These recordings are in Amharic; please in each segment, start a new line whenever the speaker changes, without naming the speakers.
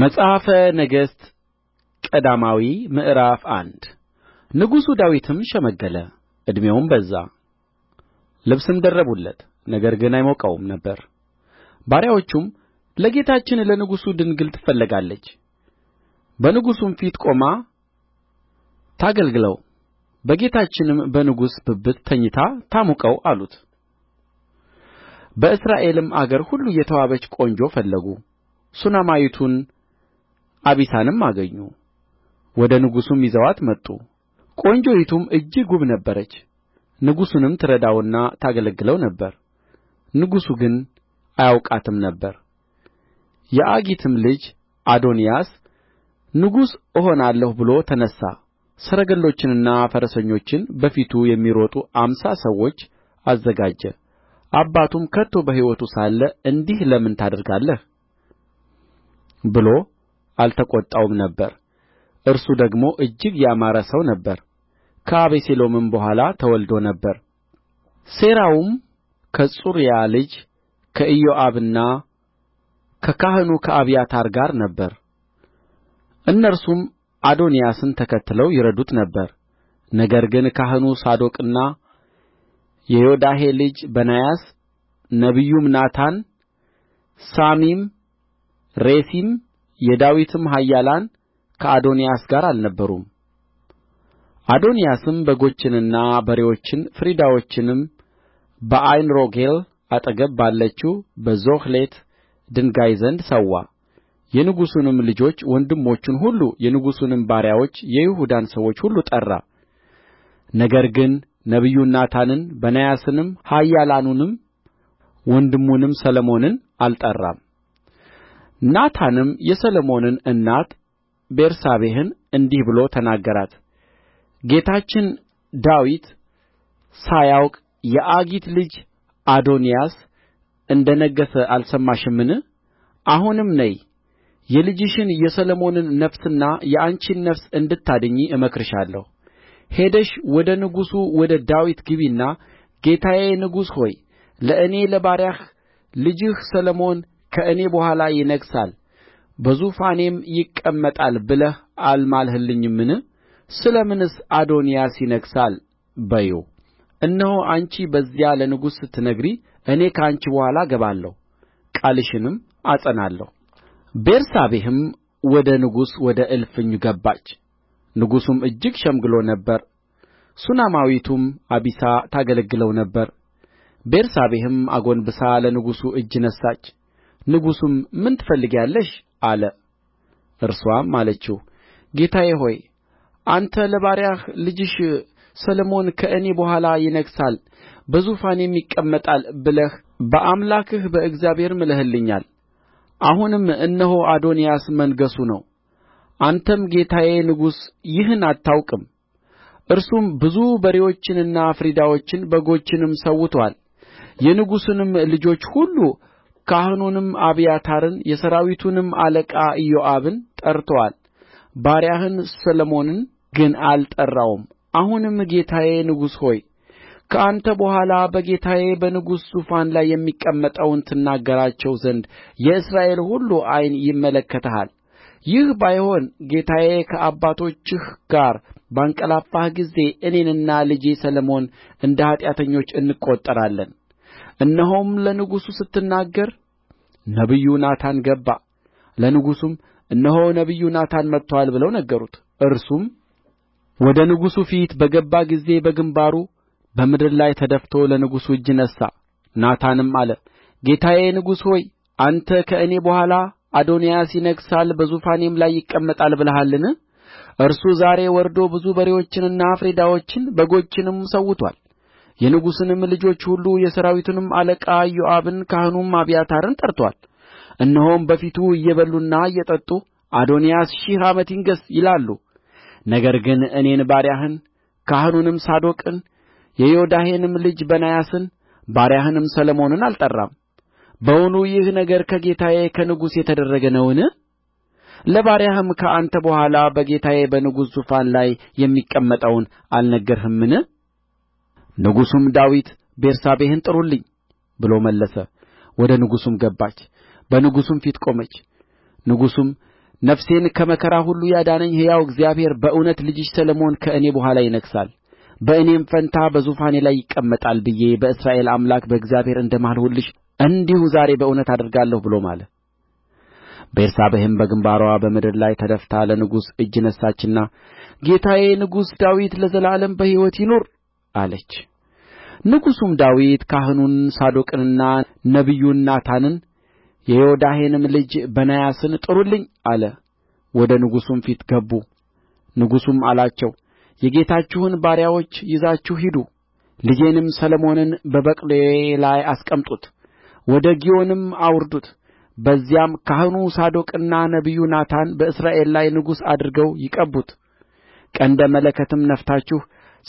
መጽሐፈ ነገሥት ቀዳማዊ ምዕራፍ አንድ ንጉሡ ዳዊትም ሸመገለ ዕድሜውም በዛ ልብስም ደረቡለት ነገር ግን አይሞቀውም ነበር ባሪያዎቹም ለጌታችን ለንጉሡ ድንግል ትፈለጋለች በንጉሡም ፊት ቆማ ታገልግለው በጌታችንም በንጉሡ ብብት ተኝታ ታሙቀው አሉት በእስራኤልም አገር ሁሉ የተዋበች ቆንጆ ፈለጉ ሱነማይቱን አቢሳንም አገኙ ወደ ንጉሡም ይዘዋት መጡ ቈንጆይቱም እጅግ ውብ ነበረች ንጉሡንም ትረዳውና ታገለግለው ነበር ንጉሡ ግን አያውቃትም ነበር የአጊትም ልጅ አዶንያስ ንጉሥ እሆናለሁ ብሎ ተነሣ ሰረገሎችንና ፈረሰኞችን በፊቱ የሚሮጡ አምሳ ሰዎች አዘጋጀ አባቱም ከቶ በሕይወቱ ሳለ እንዲህ ለምን ታደርጋለህ ብሎ አልተቈጣውም ነበር እርሱ ደግሞ እጅግ ያማረ ሰው ነበረ ከአቤሴሎምም በኋላ ተወልዶ ነበር ሴራውም ከጽሩያ ልጅ ከኢዮአብና ከካህኑ ከአብያታር ጋር ነበር እነርሱም አዶንያስን ተከትለው ይረዱት ነበር ነገር ግን ካህኑ ሳዶቅና የዮዳሄ ልጅ በናያስ ነቢዩም ናታን ሳሚም ሬሲም የዳዊትም ኃያላን ከአዶንያስ ጋር አልነበሩም አዶንያስም በጎችንና በሬዎችን ፍሪዳዎችንም በዓይንሮጌል አጠገብ ባለችው በዞሔሌት ድንጋይ ዘንድ ሠዋ የንጉሡንም ልጆች ወንድሞቹን ሁሉ የንጉሡንም ባሪያዎች የይሁዳን ሰዎች ሁሉ ጠራ ነገር ግን ነቢዩን ናታንን በናያስንም ኃያላኑንም ወንድሙንም ሰሎሞንን አልጠራም ናታንም የሰሎሞንን እናት ቤርሳቤህን እንዲህ ብሎ ተናገራት ጌታችን ዳዊት ሳያውቅ የአጊት ልጅ አዶንያስ እንደ ነገሠ አልሰማሽምን አሁንም ነዪ የልጅሽን የሰሎሞንን ነፍስና የአንቺን ነፍስ እንድታድኚ እመክርሻለሁ ሄደሽ ወደ ንጉሡ ወደ ዳዊት ግቢና ጌታዬ ንጉሥ ሆይ ለእኔ ለባሪያህ ልጅህ ሰሎሞን ከእኔ በኋላ ይነግሣል በዙፋኔም ይቀመጣል ብለህ አልማልህልኝምን ስለ ምንስ አዶንያስ ይነግሣል በዪው እነሆ አንቺ በዚያ ለንጉሡ ስትነግሪ እኔ ከአንቺ በኋላ እገባለሁ ቃልሽንም አጸናለሁ ቤርሳቤህም ወደ ንጉሡ ወደ እልፍኝ ገባች ንጉሡም እጅግ ሸምግሎ ነበር ሱነማይቱም አቢሳ ታገለግለው ነበር ቤርሳቤህም አጎንብሳ ለንጉሡ እጅ ነሣች ንጉሡም ምን ትፈልጊያለሽ አለ እርስዋም አለችው ጌታዬ ሆይ አንተ ለባሪያህ ልጅሽ ሰሎሞን ከእኔ በኋላ ይነግሣል በዙፋኔም ይቀመጣል ብለህ በአምላክህ በእግዚአብሔር ምለህልኛል አሁንም እነሆ አዶንያስ መንገሡ ነው አንተም ጌታዬ ንጉሥ ይህን አታውቅም እርሱም ብዙ በሬዎችንና ፍሪዳዎችን በጎችንም ሠውቶአል የንጉሡንም ልጆች ሁሉ ካህኑንም አብያታርን የሠራዊቱንም አለቃ ኢዮአብን ጠርቶአል ባሪያህን ሰሎሞንን ግን አልጠራውም አሁንም ጌታዬ ንጉሥ ሆይ ከአንተ በኋላ በጌታዬ በንጉሡ ዙፋን ላይ የሚቀመጠውን ትናገራቸው ዘንድ የእስራኤል ሁሉ ዓይን ይመለከትሃል ይህ ባይሆን ጌታዬ ከአባቶችህ ጋር ባንቀላፋህ ጊዜ እኔና ልጄ ሰሎሞን እንደ ኃጢአተኞች እንቈጠራለን እነሆም ለንጉሡ ስትናገር ነቢዩ ናታን ገባ ለንጉሡም እነሆ ነቢዩ ናታን መጥቶአል ብለው ነገሩት እርሱም ወደ ንጉሡ ፊት በገባ ጊዜ በግምባሩ በምድር ላይ ተደፍቶ ለንጉሡ እጅ ነሣ ናታንም አለ ጌታዬ ንጉሥ ሆይ አንተ ከእኔ በኋላ አዶንያስ ይነግሣል በዙፋኔም ላይ ይቀመጣል ብለሃልን እርሱ ዛሬ ወርዶ ብዙ በሬዎችንና ፍሪዳዎችን በጎችንም ሠውቶአል የንጉሡንም ልጆች ሁሉ የሠራዊቱንም አለቃ ኢዮአብን ካህኑንም አብያታርን ጠርቶአል እነሆም በፊቱ እየበሉና እየጠጡ አዶንያስ ሺህ ዓመት ይንገሥ ይላሉ ነገር ግን እኔን ባሪያህን ካህኑንም ሳዶቅን የዮዳሄንም ልጅ በናያስን ባሪያህንም ሰሎሞንን አልጠራም በውኑ ይህ ነገር ከጌታዬ ከንጉሡ የተደረገ ነውን ለባሪያህም ከአንተ በኋላ በጌታዬ በንጉሡ ዙፋን ላይ የሚቀመጠውን አልነገርህምን ንጉሡም ዳዊት ቤርሳቤህን ጥሩልኝ ብሎ መለሰ ወደ ንጉሡም ገባች በንጉሡም ፊት ቆመች ንጉሡም ነፍሴን ከመከራ ሁሉ ያዳነኝ ሕያው እግዚአብሔር በእውነት ልጅሽ ሰሎሞን ከእኔ በኋላ ይነግሣል በእኔም ፋንታ በዙፋኔ ላይ ይቀመጣል ብዬ በእስራኤል አምላክ በእግዚአብሔር እንደ ማልሁልሽ እንዲሁ ዛሬ በእውነት አደርጋለሁ ብሎ ማለ ቤርሳቤህም በግምባርዋ በምድር ላይ ተደፍታ ለንጉሡ እጅ ነሣችና ጌታዬ ንጉሥ ዳዊት ለዘላለም በሕይወት ይኑር አለች ንጉሡም ዳዊት ካህኑን ሳዶቅንና ነቢዩን ናታንን የዮዳሄንም ልጅ በናያስን ጥሩልኝ አለ ወደ ንጉሡም ፊት ገቡ ንጉሡም አላቸው የጌታችሁን ባሪያዎች ይዛችሁ ሂዱ ልጄንም ሰሎሞንን በበቅሎዬ ላይ አስቀምጡት ወደ ግዮንም አውርዱት በዚያም ካህኑ ሳዶቅና ነቢዩ ናታን በእስራኤል ላይ ንጉሥ አድርገው ይቅቡት ቀንደ መለከትም ነፍታችሁ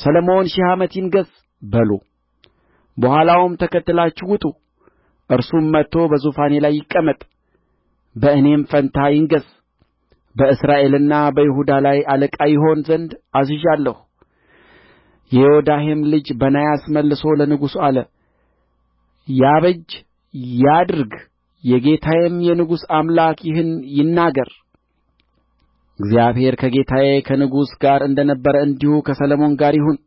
ሰሎሞን ሺህ ዓመት ይንገሥ በሉ በኋላውም ተከትላችሁ ውጡ እርሱም መጥቶ በዙፋኔ ላይ ይቀመጥ በእኔም ፋንታ ይንገሥ በእስራኤልና በይሁዳ ላይ አለቃ ይሆን ዘንድ አዝዣለሁ የዮዳሄም ልጅ በናያስ መልሶ ለንጉሡ አለ ያበጅ ያድርግ የጌታዬም የንጉሥ አምላክ ይህን ይናገር እግዚአብሔር ከጌታዬ ከንጉሡ ጋር እንደ ነበረ እንዲሁ ከሰሎሞን ጋር ይሁን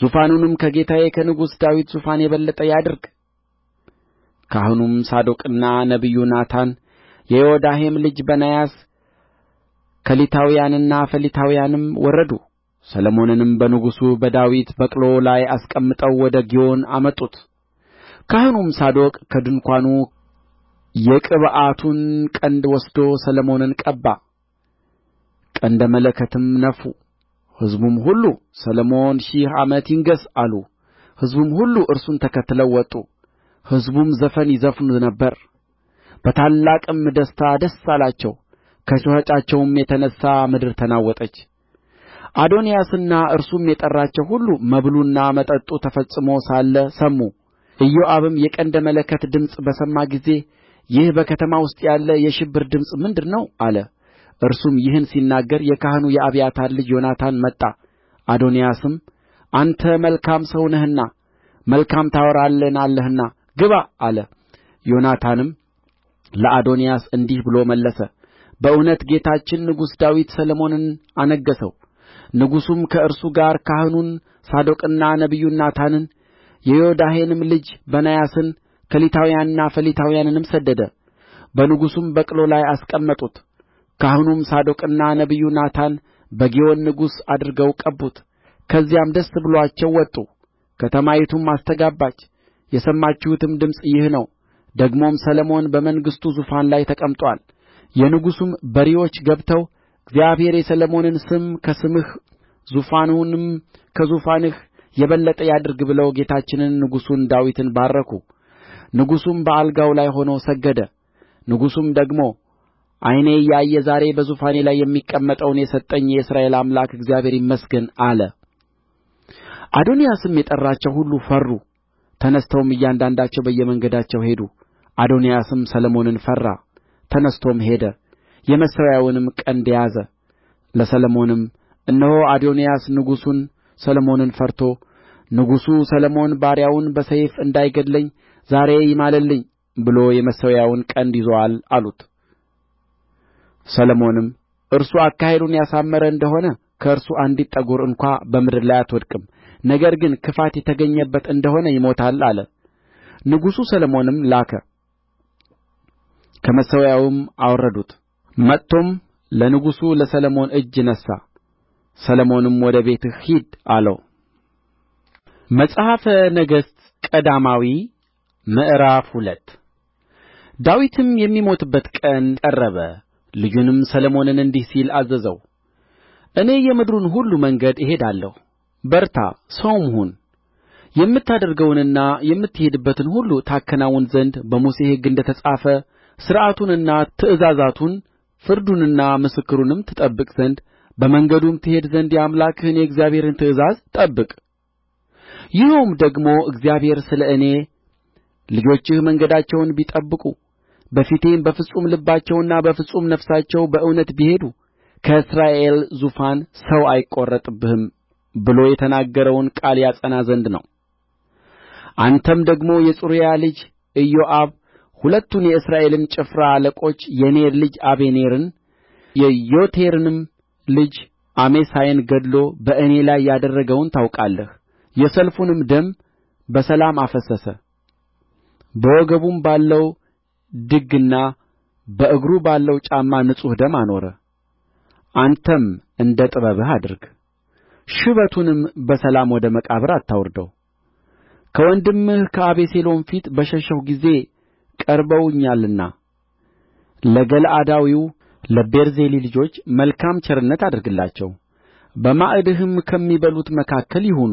ዙፋኑንም ከጌታዬ ከንጉሡ ዳዊት ዙፋን የበለጠ ያድርግ ካህኑም ሳዶቅና ነቢዩ ናታን የዮዳሄም ልጅ በናያስ ከሊታውያንና ፈሊታውያንም ወረዱ ሰሎሞንንም በንጉሡ በዳዊት በቅሎ ላይ አስቀምጠው ወደ ግዮን አመጡት ካህኑም ሳዶቅ ከድንኳኑ የቅብዓቱን ቀንድ ወስዶ ሰሎሞንን ቀባ ቀንደ መለከትም ነፉ ሕዝቡም ሁሉ ሰሎሞን ሺህ ዓመት ይንገሥ አሉ ሕዝቡም ሁሉ እርሱን ተከትለው ወጡ ሕዝቡም ዘፈን ይዘፍኑ ነበር በታላቅም ደስታ ደስ አላቸው ከጩኸታቸውም የተነሣ ምድር ተናወጠች አዶንያስና እርሱም የጠራቸው ሁሉ መብሉና መጠጡ ተፈጽሞ ሳለ ሰሙ ኢዮአብም የቀንደ መለከት ድምፅ በሰማ ጊዜ ይህ በከተማ ውስጥ ያለ የሽብር ድምፅ ምንድር ነው አለ እርሱም ይህን ሲናገር የካህኑ የአብያታር ልጅ ዮናታን መጣ አዶንያስም አንተ መልካም ሰው ነህና መልካም ታወራልናለህና ግባ አለ ዮናታንም ለአዶንያስ እንዲህ ብሎ መለሰ በእውነት ጌታችን ንጉሥ ዳዊት ሰሎሞንን አነገሠው ንጉሡም ከእርሱ ጋር ካህኑን ሳዶቅና ነቢዩን ናታንን የዮዳሄንም ልጅ በናያስን ከሊታውያንና ፈሊታውያንንም ሰደደ በንጉሡም በቅሎ ላይ አስቀመጡት ካህኑም ሳዶቅና ነቢዩ ናታን በግዮን ንጉሥ አድርገው ቀቡት ከዚያም ደስ ብሎአቸው ወጡ ከተማይቱም አስተጋባች የሰማችሁትም ድምፅ ይህ ነው ደግሞም ሰሎሞን በመንግሥቱ ዙፋን ላይ ተቀምጦአል የንጉሡም ባሪያዎች ገብተው እግዚአብሔር የሰሎሞንን ስም ከስምህ ዙፋኑንም ከዙፋንህ የበለጠ ያድርግ ብለው ጌታችንን ንጉሡን ዳዊትን ባረኩ ንጉሡም በአልጋው ላይ ሆኖ ሰገደ ንጉሡም ደግሞ ዓይኔ እያየ ዛሬ በዙፋኔ ላይ የሚቀመጠውን የሰጠኝ የእስራኤል አምላክ እግዚአብሔር ይመስገን አለ አዶንያስም የጠራቸው ሁሉ ፈሩ ተነሥተውም እያንዳንዳቸው በየመንገዳቸው ሄዱ አዶንያስም ሰሎሞንን ፈራ ተነሥቶም ሄደ የመሠዊያውንም ቀንድ ያዘ ለሰሎሞንም እነሆ አዶንያስ ንጉሡን ሰሎሞንን ፈርቶ ንጉሡ ሰሎሞን ባሪያውን በሰይፍ እንዳይገድለኝ ዛሬ ይማልልኝ ብሎ የመሠዊያውን ቀንድ ይዞአል አሉት ሰሎሞንም እርሱ አካሄዱን ያሳመረ እንደ ሆነ ከእርሱ አንዲት ጠጕር እንኳ በምድር ላይ አትወድቅም ነገር ግን ክፋት የተገኘበት እንደ ሆነ ይሞታል አለ ንጉሡ ሰሎሞንም ላከ ከመሠዊያውም አወረዱት መጥቶም ለንጉሡ ለሰሎሞን እጅ ነሣ ሰሎሞንም ወደ ቤትህ ሂድ አለው መጽሐፈ ነገሥት ቀዳማዊ ምዕራፍ ሁለት ዳዊትም የሚሞትበት ቀን ቀረበ ልጁንም ሰሎሞንን እንዲህ ሲል አዘዘው እኔ የምድሩን ሁሉ መንገድ እሄዳለሁ በርታ ሰውም ሁን የምታደርገውንና የምትሄድበትን ሁሉ ታከናውን ዘንድ በሙሴ ሕግ እንደ ተጻፈ ሥርዓቱንና ትእዛዛቱን ፍርዱንና ምስክሩንም ትጠብቅ ዘንድ በመንገዱም ትሄድ ዘንድ የአምላክህን የእግዚአብሔርን ትእዛዝ ጠብቅ ይኸውም ደግሞ እግዚአብሔር ስለ እኔ ልጆችህ መንገዳቸውን ቢጠብቁ በፊቴም በፍጹም ልባቸውና በፍጹም ነፍሳቸው በእውነት ቢሄዱ ከእስራኤል ዙፋን ሰው አይቈረጥብህም ብሎ የተናገረውን ቃል ያጸና ዘንድ ነው አንተም ደግሞ የጽሩያ ልጅ ኢዮአብ ሁለቱን የእስራኤልን ጭፍራ አለቆች የኔር ልጅ አበኔርን የዬቴሩንም ልጅ አሜሳይን ገድሎ በእኔ ላይ ያደረገውን ታውቃለህ የሰልፉንም ደም በሰላም አፈሰሰ በወገቡም ባለው ድግና በእግሩ ባለው ጫማ ንጹሕ ደም አኖረ አንተም እንደ ጥበብህ አድርግ ሽበቱንም በሰላም ወደ መቃብር አታውርደው ከወንድምህ ከአቤሴሎም ፊት በሸሸሁ ጊዜ ቀርበውኛልና ለገለዓዳዊው ለቤርዜሊ ልጆች መልካም ቸርነት አድርግላቸው በማዕድህም ከሚበሉት መካከል ይሁኑ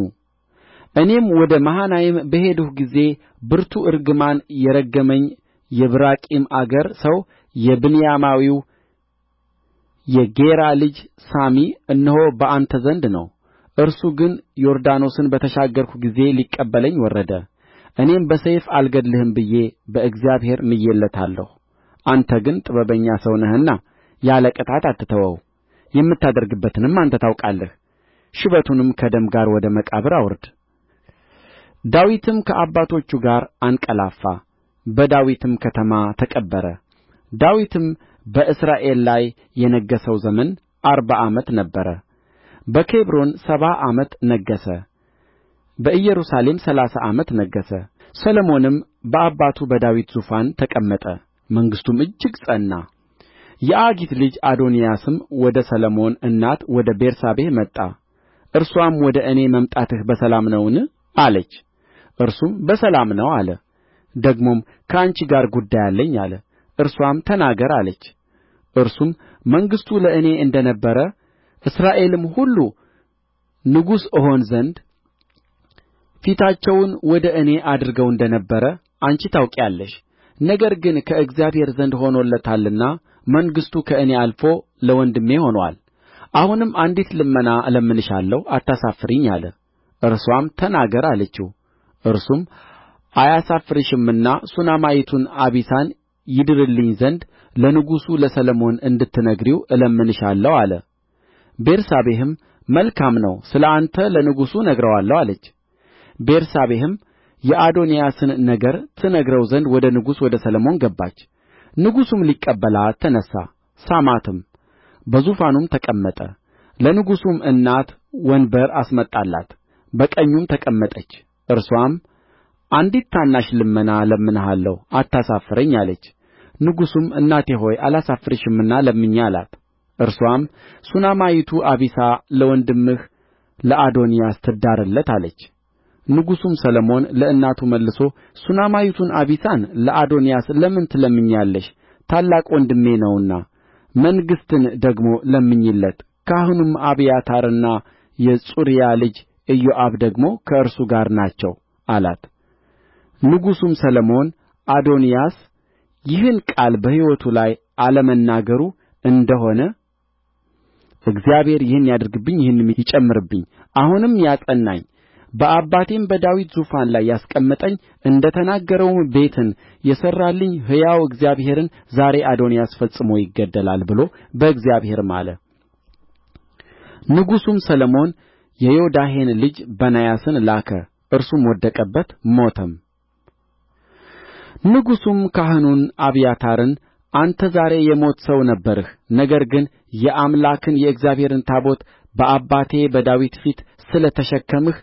እኔም ወደ መሃናይም በሄድሁ ጊዜ ብርቱ እርግማን የረገመኝ የብራቂም አገር ሰው የብንያማዊው የጌራ ልጅ ሳሚ እነሆ በአንተ ዘንድ ነው እርሱ ግን ዮርዳኖስን በተሻገርሁ ጊዜ ሊቀበለኝ ወረደ እኔም በሰይፍ አልገድልህም ብዬ በእግዚአብሔር ምዬለታለሁ አንተ ግን ጥበበኛ ሰው ነህና ያለ ቅጣት አትተወው የምታደርግበትንም አንተ ታውቃለህ ሽበቱንም ከደም ጋር ወደ መቃብር አውርድ ዳዊትም ከአባቶቹ ጋር አንቀላፋ በዳዊትም ከተማ ተቀበረ ዳዊትም በእስራኤል ላይ የነገሠው ዘመን አርባ ዓመት ነበረ በኬብሮን ሰባ ዓመት ነገሠ በኢየሩሳሌም ሠላሳ ዓመት ነገሠ ሰሎሞንም በአባቱ በዳዊት ዙፋን ተቀመጠ መንግሥቱም እጅግ ጸና የአጊት ልጅ አዶንያስም ወደ ሰሎሞን እናት ወደ ቤርሳቤህ መጣ እርሷም ወደ እኔ መምጣትህ በሰላም ነውን አለች እርሱም በሰላም ነው አለ ደግሞም ከአንቺ ጋር ጉዳይ አለኝ አለ እርስዋም ተናገር አለች እርሱም መንግሥቱ ለእኔ እንደ ነበረ እስራኤልም ሁሉ ንጉሥ እሆን ዘንድ ፊታቸውን ወደ እኔ አድርገው እንደ ነበረ አንቺ ታውቂያለሽ ነገር ግን ከእግዚአብሔር ዘንድ ሆኖለታልና መንግሥቱ ከእኔ አልፎ ለወንድሜ ሆኖአል አሁንም አንዲት ልመና እለምንሻለሁ አታሳፍሪኝ አለ እርስዋም ተናገር አለችው እርሱም አያሳፍርሽምና ሱነማይቱን አቢሳን ይድርልኝ ዘንድ ለንጉሡ ለሰሎሞን እንድትነግሪው እለምንሻለሁ አለ ቤርሳቤህም መልካም ነው ስለ አንተ ለንጉሡ እነግረዋለሁ አለች ቤርሳቤህም የአዶንያስን ነገር ትነግረው ዘንድ ወደ ንጉሡ ወደ ሰሎሞን ገባች ንጉሡም ሊቀበላት ተነሣ ሳማትም በዙፋኑም ተቀመጠ ለንጉሡም እናት ወንበር አስመጣላት በቀኙም ተቀመጠች እርስዋም አንዲት ታናሽ ልመና እለምንሃለሁ አታሳፍረኝ አለች ንጉሡም እናቴ ሆይ አላሳፍርሽምና ለምኝ አላት እርስዋም ሱነማይቱ አቢሳ ለወንድምህ ለአዶንያስ ትዳርለት አለች ንጉሡም ሰሎሞን ለእናቱ መልሶ ሱነማይቱን አቢሳን ለአዶንያስ ለምን ትለምኛለሽ ታላቅ ወንድሜ ነውና መንግሥትን ደግሞ ለምኚለት ካህኑም አብያታርና የጽሩያ ልጅ ኢዮአብ ደግሞ ከእርሱ ጋር ናቸው አላት ንጉሡም ሰሎሞን አዶንያስ ይህን ቃል በሕይወቱ ላይ አለመናገሩ እንደ ሆነ እግዚአብሔር ይህን ያድርግብኝ ይህንም ይጨምርብኝ አሁንም ያጸናኝ በአባቴም በዳዊት ዙፋን ላይ ያስቀመጠኝ እንደ ተናገረውም ቤትን የሠራልኝ ሕያው እግዚአብሔርን ዛሬ አዶንያስ ፈጽሞ ይገደላል ብሎ በእግዚአብሔር ማለ ንጉሡም ሰሎሞን የዮዳሄን ልጅ በናያስን ላከ እርሱም ወደቀበት ሞተም ንጉሡም ካህኑን አብያታርን አንተ ዛሬ የሞት ሰው ነበርህ ነገር ግን የአምላክን የእግዚአብሔርን ታቦት በአባቴ በዳዊት ፊት ስለ ተሸከምህ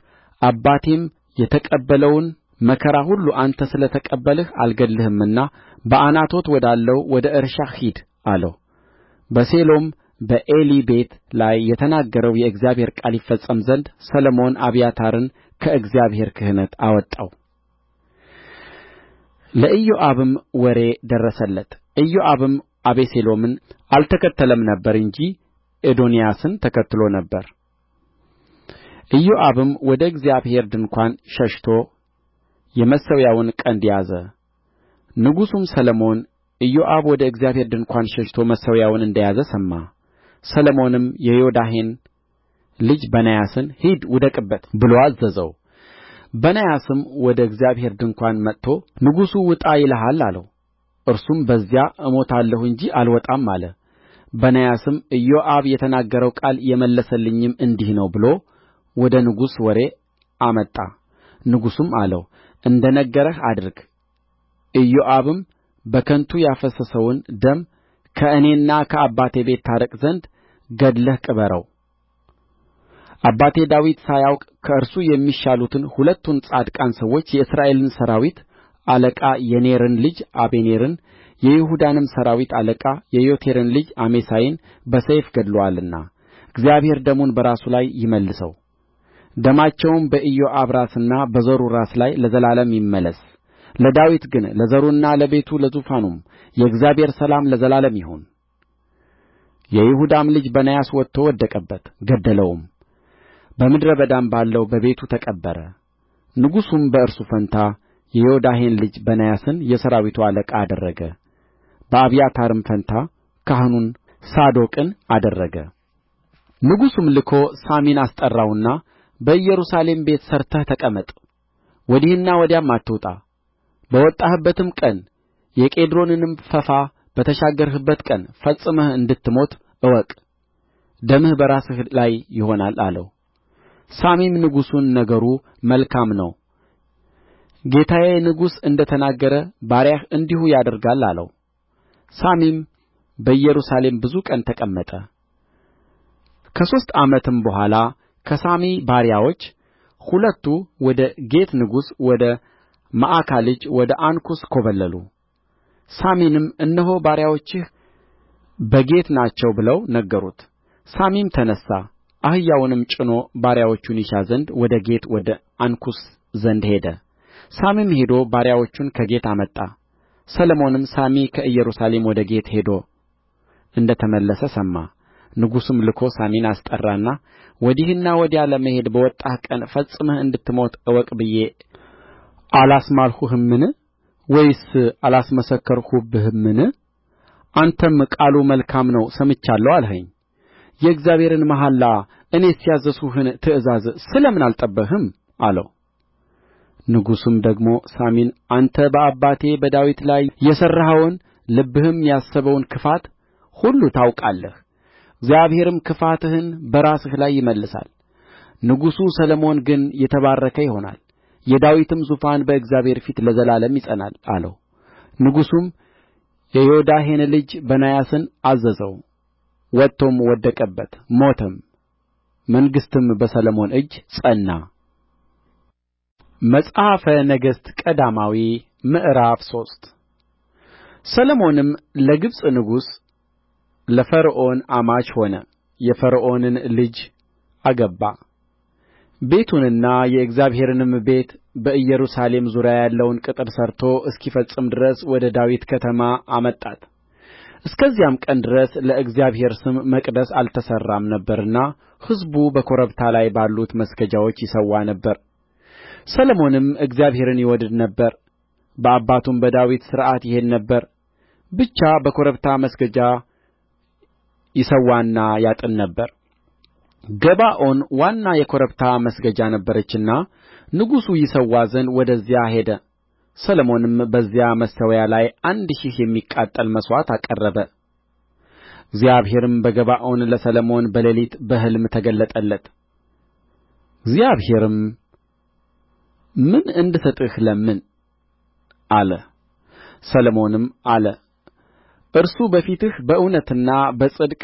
አባቴም የተቀበለውን መከራ ሁሉ አንተ ስለ ተቀበልህ አልገድልህምና በዓናቶት ወዳለው ወደ እርሻህ ሂድ አለው በሴሎም በዔሊ ቤት ላይ የተናገረው የእግዚአብሔር ቃል ይፈጸም ዘንድ ሰሎሞን አብያታርን ከእግዚአብሔር ክህነት አወጣው ለኢዮአብም ወሬ ደረሰለት ኢዮአብም አቤሴሎምን አልተከተለም ነበር እንጂ አዶንያስን ተከትሎ ነበር ኢዮአብም ወደ እግዚአብሔር ድንኳን ሸሽቶ የመሠዊያውን ቀንድ ያዘ ንጉሡም ሰሎሞን ኢዮአብ ወደ እግዚአብሔር ድንኳን ሸሽቶ መሠዊያውን እንደ ያዘ ሰማ ሰሎሞንም የዮዳሄን ልጅ በናያስን ሂድ ውደቅበት ብሎ አዘዘው በናያስም ወደ እግዚአብሔር ድንኳን መጥቶ ንጉሡ ውጣ ይልሃል አለው እርሱም በዚያ እሞታለሁ እንጂ አልወጣም አለ በናያስም ኢዮአብ የተናገረው ቃል የመለሰልኝም እንዲህ ነው ብሎ ወደ ንጉሡ ወሬ አመጣ ንጉሡም አለው እንደ ነገረህ አድርግ ኢዮአብም በከንቱ ያፈሰሰውን ደም ከእኔና ከአባቴ ቤት ታርቅ ዘንድ ገድለህ ቅበረው አባቴ ዳዊት ሳያውቅ ከእርሱ የሚሻሉትን ሁለቱን ጻድቃን ሰዎች የእስራኤልን ሠራዊት አለቃ የኔርን ልጅ አበኔርን የይሁዳንም ሠራዊት አለቃ የዬቴርን ልጅ አሜሳይን በሰይፍ ገድሎአልና እግዚአብሔር ደሙን በራሱ ላይ ይመልሰው ደማቸውም በኢዮአብ ራስና በዘሩ ራስ ላይ ለዘላለም ይመለስ ለዳዊት ግን ለዘሩና ለቤቱ ለዙፋኑም የእግዚአብሔር ሰላም ለዘላለም ይሁን የይሁዳም ልጅ በናያስ ወጥቶ ወደቀበት ገደለውም በምድረ በዳም ባለው በቤቱ ተቀበረ ንጉሡም በእርሱ ፋንታ የዮዳሄን ልጅ በናያስን የሠራዊቱ አለቃ አደረገ በአብያታርም ፋንታ ካህኑን ሳዶቅን አደረገ ንጉሡም ልኮ ሳሚን አስጠራውና በኢየሩሳሌም ቤት ሠርተህ ተቀመጥ ወዲህና ወዲያም አትውጣ በወጣህበትም ቀን የቄድሮንንም ፈፋ በተሻገርህበት ቀን ፈጽመህ እንድትሞት እወቅ ደምህ በራስህ ላይ ይሆናል አለው ሳሚም ንጉሡን ነገሩ መልካም ነው ጌታዬ ንጉሡ እንደ ተናገረ ባሪያህ እንዲሁ ያደርጋል አለው ሳሚም በኢየሩሳሌም ብዙ ቀን ተቀመጠ ከሦስት ዓመትም በኋላ ከሳሚ ባሪያዎች ሁለቱ ወደ ጌት ንጉሥ ወደ መዓካ ልጅ ወደ አንኩስ ኰበለሉ ሳሚንም እነሆ ባሪያዎችህ በጌት ናቸው ብለው ነገሩት ሳሚም ተነሣ አህያውንም ጭኖ ባሪያዎቹን ይሻ ዘንድ ወደ ጌት ወደ አንኩስ ዘንድ ሄደ ሳሚም ሄዶ ባሪያዎቹን ከጌት አመጣ ሰሎሞንም ሳሚ ከኢየሩሳሌም ወደ ጌት ሄዶ እንደ ተመለሰ ሰማ ንጉሡም ልኮ ሳሚን አስጠራና ወዲህና ወዲያ ለመሄድ በወጣህ ቀን ፈጽመህ እንድትሞት እወቅ ብዬ አላስማልሁህምን ወይስ አላስመሰከርሁብህምን አንተም ቃሉ መልካም ነው ሰምቻለሁ አልኸኝ የእግዚአብሔርን መሐላ እኔስ ያዘዝሁህን ትእዛዝ ስለ ምን አልጠበቅህም አለው ንጉሡም ደግሞ ሳሚን አንተ በአባቴ በዳዊት ላይ የሠራኸውን ልብህም ያሰበውን ክፋት ሁሉ ታውቃለህ እግዚአብሔርም ክፋትህን በራስህ ላይ ይመልሳል ንጉሡ ሰሎሞን ግን የተባረከ ይሆናል የዳዊትም ዙፋን በእግዚአብሔር ፊት ለዘላለም ይጸናል አለው ንጉሡም የዮዳሄን ልጅ በናያስን አዘዘው ወጥቶም ወደቀበት ሞተም መንግሥትም በሰሎሞን እጅ ጸና መጽሐፈ ነገሥት ቀዳማዊ ምዕራፍ ሶስት ሰሎሞንም ለግብጽ ንጉሥ ለፈርዖን አማች ሆነ የፈርዖንን ልጅ አገባ ቤቱንና የእግዚአብሔርንም ቤት በኢየሩሳሌም ዙሪያ ያለውን ቅጥር ሠርቶ እስኪፈጽም ድረስ ወደ ዳዊት ከተማ አመጣት እስከዚያም ቀን ድረስ ለእግዚአብሔር ስም መቅደስ አልተሠራም ነበርና ሕዝቡ በኮረብታ ላይ ባሉት መስገጃዎች ይሠዋ ነበር ሰሎሞንም እግዚአብሔርን ይወድድ ነበር በአባቱም በዳዊት ሥርዓት ይሄድ ነበር ብቻ በኮረብታ መስገጃ ይሠዋና ያጥን ነበር ገባዖን ዋና የኮረብታ መስገጃ ነበረችና ንጉሡ ይሠዋ ዘንድ ወደዚያ ሄደ ሰሎሞንም በዚያ መሠዊያ ላይ አንድ ሺህ የሚቃጠል መሥዋዕት አቀረበ እግዚአብሔርም በገባዖን ለሰሎሞን በሌሊት በሕልም ተገለጠለት እግዚአብሔርም ምን እንድሰጥህ ለምን አለ ሰሎሞንም አለ እርሱ በፊትህ በእውነትና በጽድቅ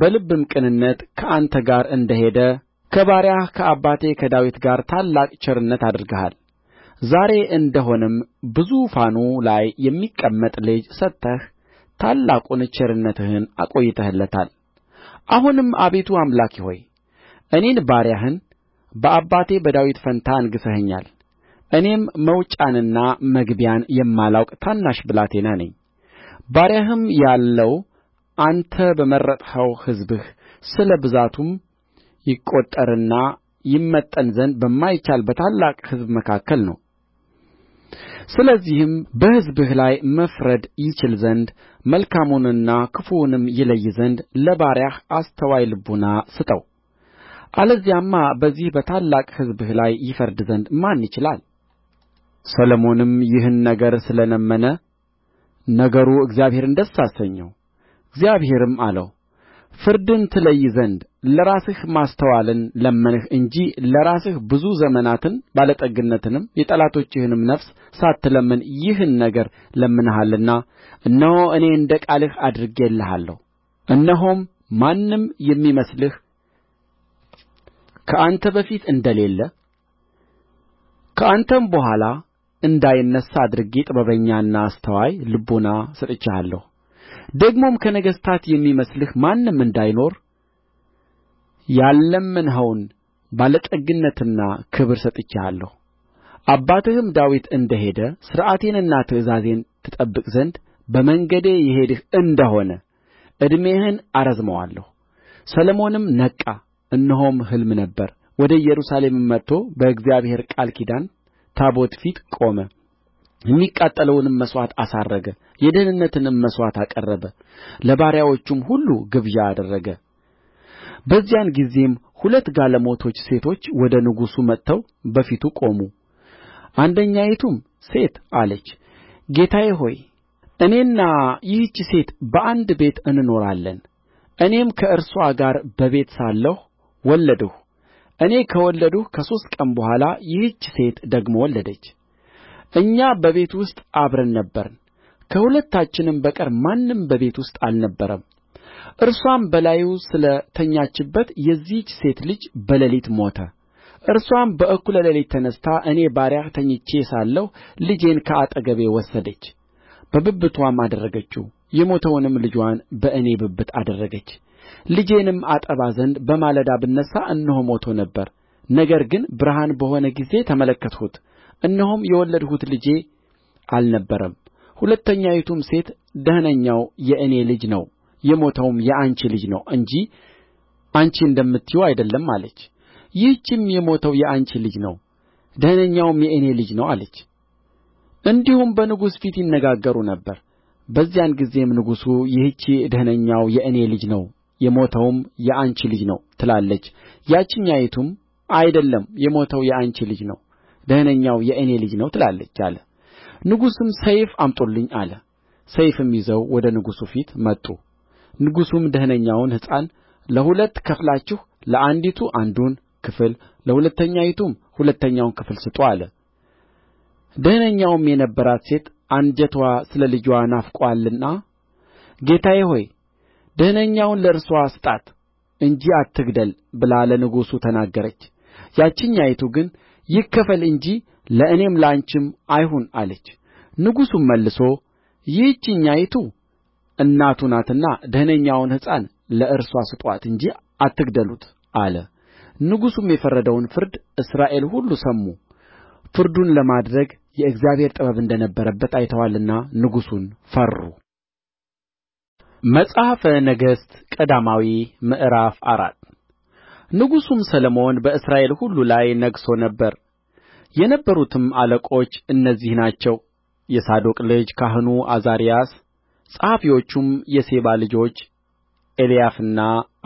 በልብም ቅንነት ከአንተ ጋር እንደ ሄደ ከባሪያህ ከአባቴ ከዳዊት ጋር ታላቅ ቸርነት አድርገሃል ዛሬ እንደ ሆነም በዙፋኑ ላይ የሚቀመጥ ልጅ ሰጥተህ ታላቁን ቸርነትህን አቆይተህለታል አሁንም አቤቱ አምላኬ ሆይ እኔን ባሪያህን በአባቴ በዳዊት ፋንታ አንግሠኸኛል እኔም መውጫንና መግቢያን የማላውቅ ታናሽ ብላቴና ነኝ ባሪያህም ያለው አንተ በመረጥኸው ሕዝብህ ስለ ብዛቱም ይቈጠርና ይመጠን ዘንድ በማይቻል በታላቅ ሕዝብ መካከል ነው ስለዚህም በሕዝብህ ላይ መፍረድ ይችል ዘንድ መልካሙንና ክፉውንም ይለይ ዘንድ ለባሪያህ አስተዋይ ልቡና ስጠው አለዚያማ በዚህ በታላቅ ሕዝብህ ላይ ይፈርድ ዘንድ ማን ይችላል ሰሎሞንም ይህን ነገር ስለ ለመነ ነገሩ እግዚአብሔርን ደስ አሰኘው እግዚአብሔርም አለው ፍርድን ትለይ ዘንድ ለራስህ ማስተዋልን ለመንህ እንጂ ለራስህ ብዙ ዘመናትን ባለጠግነትንም የጠላቶችህንም ነፍስ ሳትለምን ይህን ነገር ለምነሃልና እነሆ እኔ እንደ ቃልህ አድርጌልሃለሁ እነሆም ማንም የሚመስልህ ከአንተ በፊት እንደሌለ ከአንተም በኋላ እንዳይነሣ አድርጌ ጥበበኛና አስተዋይ ልቡና ሰጥቼሃለሁ ደግሞም ከነገሥታት የሚመስልህ ማንም እንዳይኖር ያልለመንኸውን ባለጠግነትና ክብር ሰጥቼሃለሁ አባትህም ዳዊት እንደ ሄደ ሥርዓቴንና ትእዛዜን ትጠብቅ ዘንድ በመንገዴ የሄድህ እንደ ሆነ ዕድሜህን አረዝመዋለሁ ሰሎሞንም ነቃ እነሆም ሕልም ነበረ ወደ ኢየሩሳሌምም መጥቶ በእግዚአብሔር ቃል ኪዳን ታቦት ፊት ቆመ የሚቃጠለውንም መሥዋዕት አሳረገ የደኅንነትንም መሥዋዕት አቀረበ ለባሪያዎቹም ሁሉ ግብዣ አደረገ በዚያን ጊዜም ሁለት ጋለሞቶች ሴቶች ወደ ንጉሡ መጥተው በፊቱ ቆሙ አንደኛይቱም ሴት አለች ጌታዬ ሆይ እኔና ይህች ሴት በአንድ ቤት እንኖራለን እኔም ከእርስዋ ጋር በቤት ሳለሁ ወለድሁ እኔ ከወለድሁ ከሦስት ቀን በኋላ ይህች ሴት ደግሞ ወለደች እኛ በቤት ውስጥ አብረን ነበርን ከሁለታችንም በቀር ማንም በቤት ውስጥ አልነበረም እርስዋም በላዩ ስለ ተኛችበት የዚህች ሴት ልጅ በሌሊት ሞተ እርስዋም በእኩለ ሌሊት ተነሥታ እኔ ባሪያህ ተኝቼ ሳለሁ ልጄን ከአጠገቤ ወሰደች በብብትዋም አደረገችው የሞተውንም ልጇን በእኔ ብብት አደረገች ልጄንም አጠባ ዘንድ በማለዳ ብነሣ እነሆ ሞቶ ነበር ነገር ግን ብርሃን በሆነ ጊዜ ተመለከትሁት እነሆም የወለድሁት ልጄ አልነበረም ሁለተኛይቱም ሴት ደኅነኛው የእኔ ልጅ ነው የሞተውም የአንቺ ልጅ ነው እንጂ አንቺ እንደምትዪው አይደለም አለች ይህችም የሞተው የአንቺ ልጅ ነው ደኅነኛውም የእኔ ልጅ ነው አለች እንዲሁም በንጉሡ ፊት ይነጋገሩ ነበር በዚያን ጊዜም ንጉሡ ይህች ደኅነኛው የእኔ ልጅ ነው የሞተውም የአንቺ ልጅ ነው ትላለች ያችኛይቱም አይደለም የሞተው የአንቺ ልጅ ነው ደኅነኛው የእኔ ልጅ ነው ትላለች አለ ንጉሡም ሰይፍ አምጡልኝ አለ ሰይፍም ይዘው ወደ ንጉሡ ፊት መጡ ንጉሡም ደኅነኛውን ሕፃን ለሁለት ከፍላችሁ ለአንዲቱ አንዱን ክፍል ለሁለተኛይቱም ሁለተኛውን ክፍል ስጡ አለ ደኅነኛውም የነበራት ሴት አንጀትዋ ስለ ልጅዋ ናፍቆአልና ጌታዬ ሆይ ደኅነኛውን ለእርስዋ ስጣት እንጂ አትግደል ብላ ለንጉሡ ተናገረች ያችኛይቱ ግን ይከፈል እንጂ ለእኔም ለአንቺም አይሁን አለች ንጉሡም መልሶ ይህችኛይቱ እናቱ ናትና ደኅነኛውን ሕፃን ለእርስዋ ስጡአት እንጂ አትግደሉት አለ ንጉሡም የፈረደውን ፍርድ እስራኤል ሁሉ ሰሙ ፍርዱን ለማድረግ የእግዚአብሔር ጥበብ እንደ ነበረበት አይተዋልና ንጉሡን ፈሩ መጽሐፈ ነገሥት ቀዳማዊ ምዕራፍ አራት ንጉሡም ሰሎሞን በእስራኤል ሁሉ ላይ ነግሦ ነበር የነበሩትም አለቆች እነዚህ ናቸው የሳዶቅ ልጅ ካህኑ ዓዛርያስ ጸሐፊዎቹም የሴባ ልጆች ኤልያፍና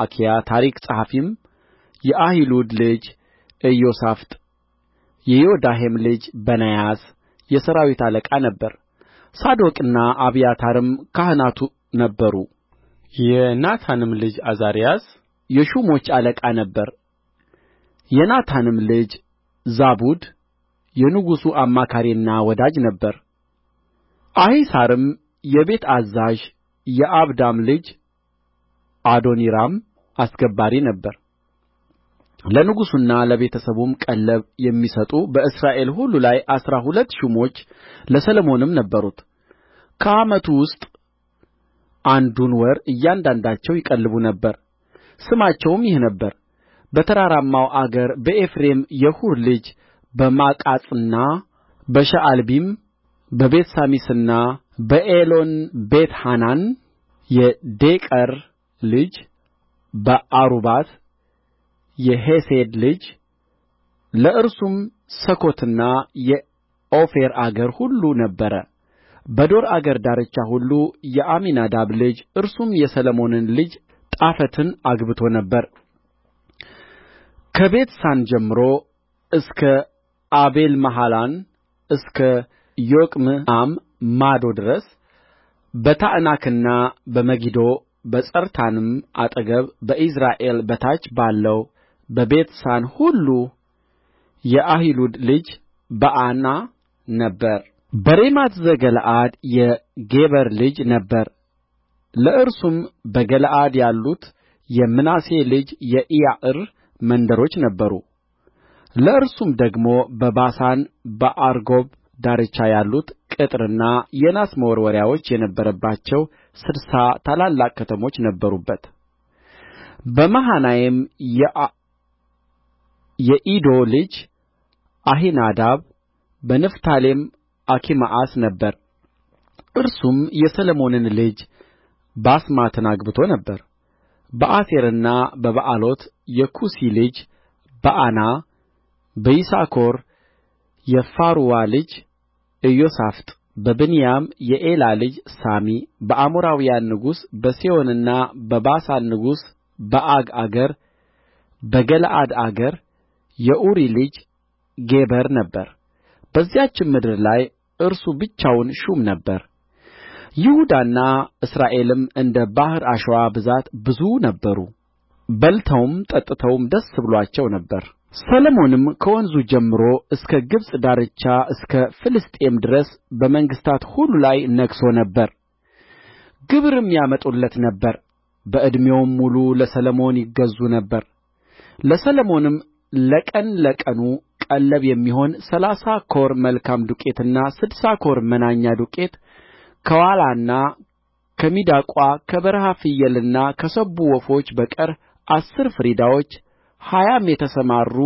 አኪያ ታሪክ ጸሐፊም የአሒሉድ ልጅ ኢዮሣፍጥ የዮዳሄም ልጅ በናያስ የሠራዊት አለቃ ነበረ ሳዶቅና አብያታርም ካህናቱ ነበሩ የናታንም ልጅ ዓዛርያስ የሹሞች አለቃ ነበረ የናታንም ልጅ ዛቡድ የንጉሡ አማካሪና ወዳጅ ነበረ አሒሳርም የቤት አዛዥ የዓብዳም ልጅ አዶኒራም አስገባሪ ነበረ ለንጉሡና ለቤተ ሰቡም ቀለብ የሚሰጡ በእስራኤል ሁሉ ላይ አሥራ ሁለት ሹሞች ለሰሎሞንም ነበሩት ከዓመቱ ውስጥ አንዱን ወር እያንዳንዳቸው ይቀልቡ ነበር ስማቸውም ይህ ነበረ በተራራማው አገር በኤፍሬም የሑር ልጅ በማቃጽና በሸዓልቢም በቤትሳሚስና በኤሎንቤትሐናን የዴቀር ልጅ በአሩባት የሔሴድ ልጅ ለእርሱም ሰኮትና የኦፌር አገር ሁሉ ነበረ በዶር አገር ዳርቻ ሁሉ የአሚናዳብ ልጅ እርሱም የሰሎሞንን ልጅ ጣፈትን አግብቶ ነበር ከቤትሳን ጀምሮ እስከ አቤልመሖላን እስከ ዮቅምዓም ማዶ ድረስ በታዕናክና በመጊዶ በጸርታንም አጠገብ በኢይዝራኤል በታች ባለው በቤትሳን ሁሉ የአሒሉድ ልጅ በዓና ነበረ በሬማት ዘገለዓድ የጌበር ልጅ ነበረ ለእርሱም በገለዓድ ያሉት የምናሴ ልጅ የኢያዕር መንደሮች ነበሩ ለእርሱም ደግሞ በባሳን በአርጎብ ዳርቻ ያሉት ቅጥርና የናስ መወርወሪያዎች የነበረባቸው ስድሳ ታላላቅ ከተሞች ነበሩበት በመሃናይም የኢዶ ልጅ አሒናዳብ በንፍታሌም አኪማአስ ነበረ እርሱም የሰሎሞንን ልጅ ባስማትን አግብቶ ነበር በአሴርና በበዓሎት የኩሲ ልጅ በዓና በይሳኮር የፋሩዋ ልጅ ኢዮሣፍጥ በብንያም የኤላ ልጅ ሳሚ በአሞራውያን ንጉሥ በሴዎንና በባሳን ንጉሥ በዐግ አገር በገለዓድ አገር የኡሪ ልጅ ጌበር ነበር። በዚያችም ምድር ላይ እርሱ ብቻውን ሹም ነበረ። ይሁዳና እስራኤልም እንደ ባሕር አሸዋ ብዛት ብዙ ነበሩ በልተውም ጠጥተውም ደስ ብሎአቸው ነበር ሰሎሞንም ከወንዙ ጀምሮ እስከ ግብጽ ዳርቻ እስከ ፍልስጥኤም ድረስ በመንግሥታት ሁሉ ላይ ነግሦ ነበር ግብርም ያመጡለት ነበር በዕድሜውም ሙሉ ለሰሎሞን ይገዙ ነበር ለሰሎሞንም ለቀን ለቀኑ ቀለብ የሚሆን ሠላሳ ኮር መልካም ዱቄትና ስድሳ ኮር መናኛ ዱቄት ከዋላና ከሚዳቋ ከበረሃ ፍየልና ከሰቡ ወፎች በቀር አሥር ፍሪዳዎች ሀያም የተሰማሩ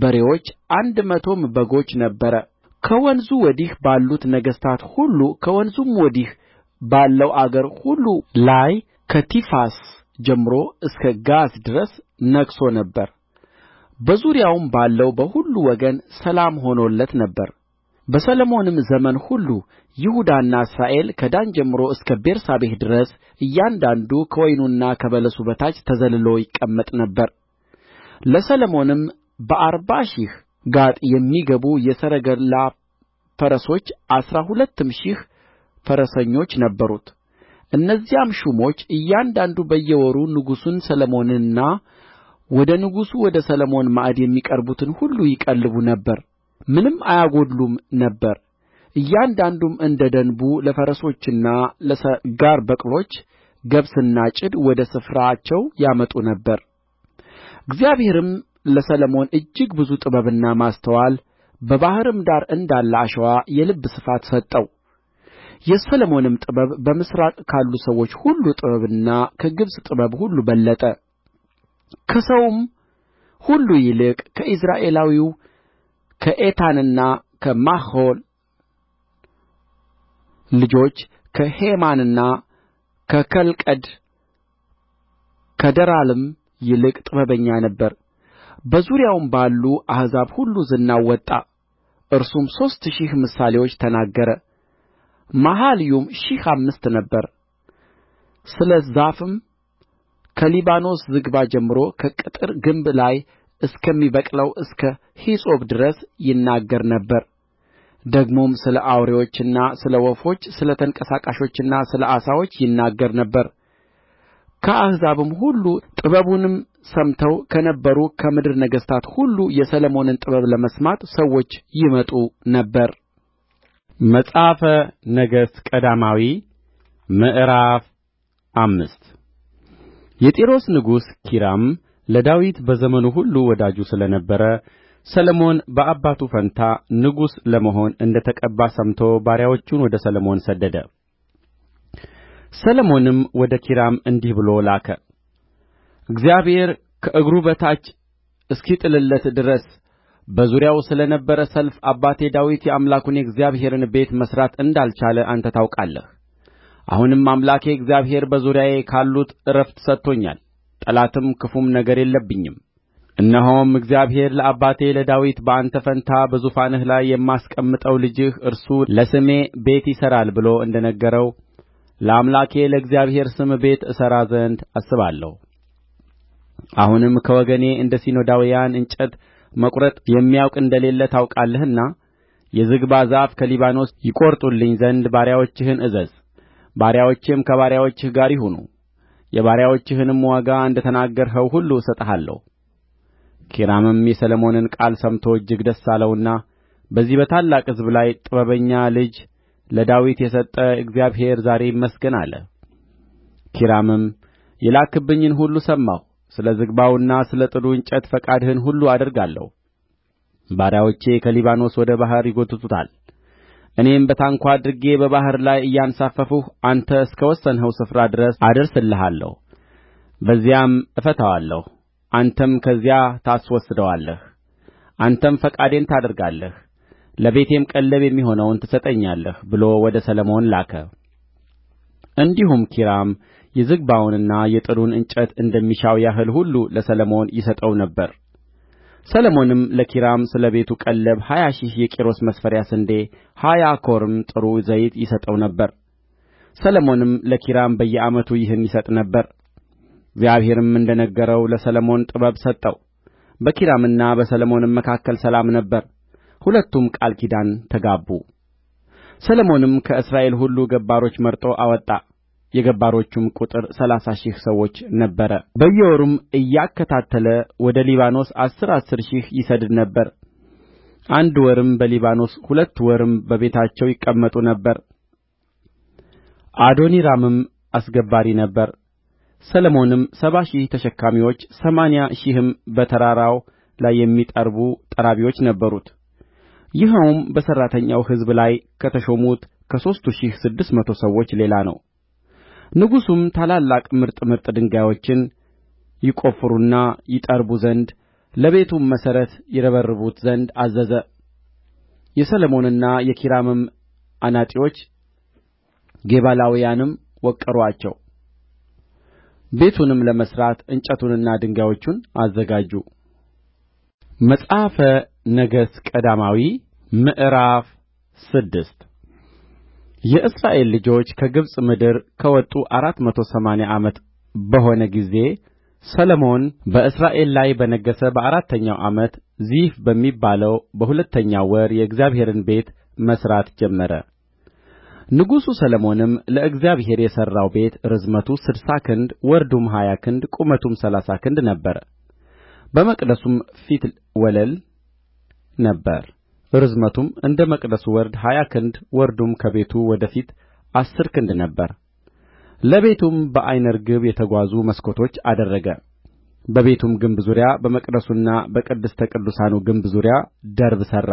በሬዎች አንድ መቶም በጎች ነበረ ከወንዙ ወዲህ ባሉት ነገሥታት ሁሉ ከወንዙም ወዲህ ባለው አገር ሁሉ ላይ ከቲፋስ ጀምሮ እስከ ጋዛ ድረስ ነግሦ ነበር በዙሪያውም ባለው በሁሉ ወገን ሰላም ሆኖለት ነበር በሰሎሞንም ዘመን ሁሉ ይሁዳና እስራኤል ከዳን ጀምሮ እስከ ቤርሳቤህ ድረስ እያንዳንዱ ከወይኑና ከበለሱ በታች ተዘልሎ ይቀመጥ ነበር ለሰሎሞንም በአርባ ሺህ ጋጥ የሚገቡ የሰረገላ ፈረሶች አሥራ ሁለትም ሺህ ፈረሰኞች ነበሩት እነዚያም ሹሞች እያንዳንዱ በየወሩ ንጉሡን ሰሎሞንንና ወደ ንጉሡ ወደ ሰሎሞን ማዕድ የሚቀርቡትን ሁሉ ይቀልቡ ነበር ምንም አያጎድሉም ነበር እያንዳንዱም እንደ ደንቡ ለፈረሶችና ለሰጋር በቅሎች ገብስና ጭድ ወደ ስፍራቸው ያመጡ ነበር እግዚአብሔርም ለሰሎሞን እጅግ ብዙ ጥበብና ማስተዋል በባሕርም ዳር እንዳለ አሸዋ የልብ ስፋት ሰጠው የሰሎሞንም ጥበብ በምሥራቅ ካሉ ሰዎች ሁሉ ጥበብና ከግብጽ ጥበብ ሁሉ በለጠ ከሰውም ሁሉ ይልቅ ከኢይዝራኤላዊው ከኤታንና ከማሖል ልጆች ከሄማንና ከከልቀድ ከደራልም ይልቅ ጥበበኛ ነበረ በዙሪያውም ባሉ አሕዛብ ሁሉ ዝናው ወጣ እርሱም ሦስት ሺህ ምሳሌዎች ተናገረ መኃልዩም ሺህ አምስት ነበረ ስለ ዛፍም ከሊባኖስ ዝግባ ጀምሮ ከቅጥር ግንብ ላይ እስከሚበቅለው እስከ ሂሶጵ ድረስ ይናገር ነበር ደግሞም ስለ አውሬዎችና ስለ ወፎች ስለ ተንቀሳቃሾችና ስለ ዓሣዎች ይናገር ነበር ከአሕዛብም ሁሉ ጥበቡንም ሰምተው ከነበሩ ከምድር ነገሥታት ሁሉ የሰሎሞንን ጥበብ ለመስማት ሰዎች ይመጡ ነበር መጽሐፈ ነገሥት ቀዳማዊ ምዕራፍ አምስት የጢሮስ ንጉሥ ኪራም ለዳዊት በዘመኑ ሁሉ ወዳጁ ስለ ነበረ ሰሎሞን በአባቱ ፋንታ ንጉሥ ለመሆን እንደ ተቀባ ሰምቶ ባሪያዎቹን ወደ ሰሎሞን ሰደደ። ሰሎሞንም ወደ ኪራም እንዲህ ብሎ ላከ። እግዚአብሔር ከእግሩ በታች እስኪጥልለት ድረስ በዙሪያው ስለ ነበረ ሰልፍ አባቴ ዳዊት የአምላኩን የእግዚአብሔርን ቤት መሥራት እንዳልቻለ አንተ ታውቃለህ። አሁንም አምላኬ እግዚአብሔር በዙሪያዬ ካሉት ዕረፍት ሰጥቶኛል ጠላትም ክፉም ነገር የለብኝም እነሆም እግዚአብሔር ለአባቴ ለዳዊት በአንተ ፋንታ በዙፋንህ ላይ የማስቀምጠው ልጅህ እርሱ ለስሜ ቤት ይሠራል ብሎ እንደ ነገረው ለአምላኬ ለእግዚአብሔር ስም ቤት እሠራ ዘንድ አስባለሁ። አሁንም ከወገኔ እንደ ሲዶናውያን እንጨት መቍረጥ የሚያውቅ እንደሌለ ታውቃለህና የዝግባ ዛፍ ከሊባኖስ ይቈርጡልኝ ዘንድ ባሪያዎችህን እዘዝ፣ ባሪያዎቼም ከባሪያዎችህ ጋር ይሁኑ የባሪያዎችህንም ዋጋ እንደ ተናገርኸው ሁሉ እሰጥሃለሁ ኪራምም የሰሎሞንን ቃል ሰምቶ እጅግ ደስ አለውና በዚህ በታላቅ ሕዝብ ላይ ጥበበኛ ልጅ ለዳዊት የሰጠ እግዚአብሔር ዛሬ ይመስገን አለ ኪራምም የላክህብኝን ሁሉ ሰማሁ ስለ ዝግባውና ስለ ጥዱ እንጨት ፈቃድህን ሁሉ አደርጋለሁ ባሪያዎቼ ከሊባኖስ ወደ ባሕር ይጐትቱታል እኔም በታንኳ አድርጌ በባሕር ላይ እያንሳፈፍሁ አንተ እስከ ወሰንኸው ስፍራ ድረስ አደርስልሃለሁ በዚያም እፈታዋለሁ አንተም ከዚያ ታስወስደዋለህ አንተም ፈቃዴን ታደርጋለህ ለቤቴም ቀለብ የሚሆነውን ትሰጠኛለህ ብሎ ወደ ሰሎሞን ላከ እንዲሁም ኪራም የዝግባውንና የጥዱን እንጨት እንደሚሻው ያህል ሁሉ ለሰሎሞን ይሰጠው ነበር ሰሎሞንም ለኪራም ስለ ቤቱ ቀለብ ሀያ ሺህ የቆሮስ መስፈሪያ ስንዴ ሀያ ኮርም ጥሩ ዘይት ይሰጠው ነበር ሰሎሞንም ለኪራም በየዓመቱ ይህን ይሰጥ ነበር እግዚአብሔርም እንደ ነገረው ለሰሎሞን ጥበብ ሰጠው በኪራምና በሰሎሞንም መካከል ሰላም ነበረ ሁለቱም ቃል ኪዳን ተጋቡ ሰሎሞንም ከእስራኤል ሁሉ ገባሮች መርጦ አወጣ የገባሮቹም ቍጥር ሠላሳ ሺህ ሰዎች ነበረ በየወሩም እያከታተለ ወደ ሊባኖስ አሥር አሥር ሺህ ይሰድድ ነበር አንድ ወርም በሊባኖስ ሁለት ወርም በቤታቸው ይቀመጡ ነበር አዶኒራምም አስገባሪ ነበረ ሰሎሞንም ሰባ ሺህ ተሸካሚዎች ሰማንያ ሺህም በተራራው ላይ የሚጠርቡ ጠራቢዎች ነበሩት ይኸውም በሠራተኛው ሕዝብ ላይ ከተሾሙት ከሦስቱ ሺህ ስድስት መቶ ሰዎች ሌላ ነው ንጉሡም ታላላቅ ምርጥ ምርጥ ድንጋዮችን ይቈፍሩና ይጠርቡ ዘንድ ለቤቱም መሠረት ይረበርቡት ዘንድ አዘዘ የሰሎሞንና የኪራምም አናጢዎች ጌባላውያንም ወቀሩአቸው ቤቱንም ለመሥራት እንጨቱንና ድንጋዮቹን አዘጋጁ መጽሐፈ ነገሥት ቀዳማዊ ምዕራፍ ስድስት የእስራኤል ልጆች ከግብጽ ምድር ከወጡ አራት መቶ ሰማንያ ዓመት በሆነ ጊዜ ሰሎሞን በእስራኤል ላይ በነገሠ በአራተኛው ዓመት ዚፍ በሚባለው በሁለተኛው ወር የእግዚአብሔርን ቤት መሥራት ጀመረ። ንጉሡ ሰሎሞንም ለእግዚአብሔር የሠራው ቤት ርዝመቱ ስድሳ ክንድ ወርዱም ሀያ ክንድ ቁመቱም ሠላሳ ክንድ ነበረ። በመቅደሱም ፊት ወለል ነበር። ርዝመቱም እንደ መቅደሱ ወርድ ሀያ ክንድ ወርዱም ከቤቱ ወደ ፊት አሥር ክንድ ነበረ ለቤቱም በዓይነ ርግብ የተጓዙ መስኮቶች አደረገ በቤቱም ግንብ ዙሪያ በመቅደሱና በቅድስተ ቅዱሳኑ ግንብ ዙሪያ ደርብ ሠራ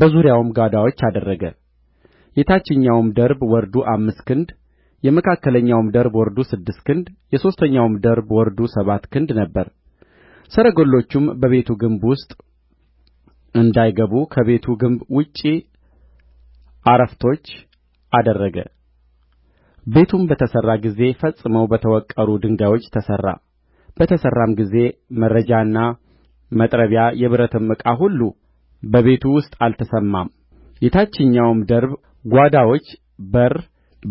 በዙሪያውም ጓዳዎች አደረገ የታችኛውም ደርብ ወርዱ አምስት ክንድ የመካከለኛውም ደርብ ወርዱ ስድስት ክንድ የሦስተኛውም ደርብ ወርዱ ሰባት ክንድ ነበረ ሰረገሎቹም በቤቱ ግንብ ውስጥ እንዳይገቡ ከቤቱ ግንብ ውጭ አረፍቶች አደረገ ቤቱም በተሠራ ጊዜ ፈጽመው በተወቀሩ ድንጋዮች ተሠራ በተሠራም ጊዜ መረጃና መጥረቢያ የብረትም ዕቃ ሁሉ በቤቱ ውስጥ አልተሰማም የታችኛውም ደርብ ጓዳዎች በር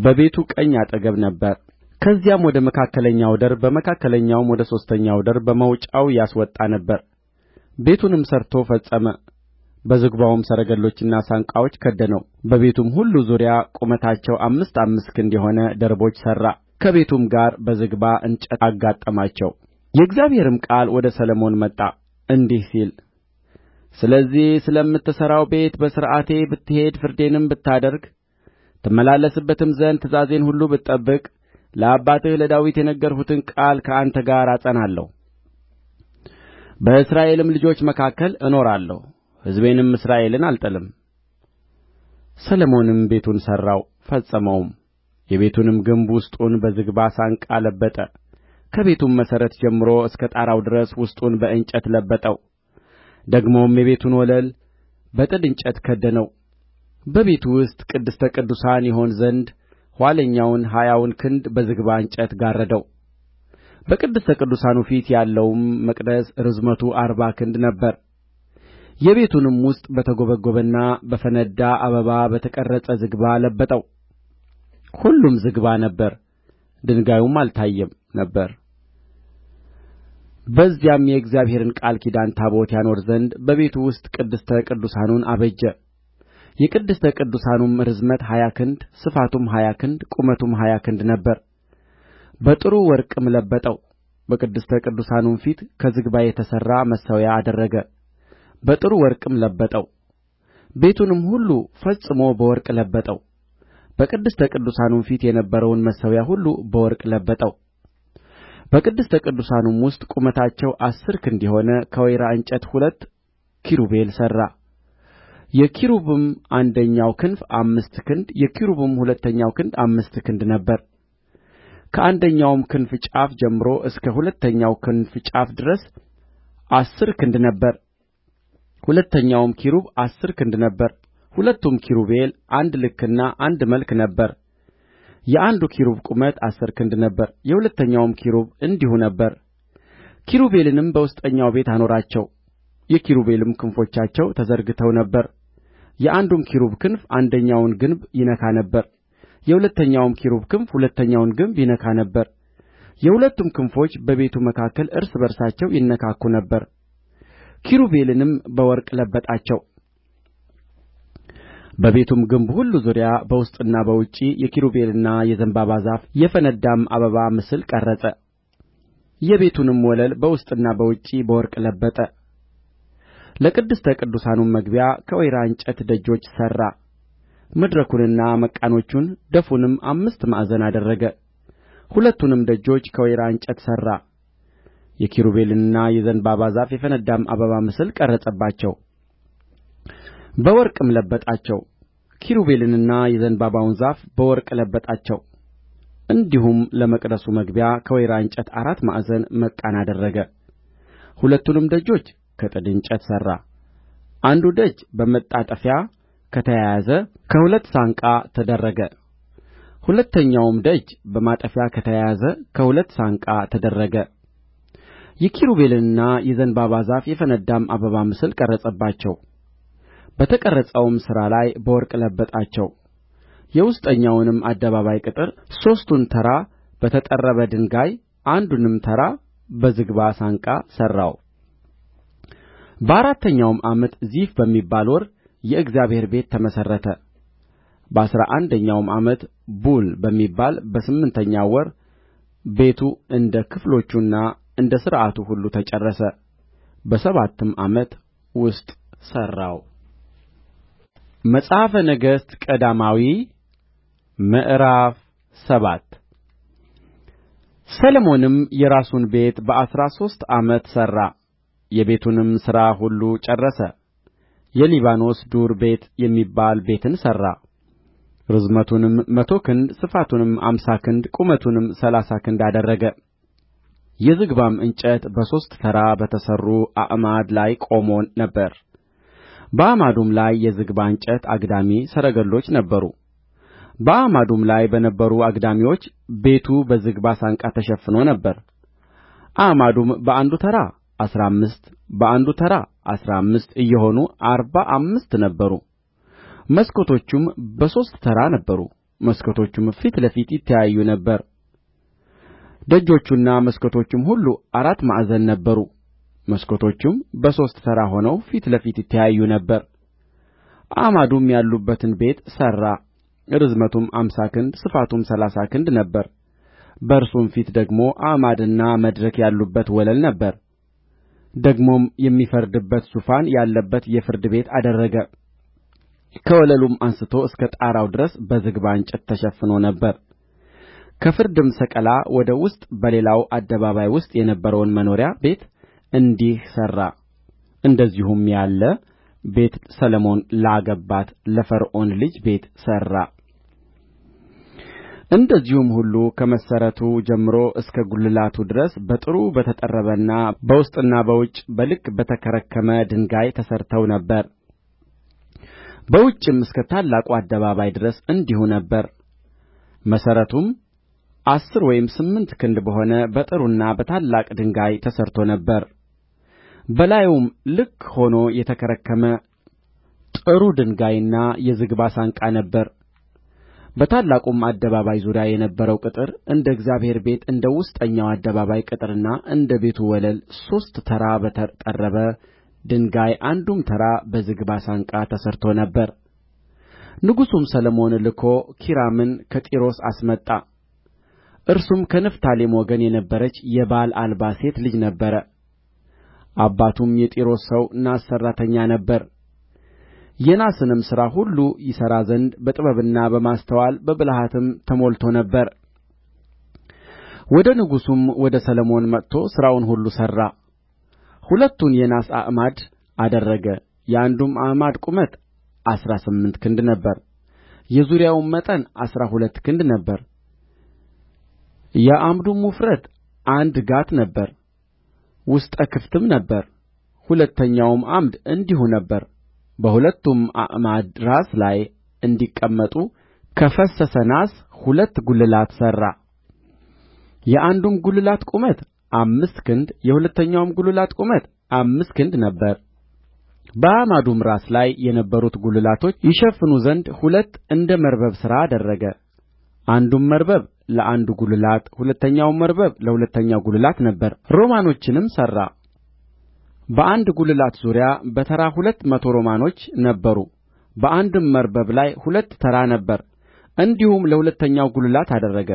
በቤቱ ቀኝ አጠገብ ነበረ ከዚያም ወደ መካከለኛው ደርብ በመካከለኛውም ወደ ሦስተኛው ደርብ በመውጫው ያስወጣ ነበር ቤቱንም ሠርቶ ፈጸመ በዝግባውም ሰረገሎችና ሳንቃዎች ከደነው በቤቱም ሁሉ ዙሪያ ቁመታቸው አምስት አምስት ክንድ የሆነ ደርቦች ሠራ ከቤቱም ጋር በዝግባ እንጨት አጋጠማቸው የእግዚአብሔርም ቃል ወደ ሰሎሞን መጣ እንዲህ ሲል ስለዚህ ስለምትሠራው ቤት በሥርዓቴ ብትሄድ ፍርዴንም ብታደርግ ትመላለስበትም ዘንድ ትእዛዜን ሁሉ ብትጠብቅ ለአባትህ ለዳዊት የነገርሁትን ቃል ከአንተ ጋር አጸናለሁ በእስራኤልም ልጆች መካከል እኖራለሁ ሕዝቤንም እስራኤልን አልጥልም ሰሎሞንም ቤቱን ሠራው ፈጸመውም የቤቱንም ግንብ ውስጡን በዝግባ ሳንቃ ለበጠ ከቤቱም መሠረት ጀምሮ እስከ ጣራው ድረስ ውስጡን በእንጨት ለበጠው ደግሞም የቤቱን ወለል በጥድ እንጨት ከደነው በቤቱ ውስጥ ቅድስተ ቅዱሳን ይሆን ዘንድ ኋለኛውን ሀያውን ክንድ በዝግባ እንጨት ጋረደው በቅድስተ ቅዱሳኑ ፊት ያለውም መቅደስ ርዝመቱ አርባ ክንድ ነበረ የቤቱንም ውስጥ በተጐበጐበና በፈነዳ አበባ በተቀረጸ ዝግባ ለበጠው ሁሉም ዝግባ ነበረ ድንጋዩም አልታየም ነበር በዚያም የእግዚአብሔርን ቃል ኪዳን ታቦት ያኖር ዘንድ በቤቱ ውስጥ ቅድስተ ቅዱሳኑን አበጀ የቅድስተ ቅዱሳኑም ርዝመት ሀያ ክንድ ስፋቱም ሀያ ክንድ ቁመቱም ሀያ ክንድ ነበር በጥሩ ወርቅም ለበጠው በቅድስተ ቅዱሳኑም ፊት ከዝግባ የተሠራ መሠዊያ አደረገ በጥሩ ወርቅም ለበጠው ቤቱንም ሁሉ ፈጽሞ በወርቅ ለበጠው በቅድስተ ቅዱሳኑም ፊት የነበረውን መሠዊያ ሁሉ በወርቅ ለበጠው በቅድስተ ቅዱሳኑም ውስጥ ቁመታቸው አሥር ክንድ የሆነ ከወይራ እንጨት ሁለት ኪሩቤል ሠራ የኪሩብም አንደኛው ክንፍ አምስት ክንድ የኪሩብም ሁለተኛው ክንድ አምስት ክንድ ነበር ከአንደኛውም ክንፍ ጫፍ ጀምሮ እስከ ሁለተኛው ክንፍ ጫፍ ድረስ አሥር ክንድ ነበር ሁለተኛውም ኪሩብ አሥር ክንድ ነበረ ሁለቱም ኪሩቤል አንድ ልክና አንድ መልክ ነበረ የአንዱ ኪሩብ ቁመት አሥር ክንድ ነበረ የሁለተኛውም ኪሩብ እንዲሁ ነበረ ኪሩቤልንም በውስጠኛው ቤት አኖራቸው የኪሩቤልም ክንፎቻቸው ተዘርግተው ነበር የአንዱም ኪሩብ ክንፍ አንደኛውን ግንብ ይነካ ነበር የሁለተኛውም ኪሩብ ክንፍ ሁለተኛውን ግንብ ይነካ ነበር የሁለቱም ክንፎች በቤቱ መካከል እርስ በርሳቸው ይነካኩ ነበር ኪሩቤልንም በወርቅ ለበጣቸው በቤቱም ግንብ ሁሉ ዙሪያ በውስጥና በውጭ የኪሩቤልና የዘንባባ ዛፍ የፈነዳም አበባ ምስል ቀረጸ የቤቱንም ወለል በውስጥና በውጭ በወርቅ ለበጠ ለቅድስተ ቅዱሳኑም መግቢያ ከወይራ እንጨት ደጆች ሠራ መድረኩንና መቃኖቹን ደፉንም አምስት ማዕዘን አደረገ ሁለቱንም ደጆች ከወይራ እንጨት ሠራ የኪሩቤልንና የዘንባባ ዛፍ የፈነዳም አበባ ምስል ቀረጸባቸው በወርቅም ለበጣቸው ኪሩቤልንና የዘንባባውን ዛፍ በወርቅ ለበጣቸው እንዲሁም ለመቅደሱ መግቢያ ከወይራ እንጨት አራት ማዕዘን መቃን አደረገ ሁለቱንም ደጆች ከጥድ እንጨት ሠራ አንዱ ደጅ በመጣጠፊያ ከተያያዘ ከሁለት ሳንቃ ተደረገ ሁለተኛውም ደጅ በማጠፊያ ከተያያዘ ከሁለት ሳንቃ ተደረገ የኪሩቤልንና የዘንባባ ዛፍ የፈነዳም አበባ ምስል ቀረጸባቸው በተቀረጸውም ሥራ ላይ በወርቅ ለበጣቸው የውስጠኛውንም አደባባይ ቅጥር ሦስቱን ተራ በተጠረበ ድንጋይ አንዱንም ተራ በዝግባ ሳንቃ ሠራው በአራተኛውም ዓመት ዚፍ በሚባል ወር የእግዚአብሔር ቤት ተመሠረተ በአሥራ አንደኛውም ዓመት ቡል በሚባል በስምንተኛው ወር ቤቱ እንደ ክፍሎቹና እንደ ሥርዓቱ ሁሉ ተጨረሰ በሰባትም ዓመት ውስጥ ሠራው መጽሐፈ ነገሥት ቀዳማዊ ምዕራፍ ሰባት ሰሎሞንም የራሱን ቤት በአሥራ ሦስት ዓመት ሠራ የቤቱንም ሥራ ሁሉ ጨረሰ የሊባኖስ ዱር ቤት የሚባል ቤትን ሠራ ርዝመቱንም መቶ ክንድ ስፋቱንም አምሳ ክንድ ቁመቱንም ሠላሳ ክንድ አደረገ የዝግባም እንጨት በሦስት ተራ በተሠሩ አዕማድ ላይ ቆሞ ነበር በአዕማዱም ላይ የዝግባ እንጨት አግዳሚ ሰረገሎች ነበሩ በአዕማዱም ላይ በነበሩ አግዳሚዎች ቤቱ በዝግባ ሳንቃ ተሸፍኖ ነበር አዕማዱም በአንዱ ተራ አሥራ አምስት በአንዱ ተራ አሥራ አምስት እየሆኑ አርባ አምስት ነበሩ መስኮቶቹም በሦስት ተራ ነበሩ መስኮቶቹም ፊት ለፊት ይተያዩ ነበር ደጆቹና መስኮቶቹም ሁሉ አራት ማዕዘን ነበሩ መስኮቶቹም በሦስት ተራ ሆነው ፊት ለፊት ይተያዩ ነበር አዕማዱም ያሉበትን ቤት ሠራ ርዝመቱም አምሳ ክንድ ስፋቱም ሠላሳ ክንድ ነበረ በእርሱም ፊት ደግሞ አዕማድና መድረክ ያሉበት ወለል ነበረ ደግሞም የሚፈርድበት ዙፋን ያለበት የፍርድ ቤት አደረገ ከወለሉም አንሥቶ እስከ ጣራው ድረስ በዝግባ እንጨት ተሸፍኖ ነበር ከፍርድም ሰቀላ ወደ ውስጥ በሌላው አደባባይ ውስጥ የነበረውን መኖሪያ ቤት እንዲህ ሠራ እንደዚሁም ያለ ቤት ሰሎሞን ላገባት ለፈርዖን ልጅ ቤት ሠራ እንደዚሁም ሁሉ ከመሠረቱ ጀምሮ እስከ ጕልላቱ ድረስ በጥሩ በተጠረበና በውስጥና በውጭ በልክ በተከረከመ ድንጋይ ተሠርተው ነበር። በውጭም እስከ ታላቁ አደባባይ ድረስ እንዲሁ ነበረ። መሠረቱም አሥር ወይም ስምንት ክንድ በሆነ በጥሩና በታላቅ ድንጋይ ተሠርቶ ነበር በላዩም ልክ ሆኖ የተከረከመ ጥሩ ድንጋይና የዝግባ ሳንቃ ነበረ በታላቁም አደባባይ ዙሪያ የነበረው ቅጥር እንደ እግዚአብሔር ቤት እንደ ውስጠኛው አደባባይ ቅጥርና እንደ ቤቱ ወለል ሦስት ተራ በተጠረበ ድንጋይ አንዱም ተራ በዝግባ ሳንቃ ተሠርቶ ነበር ንጉሡም ሰሎሞን ልኮ ኪራምን ከጢሮስ አስመጣ እርሱም ከንፍታሌም ወገን የነበረች የባል አልባ ሴት ልጅ ነበረ አባቱም የጢሮስ ሰው ናስ ሠራተኛ ነበረ የናስንም ሥራ ሁሉ ይሠራ ዘንድ በጥበብና በማስተዋል በብልሃትም ተሞልቶ ነበር ወደ ንጉሡም ወደ ሰሎሞን መጥቶ ሥራውን ሁሉ ሠራ ሁለቱን የናስ አዕማድ አደረገ የአንዱም አዕማድ ቁመት አሥራ ስምንት ክንድ ነበረ የዙሪያውም መጠን አሥራ ሁለት ክንድ ነበረ የዓምዱም ውፍረት አንድ ጋት ነበረ ውስጠ ክፍትም ነበረ ሁለተኛውም ዓምድ እንዲሁ ነበረ በሁለቱም አዕማድ ራስ ላይ እንዲቀመጡ ከፈሰሰ ናስ ሁለት ጕልላት ሠራ የአንዱም ጕልላት ቁመት አምስት ክንድ የሁለተኛውም ጕልላት ቁመት አምስት ክንድ ነበረ በአዕማዱም ራስ ላይ የነበሩት ጕልላቶች ይሸፍኑ ዘንድ ሁለት እንደ መርበብ ሥራ አደረገ አንዱም መርበብ ለአንዱ ጕልላት ሁለተኛውም መርበብ ለሁለተኛው ጕልላት ነበረ ሮማኖችንም ሠራ በአንድ ጕልላት ዙሪያ በተራ ሁለት መቶ ሮማኖች ነበሩ በአንድም መርበብ ላይ ሁለት ተራ ነበረ እንዲሁም ለሁለተኛው ጕልላት አደረገ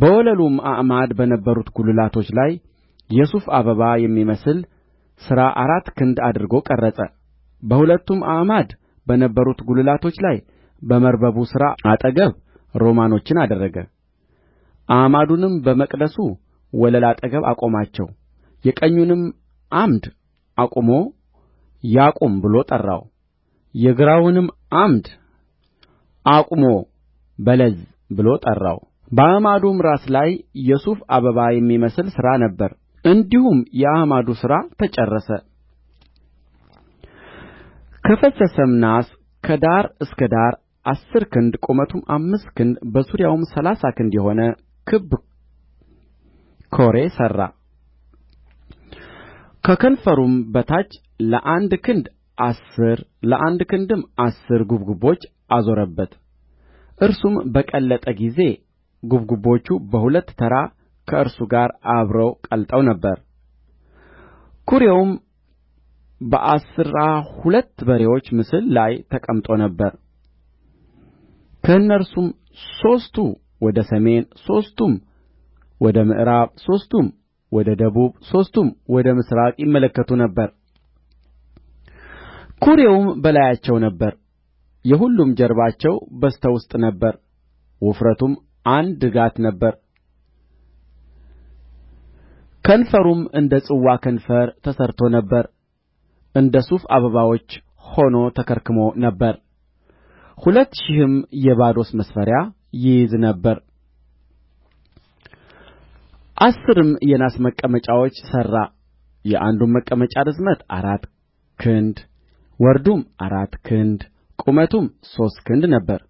በወለሉም አዕማድ በነበሩት ጕልላቶች ላይ የሱፍ አበባ የሚመስል ሥራ አራት ክንድ አድርጎ ቀረጸ በሁለቱም አዕማድ በነበሩት ጕልላቶች ላይ በመርበቡ ሥራ አጠገብ ሮማኖችን አደረገ አዕማዱንም በመቅደሱ ወለል አጠገብ አቆማቸው የቀኙንም ዓምድ አቁሞ ያቁም ብሎ ጠራው የግራውንም ዓምድ አቁሞ በለዝ ብሎ ጠራው በአዕማዱም ራስ ላይ የሱፍ አበባ የሚመስል ሥራ ነበር እንዲሁም የአዕማዱ ሥራ ተጨረሰ ከፈሰሰም ናስ ከዳር እስከ ዳር አሥር ክንድ ቁመቱም አምስት ክንድ በዙሪያውም ሠላሳ ክንድ የሆነ ክብ ኵሬ ሠራ ከከንፈሩም በታች ለአንድ ክንድ አሥር ለአንድ ክንድም አሥር ጉብጉቦች አዞረበት እርሱም በቀለጠ ጊዜ ጉብጉቦቹ በሁለት ተራ ከእርሱ ጋር አብረው ቀልጠው ነበር ኵሬውም በአሥራ ሁለት በሬዎች ምስል ላይ ተቀምጦ ነበር ከእነርሱም ሦስቱ ወደ ሰሜን ሦስቱም ወደ ምዕራብ ሦስቱም ወደ ደቡብ ሦስቱም ወደ ምሥራቅ ይመለከቱ ነበር ኵሬውም በላያቸው ነበረ የሁሉም ጀርባቸው በስተ ውስጥ ነበረ ውፍረቱም አንድ ጋት ነበረ ከንፈሩም እንደ ጽዋ ከንፈር ተሠርቶ ነበር እንደ ሱፍ አበባዎች ሆኖ ተከርክሞ ነበር ሁለት ሺህም የባዶስ መስፈሪያ ይይዝ ነበር አሥርም የናስ መቀመጫዎች ሠራ የአንዱም መቀመጫ ርዝመት አራት ክንድ ወርዱም አራት ክንድ ቁመቱም ሦስት ክንድ ነበረ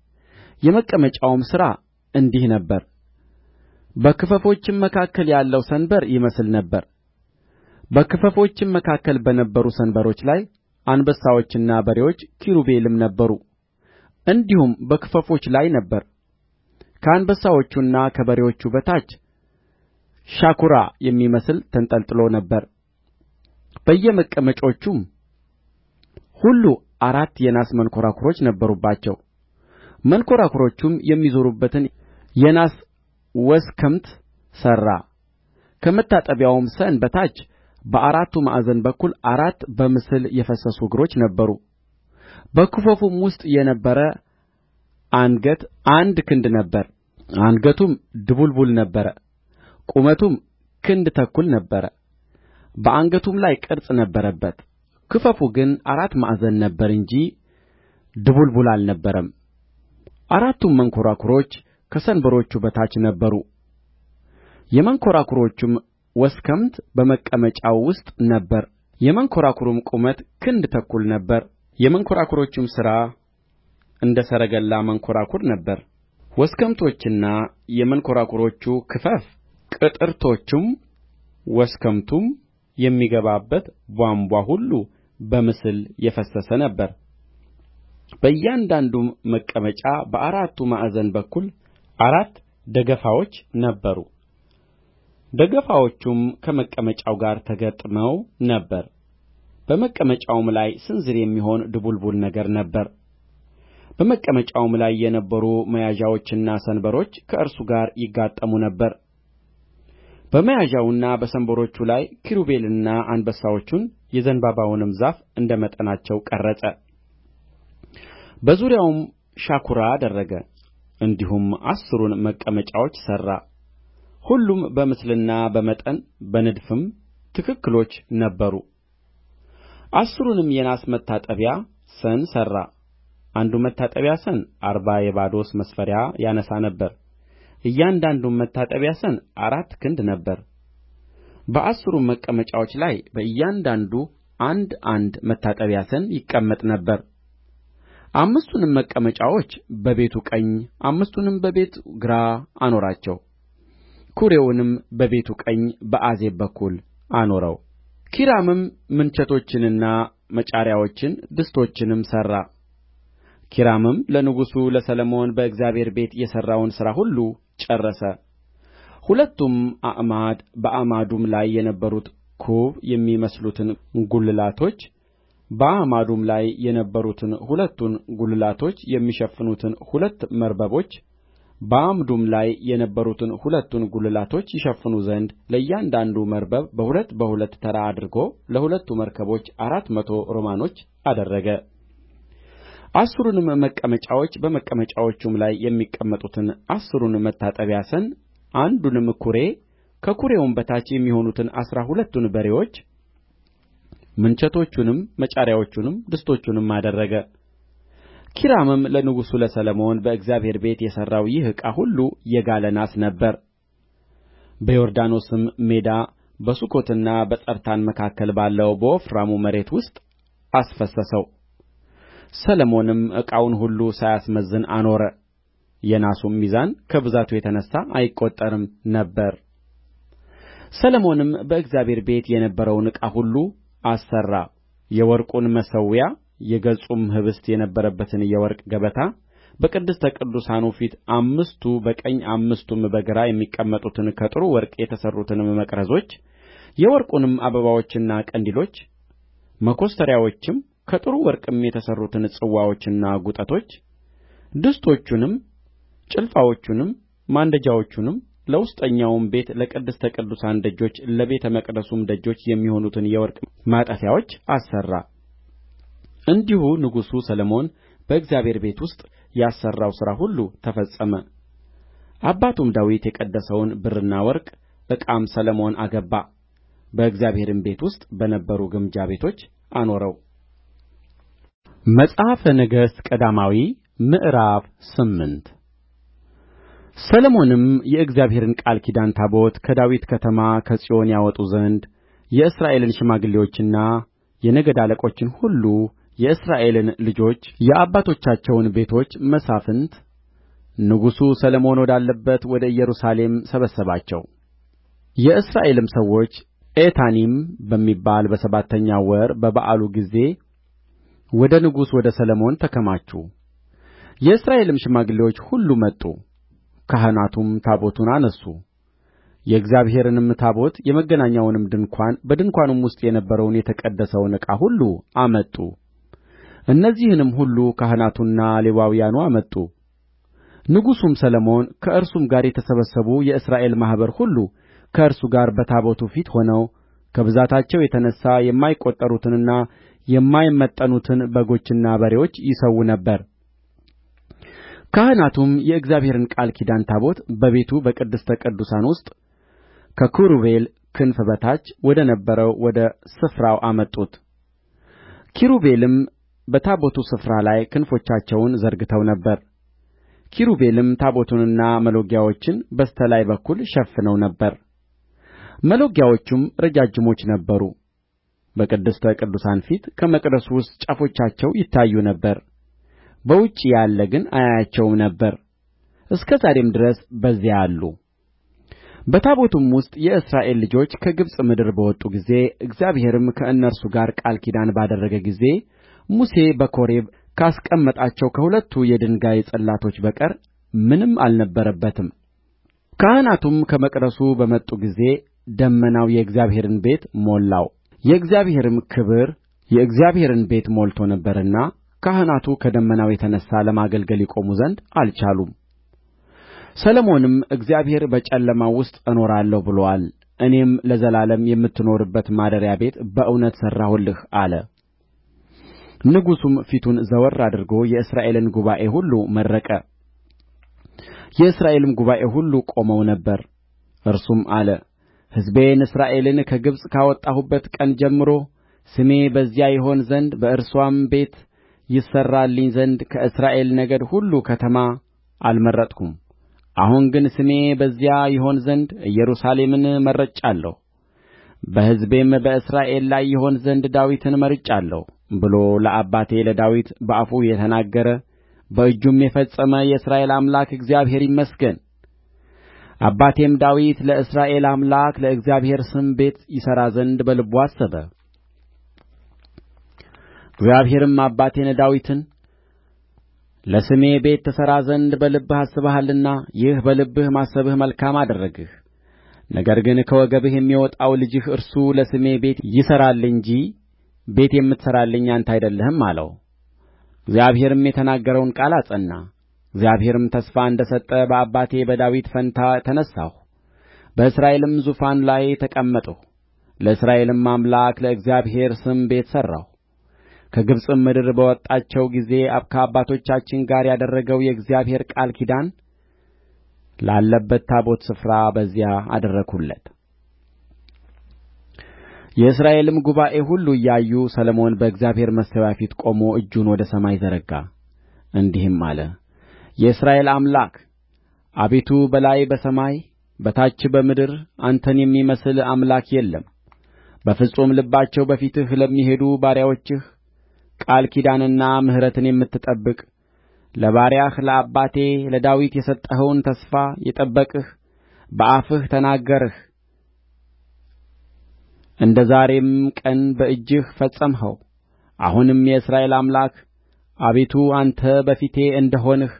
የመቀመጫውም ሥራ እንዲህ ነበረ በክፈፎችም መካከል ያለው ሰንበር ይመስል ነበር በክፈፎችም መካከል በነበሩ ሰንበሮች ላይ አንበሳዎችና በሬዎች ኪሩቤልም ነበሩ እንዲሁም በክፈፎች ላይ ነበረ ከአንበሳዎቹና ከበሬዎቹ በታች ሻኵራ የሚመስል ተንጠልጥሎ ነበር በየመቀመጫዎቹም ሁሉ አራት የናስ መንኰራኵሮች ነበሩባቸው መንኰራኵሮቹም የሚዞሩበትን የናስ ወስከምት ሠራ ከመታጠቢያውም ሰን በታች በአራቱ ማዕዘን በኩል አራት በምስል የፈሰሱ እግሮች ነበሩ በክፈፉም ውስጥ የነበረ አንገት አንድ ክንድ ነበረ አንገቱም ድቡልቡል ነበረ ቁመቱም ክንድ ተኩል ነበረ በአንገቱም ላይ ቅርጽ ነበረበት ክፈፉ ግን አራት ማዕዘን ነበረ እንጂ ድቡልቡል አልነበረም አራቱም መንኰራኵሮች ከሰንበሮቹ በታች ነበሩ የመንኰራኵሮቹም ወስከምት በመቀመጫው ውስጥ ነበረ የመንኰራኵሩም ቁመት ክንድ ተኩል ነበረ የመንኰራኵሮቹም ሥራ እንደ ሰረገላ መንኰራኵር ነበረ ወስከምቶችና የመንኰራኵሮቹ ክፈፍ ቅትርቶቹም ወስከምቱም የሚገባበት ቧንቧ ሁሉ በምስል የፈሰሰ ነበር በእያንዳንዱም መቀመጫ በአራቱ ማዕዘን በኩል አራት ደገፋዎች ነበሩ ደገፋዎቹም ከመቀመጫው ጋር ተገጥመው ነበር በመቀመጫውም ላይ ስንዝር የሚሆን ድቡልቡል ነገር ነበረ በመቀመጫውም ላይ የነበሩ መያዣዎችና ሰንበሮች ከእርሱ ጋር ይጋጠሙ ነበር በመያዣውና በሰንበሮቹ ላይ ኪሩቤልንና አንበሳዎቹን የዘንባባውንም ዛፍ እንደ መጠናቸው ቀረጸ በዙሪያውም ሻኵራ አደረገ እንዲሁም አሥሩን መቀመጫዎች ሠራ ሁሉም በምስልና በመጠን በንድፍም ትክክሎች ነበሩ አሥሩንም የናስ መታጠቢያ ሰን ሠራ አንዱ መታጠቢያ ሰን አርባ የባዶስ መስፈሪያ ያነሣ ነበር እያንዳንዱም መታጠቢያ ሰን አራት ክንድ ነበረ በአሥሩም መቀመጫዎች ላይ በእያንዳንዱ አንድ አንድ መታጠቢያ ሰን ይቀመጥ ነበር አምስቱንም መቀመጫዎች በቤቱ ቀኝ አምስቱንም በቤቱ ግራ አኖራቸው ኵሬውንም በቤቱ ቀኝ በአዜብ በኩል አኖረው ኪራምም ምንቸቶችንና መጫሪያዎችን ድስቶችንም ሠራ ኪራምም ለንጉሡ ለሰሎሞን በእግዚአብሔር ቤት የሠራውን ሥራ ሁሉ ጨረሰ ሁለቱም አዕማድ በአዕማዱም ላይ የነበሩት ኩብ የሚመስሉትን ጕልላቶች በአዕማዱም ላይ የነበሩትን ሁለቱን ጕልላቶች የሚሸፍኑትን ሁለት መርበቦች በአምዱም ላይ የነበሩትን ሁለቱን ጕልላቶች ይሸፍኑ ዘንድ ለእያንዳንዱ መርበብ በሁለት በሁለት ተራ አድርጎ ለሁለቱ መርበቦች አራት መቶ ሮማኖች አደረገ አሥሩንም መቀመጫዎች በመቀመጫዎቹም ላይ የሚቀመጡትን አሥሩን መታጠቢያ ሰን አንዱንም ኵሬ ከኵሬውም በታች የሚሆኑትን አሥራ ሁለቱን በሬዎች ምንቸቶቹንም መጫሪያዎቹንም ድስቶቹንም አደረገ ኪራምም ለንጉሡ ለሰሎሞን በእግዚአብሔር ቤት የሠራው ይህ ዕቃ ሁሉ የጋለ ናስ ነበረ በዮርዳኖስም ሜዳ በሱኮትና በጸርታን መካከል ባለው በወፍራሙ መሬት ውስጥ አስፈሰሰው ሰሎሞንም ዕቃውን ሁሉ ሳያስመዝን አኖረ የናሱም ሚዛን ከብዛቱ የተነሣ አይቈጠርም ነበር ሰሎሞንም በእግዚአብሔር ቤት የነበረውን ዕቃ ሁሉ አሠራ የወርቁን መሠዊያ የገጹም ኅብስት የነበረበትን የወርቅ ገበታ በቅድስተ ቅዱሳኑ ፊት አምስቱ በቀኝ አምስቱም በግራ የሚቀመጡትን ከጥሩ ወርቅ የተሠሩትንም መቅረዞች የወርቁንም አበባዎችና ቀንዲሎች መኰስተሪያዎችም ከጥሩ ወርቅም የተሠሩትን ጽዋዎችና ጕጠቶች ድስቶቹንም ጭልፋዎቹንም ማንደጃዎቹንም ለውስጠኛውም ቤት ለቅድስተ ቅዱሳን ደጆች ለቤተ መቅደሱም ደጆች የሚሆኑትን የወርቅ ማጠፊያዎች አሠራ እንዲሁ ንጉሡ ሰሎሞን በእግዚአብሔር ቤት ውስጥ ያሠራው ሥራ ሁሉ ተፈጸመ አባቱም ዳዊት የቀደሰውን ብርና ወርቅ ዕቃም ሰሎሞን አገባ በእግዚአብሔርም ቤት ውስጥ በነበሩ ግምጃ ቤቶች አኖረው መጽሐፈ ነገሥት ቀዳማዊ ምዕራፍ ስምንት ሰሎሞንም የእግዚአብሔርን ቃል ኪዳን ታቦት ከዳዊት ከተማ ከጽዮን ያወጡ ዘንድ የእስራኤልን ሽማግሌዎችና የነገድ አለቆችን ሁሉ የእስራኤልን ልጆች የአባቶቻቸውን ቤቶች መሳፍንት ንጉሡ ሰሎሞን ወዳለበት ወደ ኢየሩሳሌም ሰበሰባቸው የእስራኤልም ሰዎች ኤታኒም በሚባል በሰባተኛው ወር በበዓሉ ጊዜ ወደ ንጉሡ ወደ ሰሎሞን ተከማቹ የእስራኤልም ሽማግሌዎች ሁሉ መጡ ካህናቱም ታቦቱን አነሡ የእግዚአብሔርንም ታቦት የመገናኛውንም ድንኳን በድንኳኑም ውስጥ የነበረውን የተቀደሰውን ዕቃ ሁሉ አመጡ እነዚህንም ሁሉ ካህናቱና ሌዋውያኑ አመጡ ንጉሡም ሰሎሞን ከእርሱም ጋር የተሰበሰቡ የእስራኤል ማኅበር ሁሉ ከእርሱ ጋር በታቦቱ ፊት ሆነው ከብዛታቸው የተነሣ የማይቈጠሩትንና የማይመጠኑትን በጎችና በሬዎች ይሠዉ ነበር ካህናቱም የእግዚአብሔርን ቃል ኪዳን ታቦት በቤቱ በቅድስተ ቅዱሳን ውስጥ ከኪሩቤል ክንፍ በታች ወደ ነበረው ወደ ስፍራው አመጡት ኪሩቤልም በታቦቱ ስፍራ ላይ ክንፎቻቸውን ዘርግተው ነበር ኪሩቤልም ታቦቱንና መሎጊያዎቹን በስተ ላይ በኩል ሸፍነው ነበር መሎጊያዎቹም ረጃጅሞች ነበሩ በቅድስተ ቅዱሳን ፊት ከመቅደሱ ውስጥ ጫፎቻቸው ይታዩ ነበር በውጭ ያለ ግን አያያቸውም ነበር እስከ ዛሬም ድረስ በዚያ አሉ በታቦቱም ውስጥ የእስራኤል ልጆች ከግብፅ ምድር በወጡ ጊዜ እግዚአብሔርም ከእነርሱ ጋር ቃል ኪዳን ባደረገ ጊዜ ሙሴ በኮሬብ ካስቀመጣቸው ከሁለቱ የድንጋይ ጽላቶች በቀር ምንም አልነበረበትም ካህናቱም ከመቅደሱ በመጡ ጊዜ ደመናው የእግዚአብሔርን ቤት ሞላው የእግዚአብሔርም ክብር የእግዚአብሔርን ቤት ሞልቶ ነበርና ካህናቱ ከደመናው የተነሣ ለማገልገል ይቆሙ ዘንድ አልቻሉም ሰሎሞንም እግዚአብሔር በጨለማው ውስጥ እኖራለሁ ብሎአል እኔም ለዘላለም የምትኖርበት ማደሪያ ቤት በእውነት ሠራሁልህ አለ ንጉሡም ፊቱን ዘወር አድርጎ የእስራኤልን ጉባኤ ሁሉ መረቀ የእስራኤልም ጉባኤ ሁሉ ቆመው ነበር እርሱም አለ ሕዝቤን እስራኤልን ከግብፅ ካወጣሁበት ቀን ጀምሮ ስሜ በዚያ ይሆን ዘንድ በእርስዋም ቤት ይሠራልኝ ዘንድ ከእስራኤል ነገድ ሁሉ ከተማ አልመረጥሁም አሁን ግን ስሜ በዚያ ይሆን ዘንድ ኢየሩሳሌምን መርጫለሁ በሕዝቤም በእስራኤል ላይ ይሆን ዘንድ ዳዊትን መርጫለሁ ብሎ ለአባቴ ለዳዊት በአፉ የተናገረ በእጁም የፈጸመ የእስራኤል አምላክ እግዚአብሔር ይመስገን። አባቴም ዳዊት ለእስራኤል አምላክ ለእግዚአብሔር ስም ቤት ይሠራ ዘንድ በልቡ አሰበ። እግዚአብሔርም አባቴን ዳዊትን ለስሜ ቤት ትሠራ ዘንድ በልብህ አስበሃልና ይህ በልብህ ማሰብህ መልካም አደረግህ። ነገር ግን ከወገብህ የሚወጣው ልጅህ እርሱ ለስሜ ቤት ይሠራል እንጂ ቤት የምትሠራልኝ አንተ አይደለህም አለው እግዚአብሔርም የተናገረውን ቃል አጸና እግዚአብሔርም ተስፋ እንደ ሰጠ በአባቴ በዳዊት ፋንታ ተነሣሁ በእስራኤልም ዙፋን ላይ ተቀመጥሁ ለእስራኤልም አምላክ ለእግዚአብሔር ስም ቤት ሠራሁ ከግብጽም ምድር በወጣቸው ጊዜ ከአባቶቻችን ጋር ያደረገው የእግዚአብሔር ቃል ኪዳን ላለበት ታቦት ስፍራ በዚያ አደረግሁለት የእስራኤልም ጉባኤ ሁሉ እያዩ ሰሎሞን በእግዚአብሔር መሠዊያ ፊት ቆሞ እጁን ወደ ሰማይ ዘረጋ እንዲህም አለ የእስራኤል አምላክ አቤቱ በላይ በሰማይ በታች በምድር አንተን የሚመስል አምላክ የለም። በፍጹም ልባቸው በፊትህ ለሚሄዱ ባሪያዎችህ ቃል ኪዳንና ምሕረትን የምትጠብቅ ለባሪያህ ለአባቴ ለዳዊት የሰጠኸውን ተስፋ የጠበቅህ በአፍህ ተናገርህ እንደ ዛሬም ቀን በእጅህ ፈጸምኸው አሁንም የእስራኤል አምላክ አቤቱ አንተ በፊቴ እንደ ሆንህ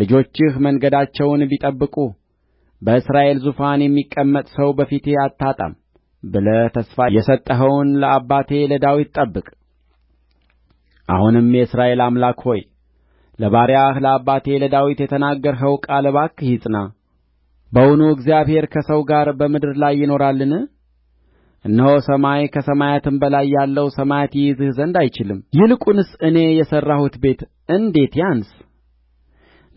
ልጆችህ መንገዳቸውን ቢጠብቁ በእስራኤል ዙፋን የሚቀመጥ ሰው በፊቴ አታጣም ብለህ ተስፋ የሰጠኸውን ለአባቴ ለዳዊት ጠብቅ። አሁንም የእስራኤል አምላክ ሆይ ለባሪያህ ለአባቴ ለዳዊት የተናገርኸው ቃል እባክህ ይጽና። በውኑ እግዚአብሔር ከሰው ጋር በምድር ላይ ይኖራልን? እነሆ ሰማይ ከሰማያትም በላይ ያለው ሰማያት ይይዝህ ዘንድ አይችልም ይልቁንስ እኔ የሠራሁት ቤት እንዴት ያንስ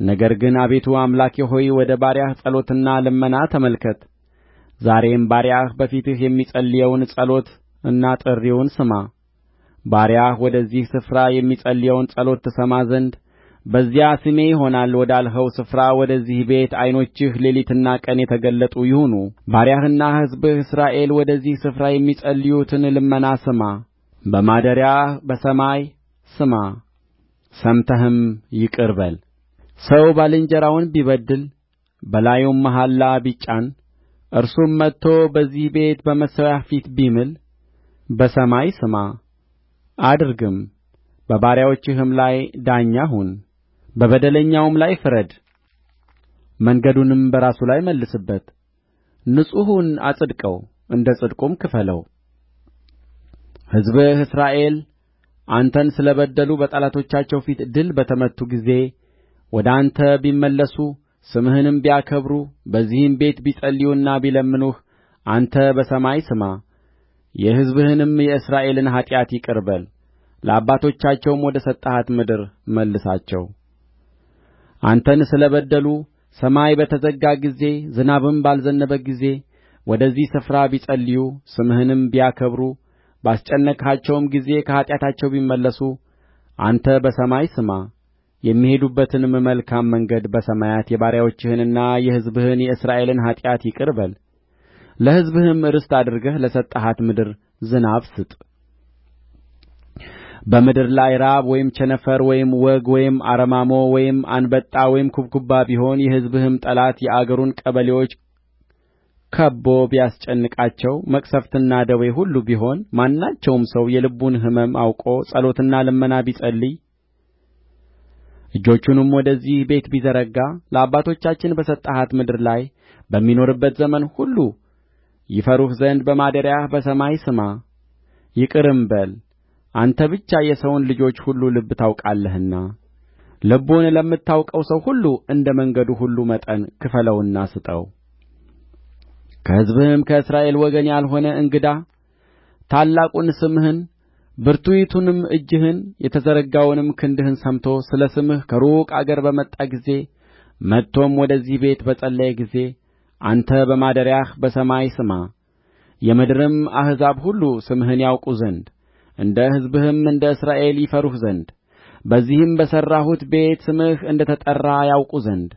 ነገር ግን አቤቱ አምላኬ ሆይ ወደ ባሪያህ ጸሎትና ልመና ተመልከት ዛሬም ባሪያህ በፊትህ የሚጸልየውን ጸሎትና ጥሪውን ስማ ባሪያህ ወደዚህ ስፍራ የሚጸልየውን ጸሎት ትሰማ ዘንድ በዚያ ስሜ ይሆናል ወዳልኸው ስፍራ ወደዚህ ቤት ዓይኖችህ ሌሊትና ቀን የተገለጡ ይሁኑ ባሪያህና ሕዝብህ እስራኤል ወደዚህ ስፍራ የሚጸልዩትን ልመና ስማ በማደሪያህ በሰማይ ስማ ሰምተህም ይቅር በል ሰው ባልንጀራውን ቢበድል በላዩም መሐላ ቢጫን እርሱም መጥቶ በዚህ ቤት በመሠዊያህ ፊት ቢምል በሰማይ ስማ አድርግም፣ በባሪያዎችህም ላይ ዳኛ ሁን። በበደለኛውም ላይ ፍረድ መንገዱንም በራሱ ላይ መልስበት ንጹሑን አጽድቀው እንደ ጽድቁም ክፈለው ሕዝብህ እስራኤል አንተን ስለ በደሉ በጠላቶቻቸው ፊት ድል በተመቱ ጊዜ ወደ አንተ ቢመለሱ ስምህንም ቢያከብሩ በዚህም ቤት ቢጸልዩና ቢለምኑህ አንተ በሰማይ ስማ የሕዝብህንም የእስራኤልን ኃጢአት ይቅር በል ለአባቶቻቸውም ወደ ሰጠሃት ምድር መልሳቸው አንተን ስለ በደሉ ሰማይ በተዘጋ ጊዜ ዝናብም ባልዘነበ ጊዜ ወደዚህ ስፍራ ቢጸልዩ ስምህንም ቢያከብሩ ባስጨነቅሃቸውም ጊዜ ከኃጢአታቸው ቢመለሱ አንተ በሰማይ ስማ የሚሄዱበትንም መልካም መንገድ በሰማያት የባሪያዎችህንና የሕዝብህን የእስራኤልን ኃጢአት ይቅር በል ለሕዝብህም ርስት አድርገህ ለሰጠሃት ምድር ዝናብ ስጥ በምድር ላይ ራብ ወይም ቸነፈር ወይም ዋግ ወይም አረማሞ ወይም አንበጣ ወይም ኩብኩባ ቢሆን የሕዝብህም ጠላት የአገሩን ቀበሌዎች ከብቦ ቢያስጨንቃቸው መቅሠፍትና ደዌ ሁሉ ቢሆን ማናቸውም ሰው የልቡን ሕመም አውቆ ጸሎትና ልመና ቢጸልይ እጆቹንም ወደዚህ ቤት ቢዘረጋ ለአባቶቻችን በሰጠሃት ምድር ላይ በሚኖርበት ዘመን ሁሉ ይፈሩህ ዘንድ በማደሪያህ በሰማይ ስማ ይቅርም በል አንተ ብቻ የሰውን ልጆች ሁሉ ልብ ታውቃለህና ልቡን ለምታውቀው ሰው ሁሉ እንደ መንገዱ ሁሉ መጠን ክፈለውና ስጠው ከሕዝብህም ከእስራኤል ወገን ያልሆነ እንግዳ ታላቁን ስምህን ብርቱይቱንም እጅህን የተዘረጋውንም ክንድህን ሰምቶ ስለ ስምህ ከሩቅ አገር በመጣ ጊዜ መጥቶም ወደዚህ ቤት በጸለየ ጊዜ አንተ በማደሪያህ በሰማይ ስማ፣ የምድርም አሕዛብ ሁሉ ስምህን ያውቁ ዘንድ እንደ ሕዝብህም እንደ እስራኤል ይፈሩህ ዘንድ በዚህም በሠራሁት ቤት ስምህ እንደ ተጠራ ያውቁ ዘንድ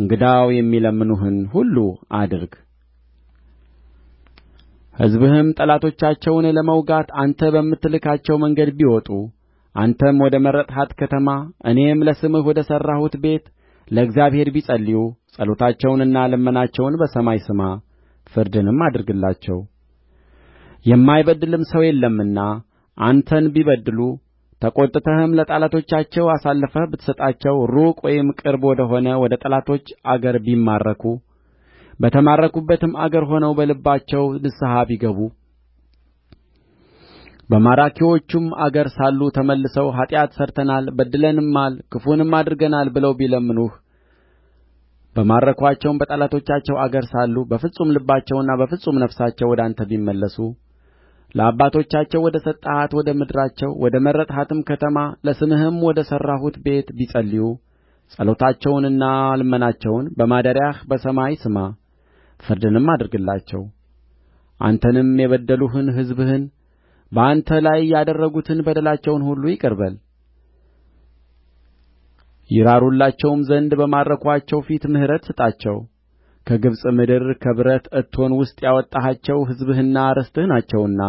እንግዳው የሚለምኑህን ሁሉ አድርግ ሕዝብህም ጠላቶቻቸውን ለመውጋት አንተ በምትልካቸው መንገድ ቢወጡ አንተም ወደ መረጥሃት ከተማ እኔም ለስምህ ወደ ሠራሁት ቤት ለእግዚአብሔር ቢጸልዩ ጸሎታቸውንና ልመናቸውን በሰማይ ስማ፣ ፍርድንም አድርግላቸው የማይበድልም ሰው የለምና አንተን ቢበድሉ ተቈጥተህም ለጠላቶቻቸው አሳልፈህ ብትሰጣቸው ሩቅ ወይም ቅርብ ወደ ሆነ ወደ ጠላቶች አገር ቢማረኩ በተማረኩበትም አገር ሆነው በልባቸው ንስሐ ቢገቡ በማራኪዎቹም አገር ሳሉ ተመልሰው ኃጢአት ሠርተናል በድለንማል ክፉንም አድርገናል ብለው ቢለምኑህ በማረኩአቸውም በጠላቶቻቸው አገር ሳሉ በፍጹም ልባቸውና በፍጹም ነፍሳቸው ወደ አንተ ቢመለሱ ለአባቶቻቸው ወደ ሰጠሃት ወደ ምድራቸው ወደ መረጥሃትም ከተማ ለስምህም ወደ ሠራሁት ቤት ቢጸልዩ ጸሎታቸውንና ልመናቸውን በማደሪያህ በሰማይ ስማ ፍርድንም አድርግላቸው አንተንም የበደሉህን ሕዝብህን በአንተ ላይ ያደረጉትን በደላቸውን ሁሉ ይቅር በል ይራሩላቸውም ዘንድ በማረኩአቸው ፊት ምሕረት ስጣቸው ከግብፅ ምድር ከብረት እቶን ውስጥ ያወጣሃቸው ሕዝብህና ርስትህ ናቸውና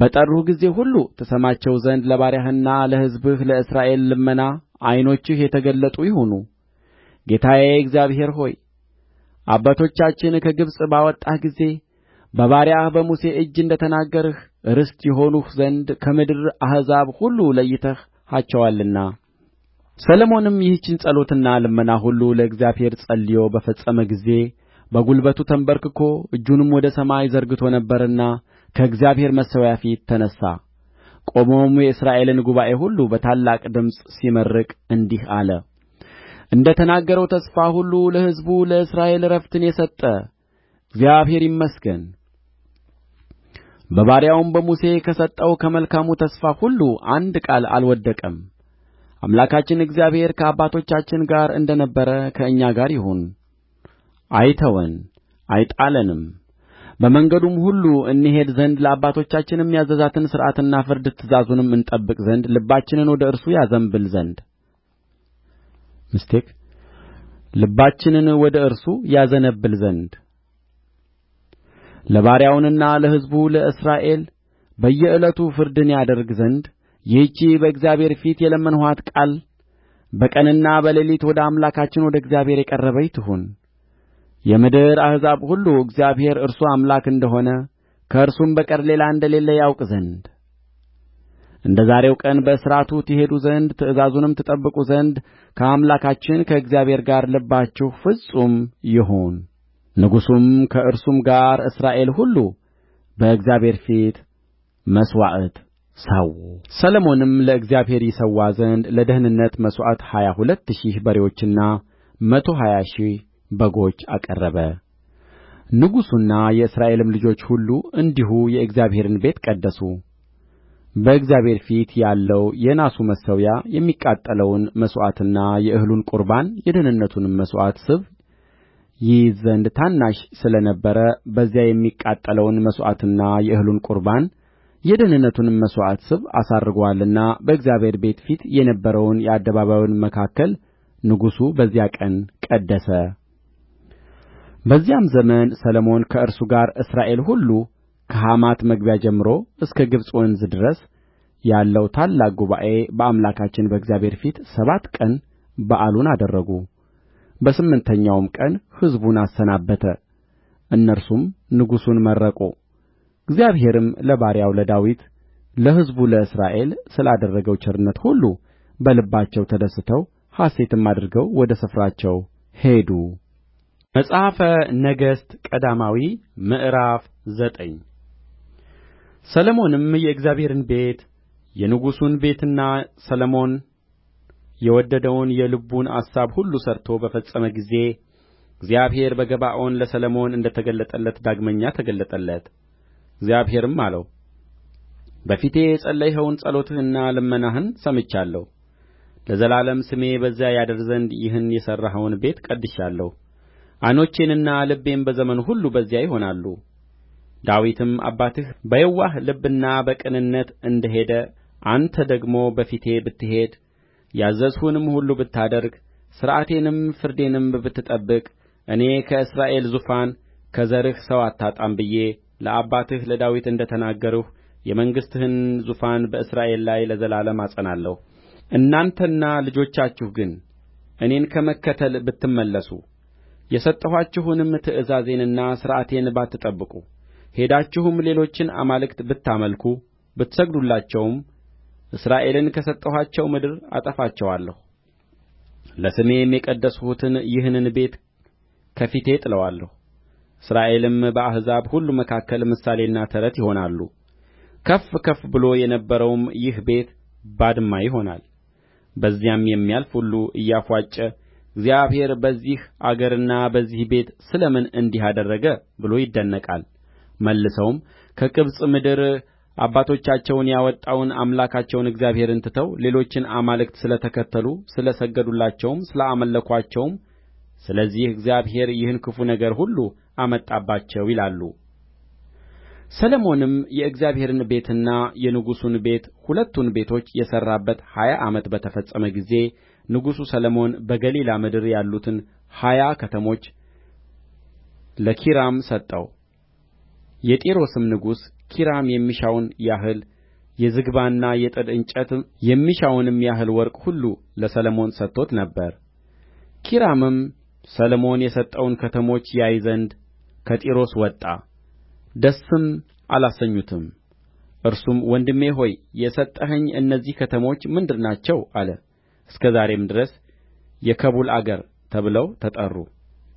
በጠሩህ ጊዜ ሁሉ ትሰማቸው ዘንድ ለባሪያህና ለሕዝብህ ለእስራኤል ልመና ዓይኖችህ የተገለጡ ይሁኑ ጌታዬ እግዚአብሔር ሆይ አባቶቻችን ከግብፅ ባወጣህ ጊዜ በባሪያህ በሙሴ እጅ እንደ ተናገርህ ርስት ይሆኑህ ዘንድ ከምድር አሕዛብ ሁሉ ለይተሃቸዋልና ሰሎሞንም ይህችን ጸሎትና ልመና ሁሉ ለእግዚአብሔር ጸልዮ በፈጸመ ጊዜ በጕልበቱ ተንበርክኮ እጁንም ወደ ሰማይ ዘርግቶ ነበርና ከእግዚአብሔር መሠዊያ ፊት ተነሣ ቆሞም የእስራኤልን ጉባኤ ሁሉ በታላቅ ድምፅ ሲመርቅ እንዲህ አለ እንደ ተናገረው ተስፋ ሁሉ ለሕዝቡ ለእስራኤል ዕረፍትን የሰጠ እግዚአብሔር ይመስገን በባሪያውም በሙሴ ከሰጠው ከመልካሙ ተስፋ ሁሉ አንድ ቃል አልወደቀም አምላካችን እግዚአብሔር ከአባቶቻችን ጋር እንደ ነበረ ከእኛ ጋር ይሁን አይተወን አይጣለንም በመንገዱም ሁሉ እንሄድ ዘንድ ለአባቶቻችንም ያዘዛትን ሥርዓትና ፍርድ ትእዛዙንም እንጠብቅ ዘንድ ልባችንን ወደ እርሱ ያዘንብል ዘንድ ልባችንን ወደ እርሱ ያዘነብል ዘንድ ለባሪያውና ለሕዝቡ ለእስራኤል በየዕለቱ ፍርድን ያደርግ ዘንድ ይህች በእግዚአብሔር ፊት የለመንኋት ቃል በቀንና በሌሊት ወደ አምላካችን ወደ እግዚአብሔር የቀረበች ትሁን የምድር አሕዛብ ሁሉ እግዚአብሔር እርሱ አምላክ እንደሆነ ከእርሱም በቀር ሌላ እንደሌለ ያውቅ ዘንድ እንደ ዛሬው ቀን በሥርዓቱ ትሄዱ ዘንድ ትእዛዙንም ትጠብቁ ዘንድ ከአምላካችን ከእግዚአብሔር ጋር ልባችሁ ፍጹም ይሁን። ንጉሡም ከእርሱም ጋር እስራኤል ሁሉ በእግዚአብሔር ፊት መሥዋዕት ሠዉ ሰሎሞንም ለእግዚአብሔር ይሠዋ ዘንድ ለደኅንነት መሥዋዕት ሀያ ሁለት ሺህ በሬዎችና መቶ ሀያ ሺህ በጎች አቀረበ ንጉሡና የእስራኤልም ልጆች ሁሉ እንዲሁ የእግዚአብሔርን ቤት ቀደሱ በእግዚአብሔር ፊት ያለው የናሱ መሠዊያ የሚቃጠለውን መሥዋዕትና የእህሉን ቍርባን የደኅንነቱንም መሥዋዕት ስብ ይይዝ ዘንድ ታናሽ ስለ ነበረ በዚያ የሚቃጠለውን መሥዋዕትና የእህሉን ቍርባን የደኅንነቱንም መሥዋዕት ስብ አሳርጎአልና በእግዚአብሔር ቤት ፊት የነበረውን የአደባባዩን መካከል ንጉሡ በዚያ ቀን ቀደሰ በዚያም ዘመን ሰሎሞን ከእርሱ ጋር እስራኤል ሁሉ ከሐማት መግቢያ ጀምሮ እስከ ግብጽ ወንዝ ድረስ ያለው ታላቅ ጉባኤ በአምላካችን በእግዚአብሔር ፊት ሰባት ቀን በዓሉን አደረጉ። በስምንተኛውም ቀን ሕዝቡን አሰናበተ፣ እነርሱም ንጉሡን መረቁ። እግዚአብሔርም ለባሪያው ለዳዊት ለሕዝቡ ለእስራኤል ስላደረገው ቸርነት ሁሉ በልባቸው ተደስተው ሐሤትም አድርገው ወደ ስፍራቸው ሄዱ መጽሐፈ ነገሥት ቀዳማዊ ምዕራፍ ዘጠኝ ሰሎሞንም የእግዚአብሔርን ቤት የንጉሡን ቤትና ሰሎሞን የወደደውን የልቡን አሳብ ሁሉ ሠርቶ በፈጸመ ጊዜ እግዚአብሔር በገባዖን ለሰሎሞን እንደ ተገለጠለት ዳግመኛ ተገለጠለት እግዚአብሔርም አለው በፊቴ የጸለይኸውን ጸሎትህንና ልመናህን ሰምቻለሁ ለዘላለም ስሜ በዚያ ያድር ዘንድ ይህን የሠራኸውን ቤት ቀድሻለሁ ዓይኖቼንና ልቤም በዘመኑ ሁሉ በዚያ ይሆናሉ ዳዊትም አባትህ በየዋህ ልብና በቅንነት እንደ ሄደ አንተ ደግሞ በፊቴ ብትሄድ ያዘዝሁንም ሁሉ ብታደርግ ሥርዓቴንም ፍርዴንም ብትጠብቅ እኔ ከእስራኤል ዙፋን ከዘርህ ሰው አታጣም ብዬ ለአባትህ ለዳዊት እንደ ተናገርሁ የመንግሥትህን ዙፋን በእስራኤል ላይ ለዘላለም አጸናለሁ እናንተና ልጆቻችሁ ግን እኔን ከመከተል ብትመለሱ የሰጠኋችሁንም ትእዛዜንና ሥርዓቴን ባትጠብቁ ሄዳችሁም ሌሎችን አማልክት ብታመልኩ ብትሰግዱላቸውም እስራኤልን ከሰጠኋቸው ምድር አጠፋቸዋለሁ ለስሜም የቀደስሁትን ይህን ቤት ከፊቴ እጥለዋለሁ እስራኤልም በአሕዛብ ሁሉ መካከል ምሳሌና ተረት ይሆናሉ ከፍ ከፍ ብሎ የነበረውም ይህ ቤት ባድማ ይሆናል በዚያም የሚያልፍ ሁሉ እያፍዋጨ እግዚአብሔር በዚህ አገርና በዚህ ቤት ስለ ምን እንዲህ አደረገ ብሎ ይደነቃል መልሰውም ከግብፅ ምድር አባቶቻቸውን ያወጣውን አምላካቸውን እግዚአብሔርን ትተው ሌሎችን አማልክት ስለ ተከተሉ ስለ ሰገዱላቸውም ስለ አመለኩአቸውም ስለዚህ እግዚአብሔር ይህን ክፉ ነገር ሁሉ አመጣባቸው ይላሉ ሰሎሞንም የእግዚአብሔርን ቤትና የንጉሡን ቤት ሁለቱን ቤቶች የሠራበት ሀያ ዓመት በተፈጸመ ጊዜ ንጉሡ ሰሎሞን በገሊላ ምድር ያሉትን ሀያ ከተሞች ለኪራም ሰጠው። የጢሮስም ንጉሥ ኪራም የሚሻውን ያህል የዝግባና የጥድ እንጨት የሚሻውንም ያህል ወርቅ ሁሉ ለሰሎሞን ሰጥቶት ነበር። ኪራምም ሰሎሞን የሰጠውን ከተሞች ያይ ዘንድ ከጢሮስ ወጣ ደስም አላሰኙትም እርሱም ወንድሜ ሆይ የሰጠኸኝ እነዚህ ከተሞች ምንድር ናቸው አለ እስከ ዛሬም ድረስ የከቡል አገር ተብለው ተጠሩ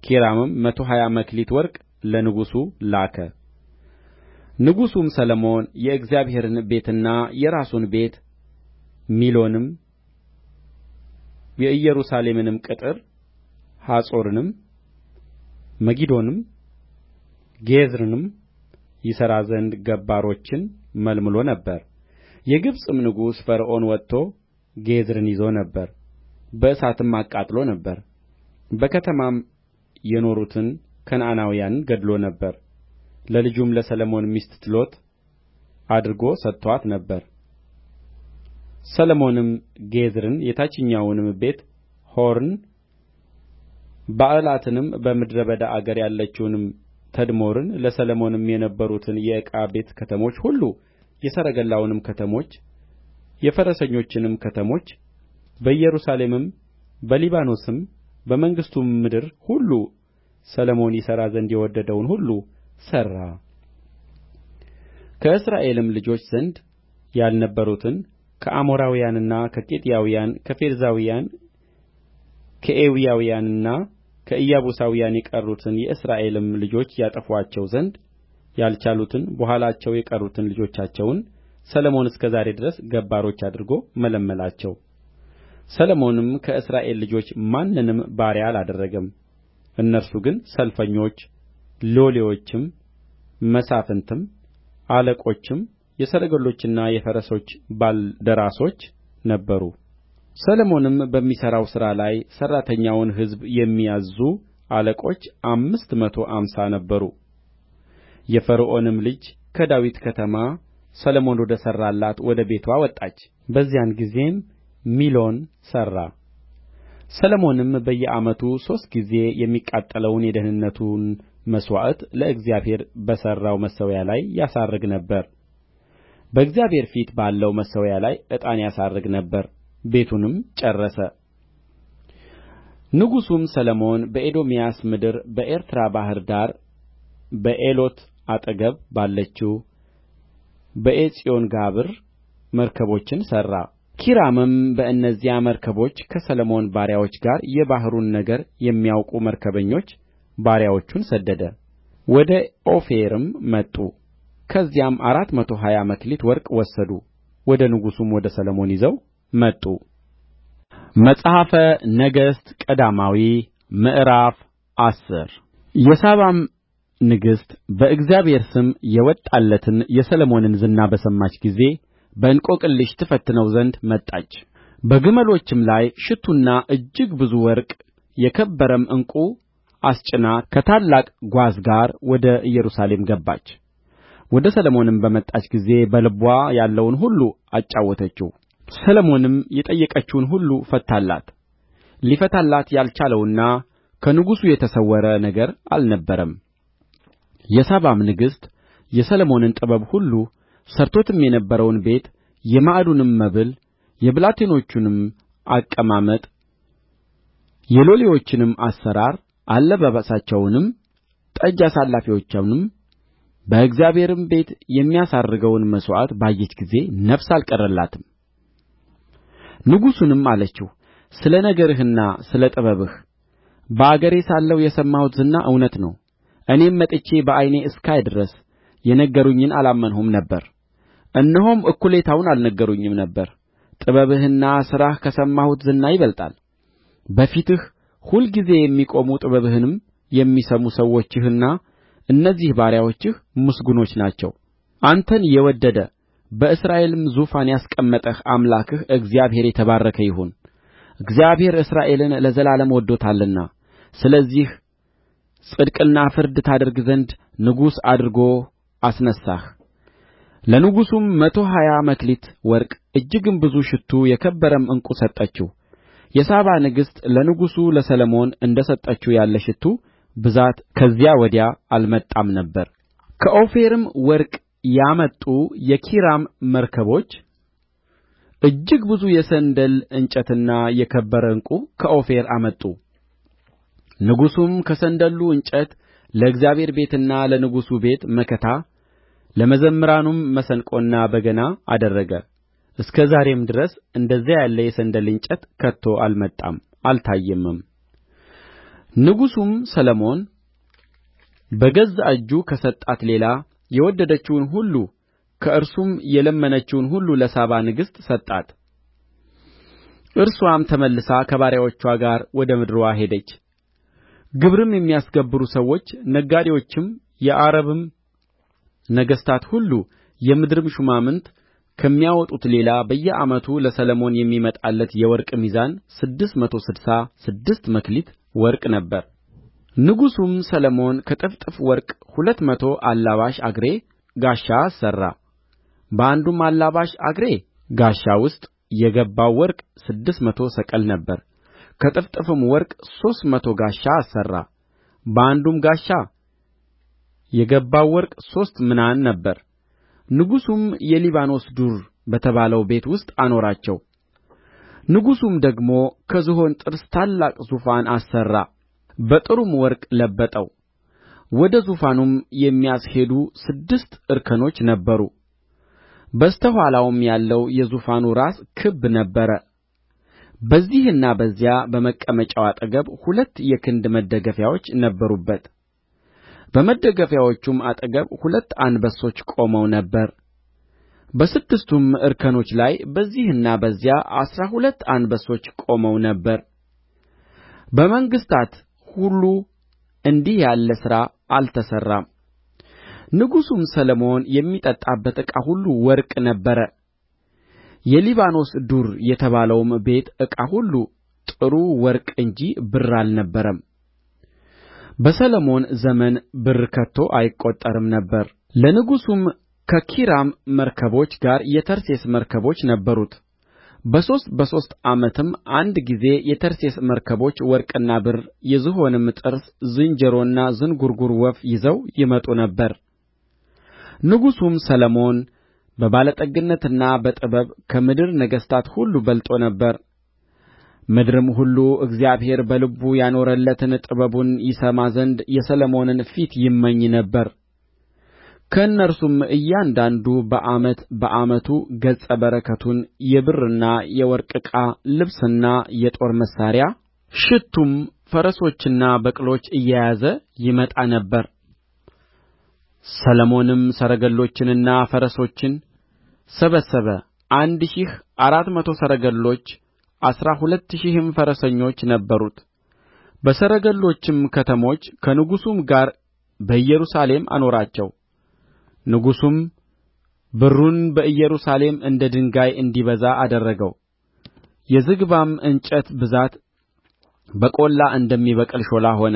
ኪራምም መቶ ሀያ መክሊት ወርቅ ለንጉሡ ላከ ንጉሡም ሰሎሞን የእግዚአብሔርን ቤትና የራሱን ቤት ሚሎንም የኢየሩሳሌምንም ቅጥር ሐጾርንም መጊዶንም ጌዝርንም ይሠራ ዘንድ ገባሮችን መልምሎ ነበር። የግብጽም ንጉሥ ፈርዖን ወጥቶ ጌዝርን ይዞ ነበር፣ በእሳትም አቃጥሎ ነበር። በከተማም የኖሩትን ከነዓናውያንን ገድሎ ነበር። ለልጁም ለሰሎሞን ሚስት ትሎት አድርጎ ሰጥቶአት ነበር። ሰሎሞንም ጌዝርን፣ የታችኛውንም ቤት ሖሮን፣ ባዕላትንም በምድረ በዳ አገር ያለችውንም ተድሞርን ለሰሎሞንም የነበሩትን የዕቃ ቤት ከተሞች ሁሉ የሰረገላውንም ከተሞች የፈረሰኞችንም ከተሞች በኢየሩሳሌምም በሊባኖስም በመንግሥቱም ምድር ሁሉ ሰሎሞን ይሠራ ዘንድ የወደደውን ሁሉ ሠራ ከእስራኤልም ልጆች ዘንድ ያልነበሩትን ከአሞራውያንና ከኬጢያውያን ከፌርዛውያን ከኤዊያውያንና ከኢያቡሳውያን የቀሩትን የእስራኤልም ልጆች ያጠፉአቸው ዘንድ ያልቻሉትን በኋላቸው የቀሩትን ልጆቻቸውን ሰሎሞን እስከ ዛሬ ድረስ ገባሮች አድርጎ መለመላቸው ሰሎሞንም ከእስራኤል ልጆች ማንንም ባሪያ አላደረገም እነርሱ ግን ሰልፈኞች ሎሌዎችም መሳፍንትም አለቆችም የሰረገሎችና የፈረሶች ባልደራሶች ነበሩ ሰሎሞንም በሚሠራው ሥራ ላይ ሠራተኛውን ሕዝብ የሚያዝዙ አለቆች አምስት መቶ አምሳ ነበሩ የፈርዖንም ልጅ ከዳዊት ከተማ ሰሎሞን ወደ ሠራላት ወደ ቤትዋ ወጣች በዚያን ጊዜም ሚሎን ሠራ ሰሎሞንም በየዓመቱ ሦስት ጊዜ የሚቃጠለውን የደኅንነቱን መሥዋዕት ለእግዚአብሔር በሠራው መሠዊያ ላይ ያሳርግ ነበር በእግዚአብሔር ፊት ባለው መሠዊያ ላይ ዕጣን ያሳርግ ነበር ቤቱንም ጨረሰ ንጉሡም ሰሎሞን በኤዶምያስ ምድር በኤርትራ ባሕር ዳር በኤሎት አጠገብ ባለችው በዔጽዮንጋብር መርከቦችን ሠራ ኪራምም በእነዚያ መርከቦች ከሰሎሞን ባሪያዎች ጋር የባሕሩን ነገር የሚያውቁ መርከበኞች ባሪያዎቹን ሰደደ ወደ ኦፊርም መጡ ከዚያም አራት መቶ ሀያ መክሊት ወርቅ ወሰዱ ወደ ንጉሡም ወደ ሰሎሞን ይዘው መጡ መጽሐፈ ነገሥት ቀዳማዊ ምዕራፍ አስር የሳባም ንግሥት በእግዚአብሔር ስም የወጣለትን የሰሎሞንን ዝና በሰማች ጊዜ በእንቆቅልሽ ትፈትነው ዘንድ መጣች በግመሎችም ላይ ሽቱና እጅግ ብዙ ወርቅ የከበረም ዕንቍ አስጭና ከታላቅ ጓዝ ጋር ወደ ኢየሩሳሌም ገባች ወደ ሰሎሞንም በመጣች ጊዜ በልቧ ያለውን ሁሉ አጫወተችው ሰሎሞንም የጠየቀችውን ሁሉ ፈታላት ሊፈታላት ያልቻለውና ከንጉሡ የተሰወረ ነገር አልነበረም የሳባም ንግሥት የሰሎሞንን ጥበብ ሁሉ ሠርቶትም የነበረውን ቤት የማዕዱንም መብል የብላቴኖቹንም አቀማመጥ የሎሌዎቹንም አሠራር አለባበሳቸውንም ጠጅ አሳላፊዎቹንም በእግዚአብሔርም ቤት የሚያሳርገውን መሥዋዕት ባየች ጊዜ ነፍስ አልቀረላትም ንጉሡንም አለችው ስለ ነገርህና ስለ ጥበብህ በአገሬ ሳለሁ የሰማሁት ዝና እውነት ነው እኔም መጥቼ በዓይኔ እስካይ ድረስ የነገሩኝን አላመንሁም ነበር እነሆም እኩሌታውን አልነገሩኝም ነበር ጥበብህና ሥራህ ከሰማሁት ዝና ይበልጣል በፊትህ ሁልጊዜ የሚቆሙ ጥበብህንም የሚሰሙ ሰዎችህና እነዚህ ባሪያዎችህ ምስጉኖች ናቸው አንተን የወደደ በእስራኤልም ዙፋን ያስቀመጠህ አምላክህ እግዚአብሔር የተባረከ ይሁን እግዚአብሔር እስራኤልን ለዘላለም ወድዶታልና ስለዚህ ጽድቅና ፍርድ ታደርግ ዘንድ ንጉሥ አድርጎ አስነሣህ ለንጉሡም መቶ ሀያ መክሊት ወርቅ እጅግም ብዙ ሽቱ የከበረም ዕንቍ ሰጠችው የሳባ ንግሥት ለንጉሡ ለሰሎሞን እንደ ሰጠችው ያለ ሽቱ ብዛት ከዚያ ወዲያ አልመጣም ነበር ከኦፊርም ወርቅ ያመጡ የኪራም መርከቦች እጅግ ብዙ የሰንደል እንጨትና የከበረ ዕንቍ ከኦፊር አመጡ ንጉሡም ከሰንደሉ እንጨት ለእግዚአብሔር ቤትና ለንጉሡ ቤት መከታ ለመዘምራኑም መሰንቆና በገና አደረገ እስከ ዛሬም ድረስ እንደዚያ ያለ የሰንደል እንጨት ከቶ አልመጣም አልታየምም። ንጉሡም ሰሎሞን በገዛ እጁ ከሰጣት ሌላ የወደደችውን ሁሉ ከእርሱም የለመነችውን ሁሉ ለሳባ ንግሥት ሰጣት እርስዋም ተመልሳ ከባሪያዎችዋ ጋር ወደ ምድርዋ ሄደች ግብርም የሚያስገብሩ ሰዎች ነጋዴዎችም የዓረብም ነገሥታት ሁሉ የምድርም ሹማምት ከሚያወጡት ሌላ በየዓመቱ ለሰሎሞን የሚመጣለት የወርቅ ሚዛን ስድስት መቶ ስድሳ ስድስት መክሊት ወርቅ ነበረ ንጉሡም ሰሎሞን ከጥፍጥፍ ወርቅ ሁለት መቶ አላባሽ አግሬ ጋሻ አሠራ በአንዱም አላባሽ አግሬ ጋሻ ውስጥ የገባው ወርቅ ስድስት መቶ ሰቅል ነበረ ከጥፍጥፍም ወርቅ ሦስት መቶ ጋሻ አሠራ በአንዱም ጋሻ የገባው ወርቅ ሦስት ምናን ነበረ ንጉሡም የሊባኖስ ዱር በተባለው ቤት ውስጥ አኖራቸው ንጉሡም ደግሞ ከዝሆን ጥርስ ታላቅ ዙፋን አሠራ በጥሩም ወርቅ ለበጠው ወደ ዙፋኑም የሚያስሄዱ ስድስት እርከኖች ነበሩ በስተ ኋላውም ያለው የዙፋኑ ራስ ክብ ነበረ በዚህና በዚያ በመቀመጫው አጠገብ ሁለት የክንድ መደገፊያዎች ነበሩበት በመደገፊያዎቹም አጠገብ ሁለት አንበሶች ቆመው ነበር በስድስቱም እርከኖች ላይ በዚህና በዚያ አሥራ ሁለት አንበሶች ቆመው ነበር በመንግሥታት ሁሉ እንዲህ ያለ ሥራ አልተሠራም ንጉሡም ሰሎሞን የሚጠጣበት ዕቃ ሁሉ ወርቅ ነበረ የሊባኖስ ዱር የተባለውም ቤት ዕቃ ሁሉ ጥሩ ወርቅ እንጂ ብር አልነበረም በሰሎሞን ዘመን ብር ከቶ አይቈጠርም ነበር ለንጉሡም ከኪራም መርከቦች ጋር የተርሴስ መርከቦች ነበሩት በሦስት በሦስት ዓመትም አንድ ጊዜ የተርሴስ መርከቦች ወርቅና ብር የዝሆንም ጥርስ ዝንጀሮና ዝንጕርጕር ወፍ ይዘው ይመጡ ነበር ንጉሡም ሰሎሞን በባለጠግነትና በጥበብ ከምድር ነገሥታት ሁሉ በልጦ ነበር ምድርም ሁሉ እግዚአብሔር በልቡ ያኖረለትን ጥበቡን ይሰማ ዘንድ የሰሎሞንን ፊት ይመኝ ነበር ከእነርሱም እያንዳንዱ በዓመት በዓመቱ ገጸ በረከቱን የብርና የወርቅ ዕቃ ልብስና የጦር መሣሪያ ሽቱም ፈረሶችና በቅሎች እየያዘ ይመጣ ነበር ሰሎሞንም ሰረገሎችንና ፈረሶችን ሰበሰበ አንድ ሺህ አራት መቶ ሰረገሎች አሥራ ሁለት ሺህም ፈረሰኞች ነበሩት በሰረገሎችም ከተሞች ከንጉሡም ጋር በኢየሩሳሌም አኖራቸው ንጉሡም ብሩን በኢየሩሳሌም እንደ ድንጋይ እንዲበዛ አደረገው የዝግባም እንጨት ብዛት በቈላ እንደሚበቅል ሾላ ሆነ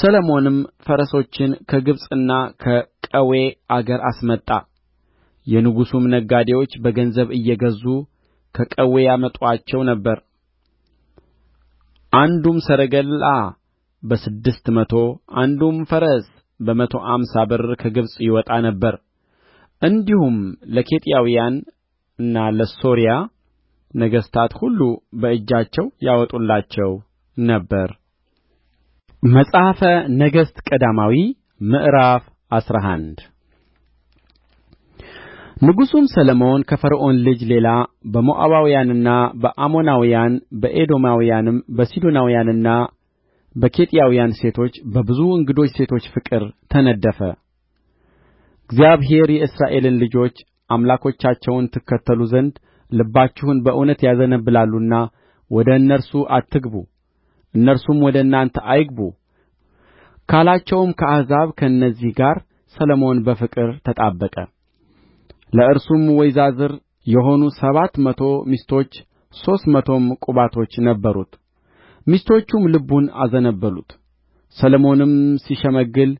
ሰሎሞንም ፈረሶችን ከግብጽና ከቀዌ አገር አስመጣ የንጉሡም ነጋዴዎች በገንዘብ እየገዙ ከቀዌ ያመጡአቸው ነበር አንዱም ሰረገላ በስድስት መቶ አንዱም ፈረስ በመቶ አምሳ ብር ከግብጽ ይወጣ ነበር እንዲሁም ለኬጢያውያንና ለሶርያ ነገሥታት ሁሉ በእጃቸው ያወጡላቸው ነበር መጽሐፈ ነገሥት ቀዳማዊ ምዕራፍ አስራ አንድ ንጉሡም ሰሎሞን ከፈርዖን ልጅ ሌላ በሞዓባውያንና በአሞናውያን በኤዶማውያንም በሲዶናውያንና በኬጢያውያን ሴቶች በብዙ እንግዶች ሴቶች ፍቅር ተነደፈ እግዚአብሔር የእስራኤልን ልጆች አምላኮቻቸውን ትከተሉ ዘንድ ልባችሁን በእውነት ያዘነብላሉና ወደ እነርሱ አትግቡ እነርሱም ወደ እናንተ አይግቡ ካላቸውም ከአሕዛብ ከእነዚህ ጋር ሰሎሞን በፍቅር ተጣበቀ ለእርሱም ወይዛዝር የሆኑ ሰባት መቶ ሚስቶች ሦስት መቶም ቁባቶች ነበሩት ሚስቶቹም ልቡን አዘነበሉት ሰሎሞንም ሲሸመግል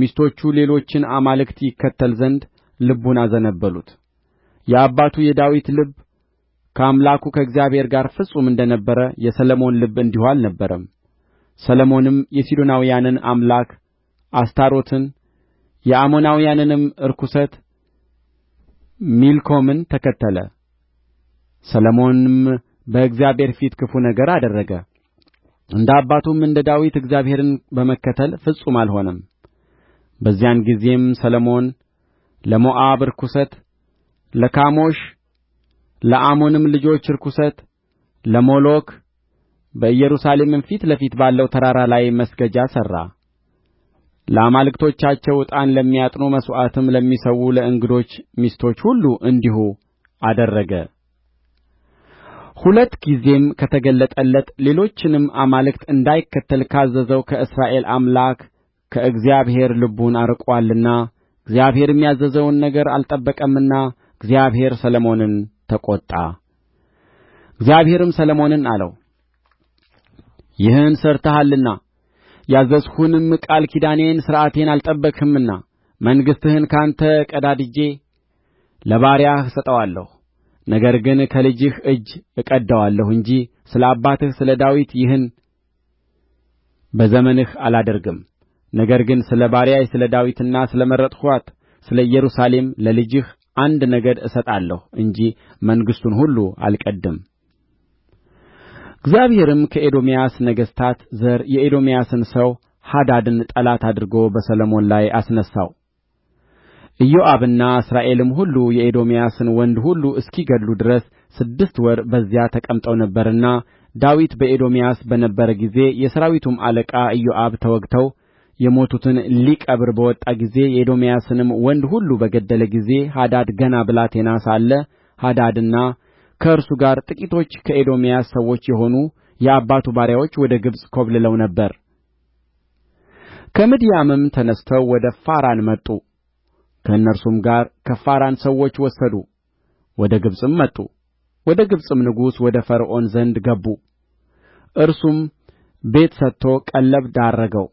ሚስቶቹ ሌሎችን አማልክት ይከተል ዘንድ ልቡን አዘነበሉት የአባቱ የዳዊት ልብ ከአምላኩ ከእግዚአብሔር ጋር ፍጹም እንደ ነበረ የሰሎሞን ልብ እንዲሁ አልነበረም ሰሎሞንም የሲዶናውያንን አምላክ አስታሮትን የአሞናውያንንም ርኵሰት ሚልኮምን ተከተለ ሰሎሞንም በእግዚአብሔር ፊት ክፉ ነገር አደረገ እንደ አባቱም እንደ ዳዊት እግዚአብሔርን በመከተል ፍጹም አልሆነም በዚያን ጊዜም ሰሎሞን ለሞዓብ ርኵሰት ለካሞሽ ለአሞንም ልጆች ርኵሰት ለሞሎክ በኢየሩሳሌምም ፊት ለፊት ባለው ተራራ ላይ መስገጃ ሠራ ለአማልክቶቻቸው ዕጣን ለሚያጥኑ መሥዋዕትም ለሚሠዉ ለእንግዶች ሚስቶች ሁሉ እንዲሁ አደረገ ሁለት ጊዜም ከተገለጠለት ሌሎችንም አማልክት እንዳይከተል ካዘዘው ከእስራኤል አምላክ ከእግዚአብሔር ልቡን አርቆአልና እግዚአብሔርም ያዘዘውን ነገር አልጠበቀምና እግዚአብሔር ሰሎሞንን ተቈጣ እግዚአብሔርም ሰሎሞንን አለው ይህን ሠርተሃልና ያዘዝሁህንም ቃል ኪዳኔንና ሥርዓቴን አልጠበቅህምና መንግሥትህን ከአንተ ቀዳድጄ ለባሪያህ እሰጠዋለሁ ነገር ግን ከልጅህ እጅ እቀድደዋለሁ እንጂ ስለ አባትህ ስለ ዳዊት ይህን በዘመንህ አላደርግም ነገር ግን ስለ ባሪያዬ ስለ ዳዊትና ስለ መረጥኋት ስለ ኢየሩሳሌም ለልጅህ አንድ ነገድ እሰጣለሁ እንጂ መንግሥቱን ሁሉ አልቀድድም እግዚአብሔርም ከኤዶምያስ ነገሥታት ዘር የኤዶምያስን ሰው ሃዳድን ጠላት አድርጎ በሰሎሞን ላይ አስነሣው ኢዮአብና እስራኤልም ሁሉ የኤዶምያስን ወንድ ሁሉ እስኪገድሉ ድረስ ስድስት ወር በዚያ ተቀምጠው ነበርና ዳዊት በኤዶምያስ በነበረ ጊዜ የሠራዊቱም አለቃ ኢዮአብ ተወግተው የሞቱትን ሊቀብር በወጣ ጊዜ የኤዶምያስንም ወንድ ሁሉ በገደለ ጊዜ ሃዳድ ገና ብላቴና ሳለ ሃዳድና ከእርሱ ጋር ጥቂቶች ከኤዶምያስ ሰዎች የሆኑ የአባቱ ባሪያዎች ወደ ግብጽ ኰብልለው ነበር ከምድያምም ተነሥተው ወደ ፋራን መጡ ከእነርሱም ጋር ከፋራን ሰዎች ወሰዱ ወደ ግብጽም መጡ ወደ ግብጽም ንጉሥ ወደ ፈርዖን ዘንድ ገቡ እርሱም ቤት ሰጥቶ ቀለብ ዳረገው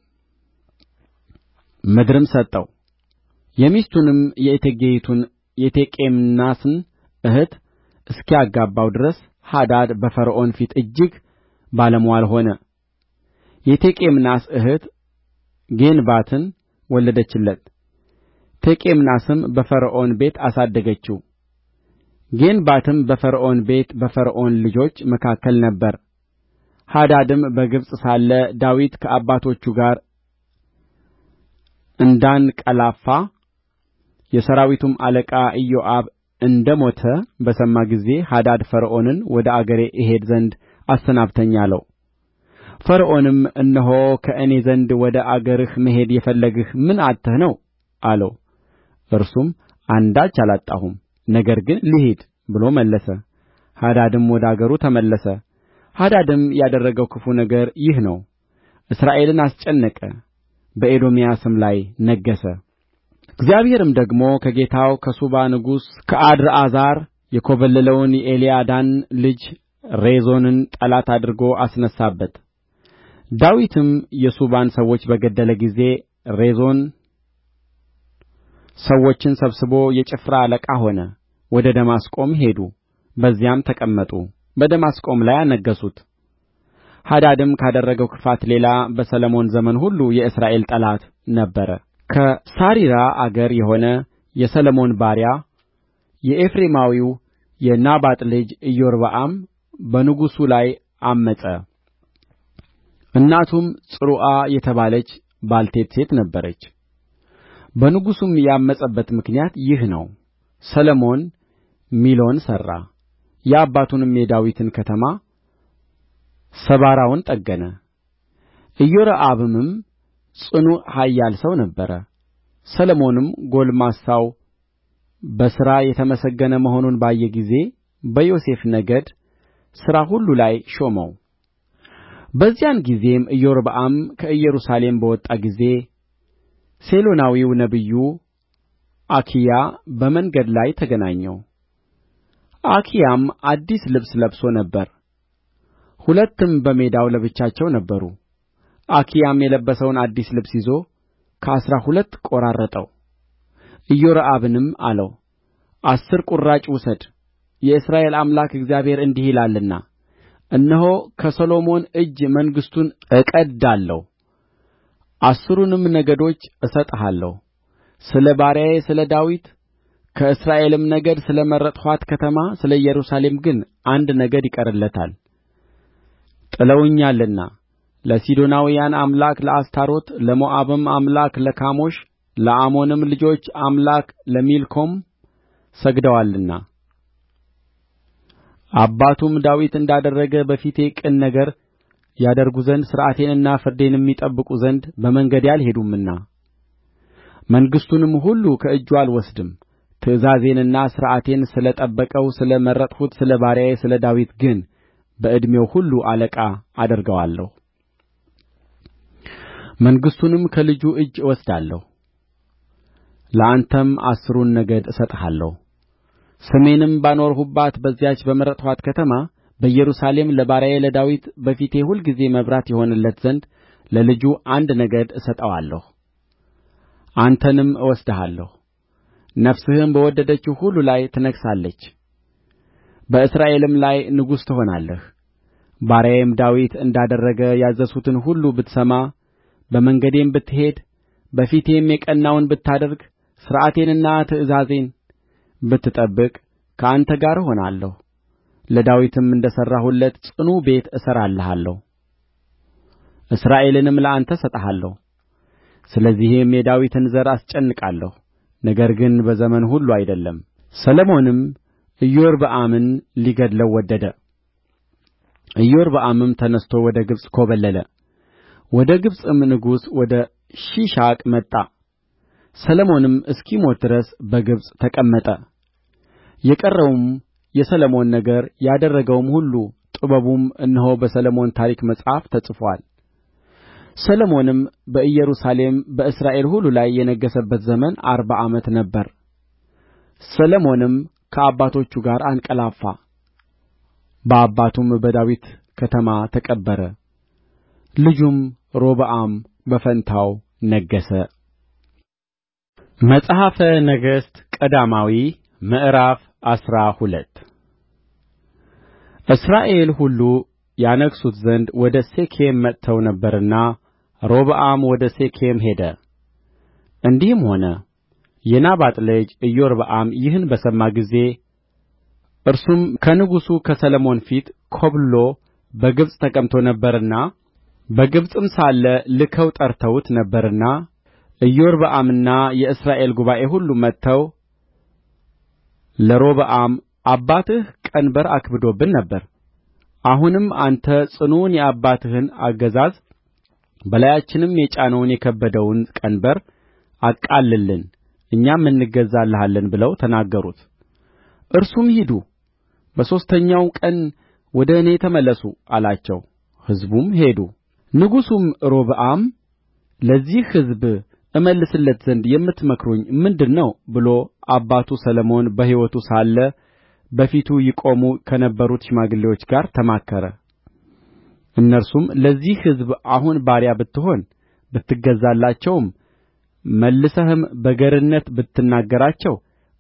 ምድርም ሰጠው የሚስቱንም የእቴጌይቱን የቴቄምናስን እኅት እስኪያጋባው ድረስ ሃዳድ በፈርዖን ፊት እጅግ ባለምዋል ሆነ። የቴቄምናስ እኅት ጌንባትን ወለደችለት። ቴቄምናስም በፈርዖን ቤት አሳደገችው ጌንባትም በፈርዖን ቤት በፈርዖን ልጆች መካከል ነበረ ሃዳድም በግብጽ ሳለ ዳዊት ከአባቶቹ ጋር እንዳንቀላፋ የሠራዊቱም አለቃ ኢዮአብ እንደ ሞተ በሰማ ጊዜ ሃዳድ ፈርዖንን ወደ አገሬ እሄድ ዘንድ አሰናብተኝ አለው። ፈርዖንም እነሆ ከእኔ ዘንድ ወደ አገርህ መሄድ የፈለግህ ምን አጥተህ ነው አለው። እርሱም አንዳች አላጣሁም ነገር ግን ልሂድ ብሎ መለሰ ሃዳድም ወደ አገሩ ተመለሰ ሃዳድም ያደረገው ክፉ ነገር ይህ ነው እስራኤልን አስጨነቀ በኤዶምያስም ላይ ነገሠ እግዚአብሔርም ደግሞ ከጌታው ከሱባ ንጉሥ ከአድርአዛር የኰበለለውን የኤልያዳን ልጅ ሬዞንን ጠላት አድርጎ አስነሣበት ዳዊትም የሱባን ሰዎች በገደለ ጊዜ ሬዞን ሰዎችን ሰብስቦ የጭፍራ አለቃ ሆነ ወደ ደማስቆም ሄዱ በዚያም ተቀመጡ በደማስቆም ላይ አነገሡት ሃዳድም ካደረገው ክፋት ሌላ በሰሎሞን ዘመን ሁሉ የእስራኤል ጠላት ነበረ ከሳሪራ አገር የሆነ የሰሎሞን ባሪያ የኤፍሬማዊው የናባጥ ልጅ ኢዮርብዓም በንጉሡ ላይ ዐመፀ እናቱም ጽሩዓ የተባለች ባልቴት ሴት ነበረች በንጉሡም ያመፀበት ምክንያት ይህ ነው ሰሎሞን ሚሎን ሠራ የአባቱንም የዳዊትን ከተማ ሰባራውን ጠገነ ኢዮርብዓምም ጽኑዕ ኃያል ሰው ነበረ ሰሎሞንም ጕልማሳው በሥራ የተመሰገነ መሆኑን ባየ ጊዜ በዮሴፍ ነገድ ሥራ ሁሉ ላይ ሾመው በዚያን ጊዜም ኢዮርብዓም ከኢየሩሳሌም በወጣ ጊዜ ሴሎናዊው ነቢዩ አኪያ በመንገድ ላይ ተገናኘው አኪያም አዲስ ልብስ ለብሶ ነበር ሁለትም በሜዳው ለብቻቸው ነበሩ አኪያም የለበሰውን አዲስ ልብስ ይዞ ከአሥራ ሁለት ቈራረጠው ኢዮርብዓምንም አለው አሥር ቍራጭ ውሰድ የእስራኤል አምላክ እግዚአብሔር እንዲህ ይላልና እነሆ ከሰሎሞን እጅ መንግሥቱን እቀድዳለሁ አሥሩንም ነገዶች እሰጥሃለሁ ስለ ባሪያዬ ስለ ዳዊት ከእስራኤልም ነገድ ስለ መረጥኋት ከተማ ስለ ኢየሩሳሌም ግን አንድ ነገድ ይቀርለታል ጥለውኛልና ለሲዶናውያን አምላክ ለአስታሮት ለሞዓብም አምላክ ለካሞሽ ለአሞንም ልጆች አምላክ ለሚልኮም ሰግደዋልና አባቱም ዳዊት እንዳደረገ በፊቴ ቅን ነገር ያደርጉ ዘንድ ሥርዓቴንና ፍርዴንም ይጠብቁ ዘንድ በመንገዴ አልሄዱምና መንግሥቱንም ሁሉ ከእጁ አልወስድም ትእዛዜንና ሥርዓቴን ስለ ጠበቀው ስለ መረጥሁት ስለ ባሪያዬ ስለ ዳዊት ግን በዕድሜው ሁሉ አለቃ አደርገዋለሁ መንግሥቱንም ከልጁ እጅ እወስዳለሁ ለአንተም አሥሩን ነገድ እሰጥሃለሁ ስሜንም ባኖርሁባት በዚያች በመረጥኋት ከተማ በኢየሩሳሌም ለባሪያዬ ለዳዊት በፊቴ ሁልጊዜ መብራት ይሆንለት ዘንድ ለልጁ አንድ ነገድ እሰጠዋለሁ አንተንም እወስድሃለሁ ነፍስህም በወደደችው ሁሉ ላይ ትነግሣለች በእስራኤልም ላይ ንጉሥ ትሆናለህ ባሪያዬም ዳዊት እንዳደረገ ያዘዝሁትን ሁሉ ብትሰማ በመንገዴም ብትሄድ በፊቴም የቀናውን ብታደርግ ሥርዓቴንና ትእዛዜን ብትጠብቅ ከአንተ ጋር እሆናለሁ ለዳዊትም እንደ ሠራሁለት ጽኑ ቤት እሠራልሃለሁ እስራኤልንም ለአንተ እሰጥሃለሁ ስለዚህም የዳዊትን ዘር አስጨንቃለሁ ነገር ግን በዘመኑ ሁሉ አይደለም ሰሎሞንም ኢዮርብዓምን ሊገድለው ወደደ ኢዮርብዓምም ተነሥቶ ወደ ግብጽ ኰበለለ ወደ ግብጽም ንጉሥ ወደ ሺሻቅ መጣ ሰሎሞንም እስኪሞት ድረስ በግብጽ ተቀመጠ የቀረውም የሰሎሞን ነገር ያደረገውም ሁሉ ጥበቡም እነሆ በሰሎሞን ታሪክ መጽሐፍ ተጽፎአል ሰሎሞንም በኢየሩሳሌም በእስራኤል ሁሉ ላይ የነገሠበት ዘመን አርባ ዓመት ነበረ ሰሎሞንም ከአባቶቹ ጋር አንቀላፋ በአባቱም በዳዊት ከተማ ተቀበረ ልጁም ሮብዓም በፋንታው ነገሠ መጽሐፈ ነገሥት ቀዳማዊ ምዕራፍ አስራ ሁለት እስራኤል ሁሉ ያነግሡት ዘንድ ወደ ሴኬም መጥተው ነበርና ሮብዓም ወደ ሴኬም ሄደ እንዲህም ሆነ የናባጥ ልጅ ኢዮርብዓም ይህን በሰማ ጊዜ እርሱም ከንጉሡ ከሰሎሞን ፊት ኰብልሎ በግብጽ ተቀምጦ ነበርና በግብጽም ሳለ ልከው ጠርተውት ነበርና ኢዮርብዓምና የእስራኤል ጉባኤ ሁሉ መጥተው ለሮብዓም አባትህ ቀንበር አክብዶብን ነበር አሁንም አንተ ጽኑውን የአባትህን አገዛዝ በላያችንም የጫነውን የከበደውን ቀንበር አቃልልልን እኛም እንገዛልሃለን ብለው ተናገሩት እርሱም ሂዱ በሦስተኛው ቀን ወደ እኔ ተመለሱ አላቸው ሕዝቡም ሄዱ ንጉሡም ሮብዓም ለዚህ ሕዝብ እመልስለት ዘንድ የምትመክሩኝ ምንድር ነው ብሎ አባቱ ሰሎሞን በሕይወቱ ሳለ በፊቱ ይቆሙ ከነበሩት ሽማግሌዎች ጋር ተማከረ እነርሱም ለዚህ ሕዝብ አሁን ባሪያ ብትሆን ብትገዛላቸውም መልሰህም በገርነት ብትናገራቸው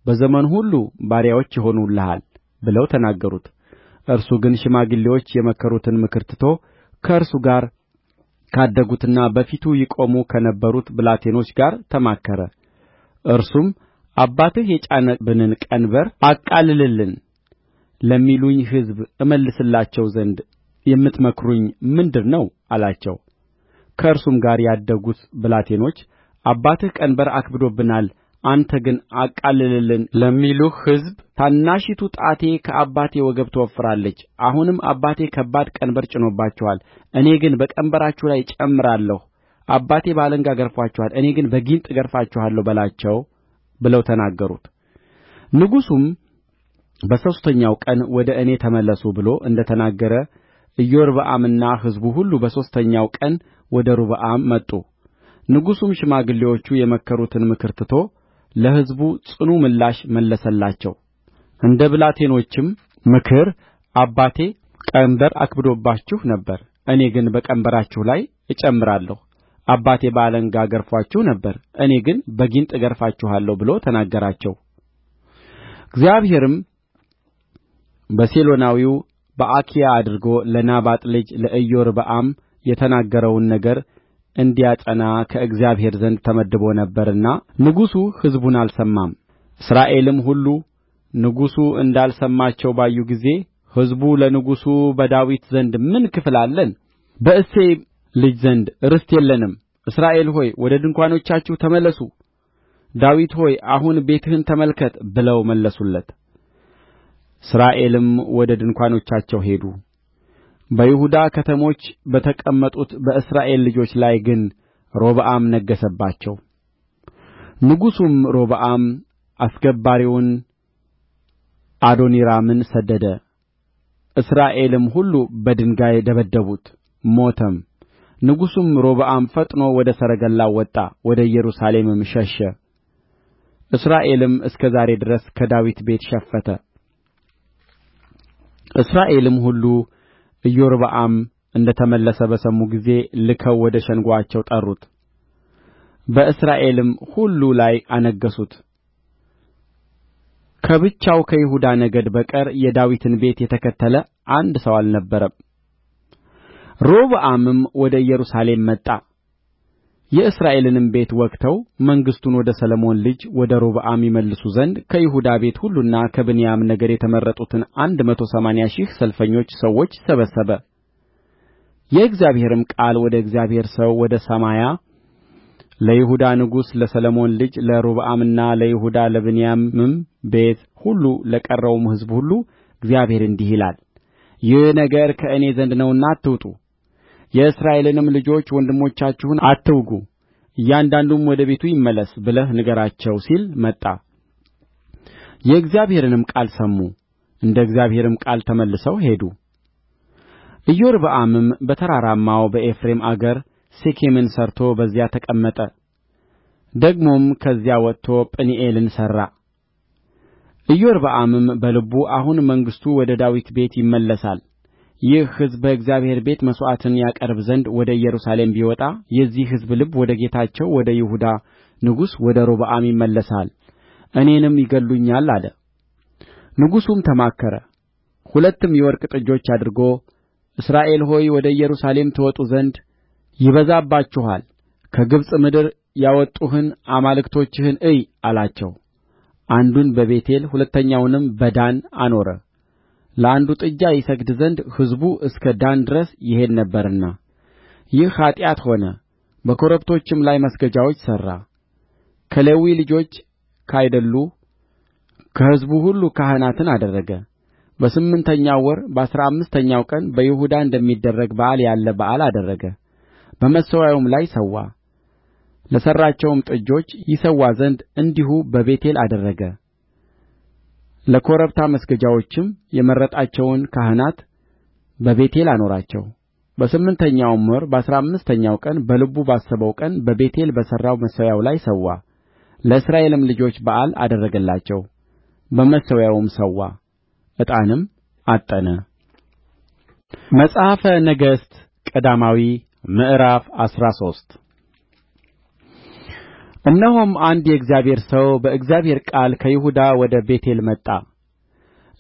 በዘመኑ ሁሉ ባሪያዎች ይሆኑልሃል ብለው ተናገሩት እርሱ ግን ሽማግሌዎች የመከሩትን ምክር ትቶ ከእርሱ ጋር ካደጉትና በፊቱ ይቆሙ ከነበሩት ብላቴኖች ጋር ተማከረ እርሱም አባትህ የጫነብንን ቀንበር አቃልልልን ለሚሉኝ ሕዝብ እመልስላቸው ዘንድ የምትመክሩኝ ምንድር ነው አላቸው ከእርሱም ጋር ያደጉት ብላቴኖች አባትህ ቀንበር አክብዶብናል አንተ ግን አቃልልልን ለሚሉህ ሕዝብ ታናሺቱ ጣቴ ከአባቴ ወገብ ትወፍራለች አሁንም አባቴ ከባድ ቀንበር ጭኖባችኋል እኔ ግን በቀንበራችሁ ላይ እጨምራለሁ አባቴ በአለንጋ ገርፎአችኋል እኔ ግን በጊንጥ እገርፋችኋለሁ በላቸው ብለው ተናገሩት ንጉሡም በሦስተኛው ቀን ወደ እኔ ተመለሱ ብሎ እንደ ተናገረ ኢዮርብዓምና ሕዝቡ ሁሉ በሦስተኛው ቀን ወደ ሮብዓም መጡ ንጉሡም ሽማግሌዎቹ የመከሩትን ምክር ትቶ ለሕዝቡ ጽኑ ምላሽ መለሰላቸው እንደ ብላቴኖችም ምክር አባቴ ቀንበር አክብዶባችሁ ነበር እኔ ግን በቀንበራችሁ ላይ እጨምራለሁ አባቴ በአለንጋ ገርፎአችሁ ነበር እኔ ግን በጊንጥ እገርፋችኋለሁ ብሎ ተናገራቸው እግዚአብሔርም በሴሎናዊው በአኪያ አድርጎ ለናባጥ ልጅ ለኢዮርብዓም የተናገረውን ነገር እንዲያጸና ከእግዚአብሔር ዘንድ ተመድቦ ነበርና ንጉሡ ሕዝቡን አልሰማም እስራኤልም ሁሉ ንጉሡ እንዳልሰማቸው ባዩ ጊዜ ሕዝቡ ለንጉሡ በዳዊት ዘንድ ምን ክፍል አለን በእሴይም ልጅ ዘንድ ርስት የለንም እስራኤል ሆይ ወደ ድንኳኖቻችሁ ተመለሱ ዳዊት ሆይ አሁን ቤትህን ተመልከት ብለው መለሱለት እስራኤልም ወደ ድንኳኖቻቸው ሄዱ በይሁዳ ከተሞች በተቀመጡት በእስራኤል ልጆች ላይ ግን ሮብዓም ነገሠባቸው ንጉሡም ሮብዓም አስገባሪውን አዶኒራምን ሰደደ እስራኤልም ሁሉ በድንጋይ ደበደቡት ሞተም ንጉሡም ሮብዓም ፈጥኖ ወደ ሰረገላው ወጣ ወደ ኢየሩሳሌምም ሸሸ እስራኤልም እስከ ዛሬ ድረስ ከዳዊት ቤት ሸፈተ እስራኤልም ሁሉ ኢዮርብዓም እንደ ተመለሰ በሰሙ ጊዜ ልከው ወደ ሸንጎአቸው ጠሩት በእስራኤልም ሁሉ ላይ አነገሡት ከብቻው ከይሁዳ ነገድ በቀር የዳዊትን ቤት የተከተለ አንድ ሰው አልነበረም ሮብዓምም ወደ ኢየሩሳሌም መጣ የእስራኤልንም ቤት ወግተው መንግሥቱን ወደ ሰሎሞን ልጅ ወደ ሮብዓም ይመልሱ ዘንድ ከይሁዳ ቤት ሁሉና ከብንያም ነገድ የተመረጡትን አንድ መቶ ሰማንያ ሺህ ሰልፈኞች ሰዎች ሰበሰበ የእግዚአብሔርም ቃል ወደ እግዚአብሔር ሰው ወደ ሳማያ ለይሁዳ ንጉሥ ለሰሎሞን ልጅ ለሮብዓምና ለይሁዳ ለብንያምም ቤት ሁሉ ለቀረውም ሕዝብ ሁሉ እግዚአብሔር እንዲህ ይላል ይህ ነገር ከእኔ ዘንድ ነውና አትውጡ የእስራኤልንም ልጆች ወንድሞቻችሁን አትውጉ እያንዳንዱም ወደ ቤቱ ይመለስ ብለህ ንገራቸው ሲል መጣ የእግዚአብሔርንም ቃል ሰሙ እንደ እግዚአብሔርም ቃል ተመልሰው ሄዱ ኢዮርብዓምም በተራራማው በኤፍሬም አገር ሴኬምን ሠርቶ በዚያ ተቀመጠ ደግሞም ከዚያ ወጥቶ ጵኒኤልን ሠራ ኢዮርብዓምም በልቡ አሁን መንግሥቱ ወደ ዳዊት ቤት ይመለሳል ይህ ሕዝብ በእግዚአብሔር ቤት መሥዋዕትን ያቀርብ ዘንድ ወደ ኢየሩሳሌም ቢወጣ የዚህ ሕዝብ ልብ ወደ ጌታቸው ወደ ይሁዳ ንጉሥ ወደ ሮብዓም ይመለሳል እኔንም ይገድሉኛል አለ ንጉሡም ተማከረ ሁለትም የወርቅ ጥጆች አድርጎ እስራኤል ሆይ ወደ ኢየሩሳሌም ትወጡ ዘንድ ይበዛባችኋል ከግብፅ ምድር ያወጡህን አማልክቶችህን እይ አላቸው አንዱን በቤቴል ሁለተኛውንም በዳን አኖረ ለአንዱ ጥጃ ይሰግድ ዘንድ ሕዝቡ እስከ ዳን ድረስ ይሄድ ነበርና ይህ ኃጢአት ሆነ በኮረብቶችም ላይ መስገጃዎች ሠራ ከሌዊ ልጆች ካይደሉ ከሕዝቡ ሁሉ ካህናትን አደረገ በስምንተኛው ወር በአሥራ አምስተኛው ቀን በይሁዳ እንደሚደረግ በዓል ያለ በዓል አደረገ በመሠዊያውም ላይ ሠዋ ለሠራቸውም ጥጆች ይሠዋ ዘንድ እንዲሁ በቤቴል አደረገ ለኮረብታ መስገጃዎችም የመረጣቸውን ካህናት በቤቴል አኖራቸው በስምንተኛውም ወር በአሥራ አምስተኛው ቀን በልቡ ባሰበው ቀን በቤቴል በሠራው መሠዊያው ላይ ሠዋ ለእስራኤልም ልጆች በዓል አደረገላቸው በመሠዊያውም ሠዋ ዕጣንም ዐጠነ መጽሐፈ ነገሥት ቀዳማዊ ምዕራፍ አስራ ሶስት እነሆም አንድ የእግዚአብሔር ሰው በእግዚአብሔር ቃል ከይሁዳ ወደ ቤቴል መጣ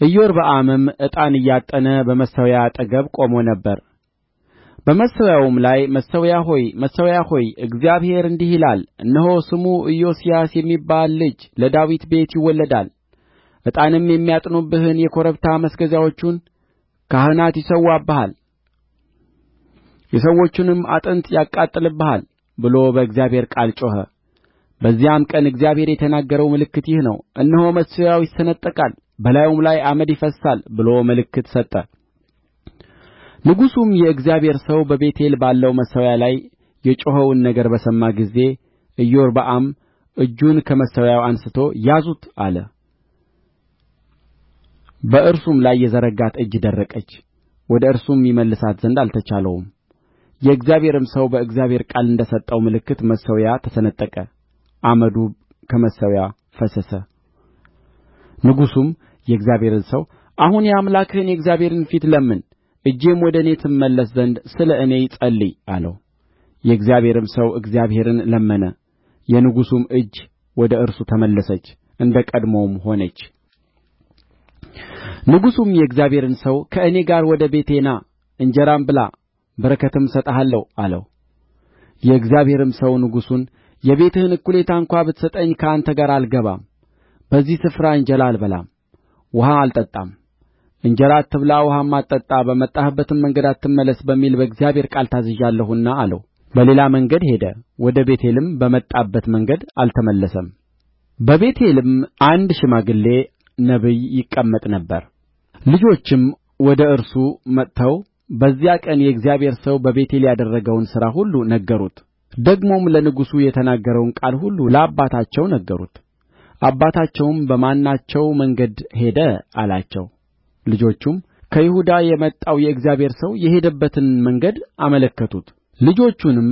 ኢዮርብዓምም ዕጣን እያጠነ በመሠዊያው አጠገብ ቆሞ ነበር በመሠዊያውም ላይ መሠዊያ ሆይ መሠዊያ ሆይ እግዚአብሔር እንዲህ ይላል እነሆ ስሙ ኢዮስያስ የሚባል ልጅ ለዳዊት ቤት ይወለዳል ዕጣንም የሚያጥኑብህን የኮረብታ መስገጃዎቹን ካህናት ይሠዋብሃል የሰዎቹንም አጥንት ያቃጥልብሃል ብሎ በእግዚአብሔር ቃል ጮኸ በዚያም ቀን እግዚአብሔር የተናገረው ምልክት ይህ ነው እነሆ መሠዊያው ይሰነጠቃል በላዩም ላይ አመድ ይፈስሳል ብሎ ምልክት ሰጠ ንጉሡም የእግዚአብሔር ሰው በቤቴል ባለው መሠዊያ ላይ የጮኸውን ነገር በሰማ ጊዜ ኢዮርብዓም እጁን ከመሠዊያው አንሥቶ ያዙት አለ በእርሱም ላይ የዘረጋት እጅ ደረቀች ወደ እርሱም ይመልሳት ዘንድ አልተቻለውም የእግዚአብሔርም ሰው በእግዚአብሔር ቃል እንደ ሰጠው ምልክት መሠዊያ ተሰነጠቀ አመዱ ከመሠዊያው ፈሰሰ ንጉሡም የእግዚአብሔርን ሰው አሁን የአምላክህን የእግዚአብሔርን ፊት ለምን እጄም ወደ እኔ ትመለስ ዘንድ ስለ እኔ ጸልይ አለው የእግዚአብሔርም ሰው እግዚአብሔርን ለመነ የንጉሡም እጅ ወደ እርሱ ተመለሰች እንደ ቀድሞውም ሆነች ንጉሡም የእግዚአብሔርን ሰው ከእኔ ጋር ወደ ቤቴ ና እንጀራም ብላ በረከትም እሰጥሃለሁ አለው የእግዚአብሔርም ሰው ንጉሡን የቤትህን እኵሌታ እንኳ ብትሰጠኝ ከአንተ ጋር አልገባም በዚህ ስፍራ እንጀራ አልበላም ውኃ አልጠጣም እንጀራ አትብላ ውኃም አትጠጣ በመጣህበትም መንገድ አትመለስ በሚል በእግዚአብሔር ቃል ታዝዣለሁና አለው በሌላ መንገድ ሄደ ወደ ቤቴልም በመጣበት መንገድ አልተመለሰም በቤቴልም አንድ ሽማግሌ ነቢይ ይቀመጥ ነበር ልጆችም ወደ እርሱ መጥተው በዚያ ቀን የእግዚአብሔር ሰው በቤቴል ያደረገውን ሥራ ሁሉ ነገሩት ደግሞም ለንጉሡ የተናገረውን ቃል ሁሉ ለአባታቸው ነገሩት አባታቸውም በማናቸው መንገድ ሄደ አላቸው ልጆቹም ከይሁዳ የመጣው የእግዚአብሔር ሰው የሄደበትን መንገድ አመለከቱት ልጆቹንም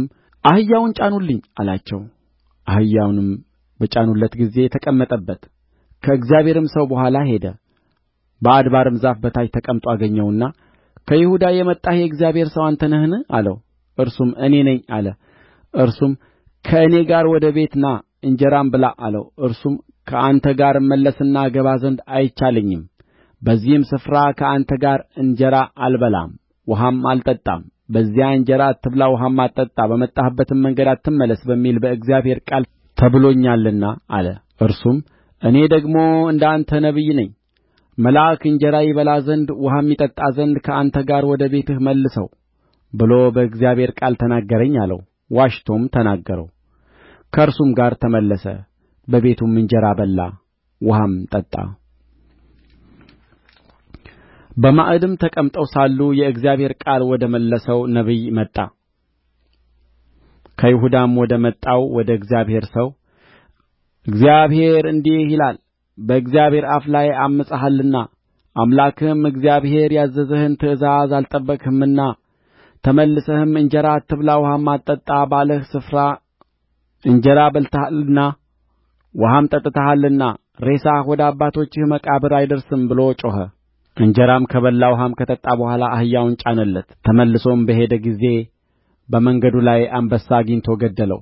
አህያውን ጫኑልኝ አላቸው አህያውንም በጫኑለት ጊዜ ተቀመጠበት ከእግዚአብሔርም ሰው በኋላ ሄደ በአድባርም ዛፍ በታች ተቀምጦ አገኘውና ከይሁዳ የመጣህ የእግዚአብሔር ሰው አንተ ነህን አለው እርሱም እኔ ነኝ አለ እርሱም ከእኔ ጋር ወደ ቤት ና እንጀራም ብላ አለው እርሱም ከአንተ ጋር እመለስና እገባ ዘንድ አይቻለኝም በዚህም ስፍራ ከአንተ ጋር እንጀራ አልበላም ውኃም አልጠጣም በዚያ እንጀራ አትብላ ውኃም አትጠጣ በመጣህበትም መንገድ አትመለስ በሚል በእግዚአብሔር ቃል ተብሎኛልና አለ እርሱም እኔ ደግሞ እንደ አንተ ነቢይ ነኝ መልአክ እንጀራ ይበላ ዘንድ ውኃም ይጠጣ ዘንድ ከአንተ ጋር ወደ ቤትህ መልሰው ብሎ በእግዚአብሔር ቃል ተናገረኝ አለው ዋሽቶም ተናገረው ከእርሱም ጋር ተመለሰ በቤቱም እንጀራ በላ ውኃም ጠጣ በማዕድም ተቀምጠው ሳሉ የእግዚአብሔር ቃል ወደ መለሰው ነቢይ መጣ ከይሁዳም ወደ መጣው ወደ እግዚአብሔር ሰው እግዚአብሔር እንዲህ ይላል በእግዚአብሔር አፍ ላይ ዐምፀሃልና አምላክህም እግዚአብሔር ያዘዘህን ትእዛዝ አልጠበቅህምና ተመልሰህም እንጀራ አትብላ ውኃም አትጠጣ ባለህ ስፍራ እንጀራ በልተሃልና ውኃም ጠጥተሃልና ሬሳህ ወደ አባቶችህ መቃብር አይደርስም ብሎ ጮኸ። እንጀራም ከበላ ውኃም ከጠጣ በኋላ አህያውን ጫነለት። ተመልሶም በሄደ ጊዜ በመንገዱ ላይ አንበሳ አግኝቶ ገደለው።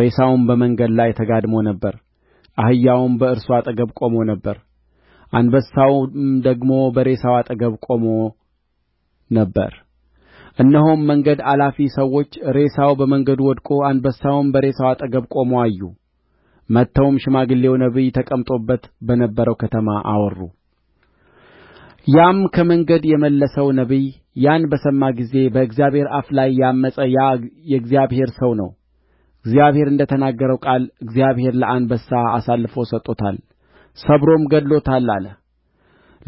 ሬሳውም በመንገድ ላይ ተጋድሞ ነበር። አህያውም በእርሱ አጠገብ ቆሞ ነበር አንበሳውም ደግሞ በሬሳው አጠገብ ቆሞ ነበር እነሆም መንገድ አላፊ ሰዎች ሬሳው በመንገዱ ወድቆ አንበሳውም በሬሳው አጠገብ ቆሞ አዩ መጥተውም ሽማግሌው ነቢይ ተቀምጦበት በነበረው ከተማ አወሩ ያም ከመንገድ የመለሰው ነቢይ ያን በሰማ ጊዜ በእግዚአብሔር አፍ ላይ ያመፀ ያ የእግዚአብሔር ሰው ነው እግዚአብሔር እንደ ተናገረው ቃል እግዚአብሔር ለአንበሳ አሳልፎ ሰጥቶታል ሰብሮም ገድሎታል አለ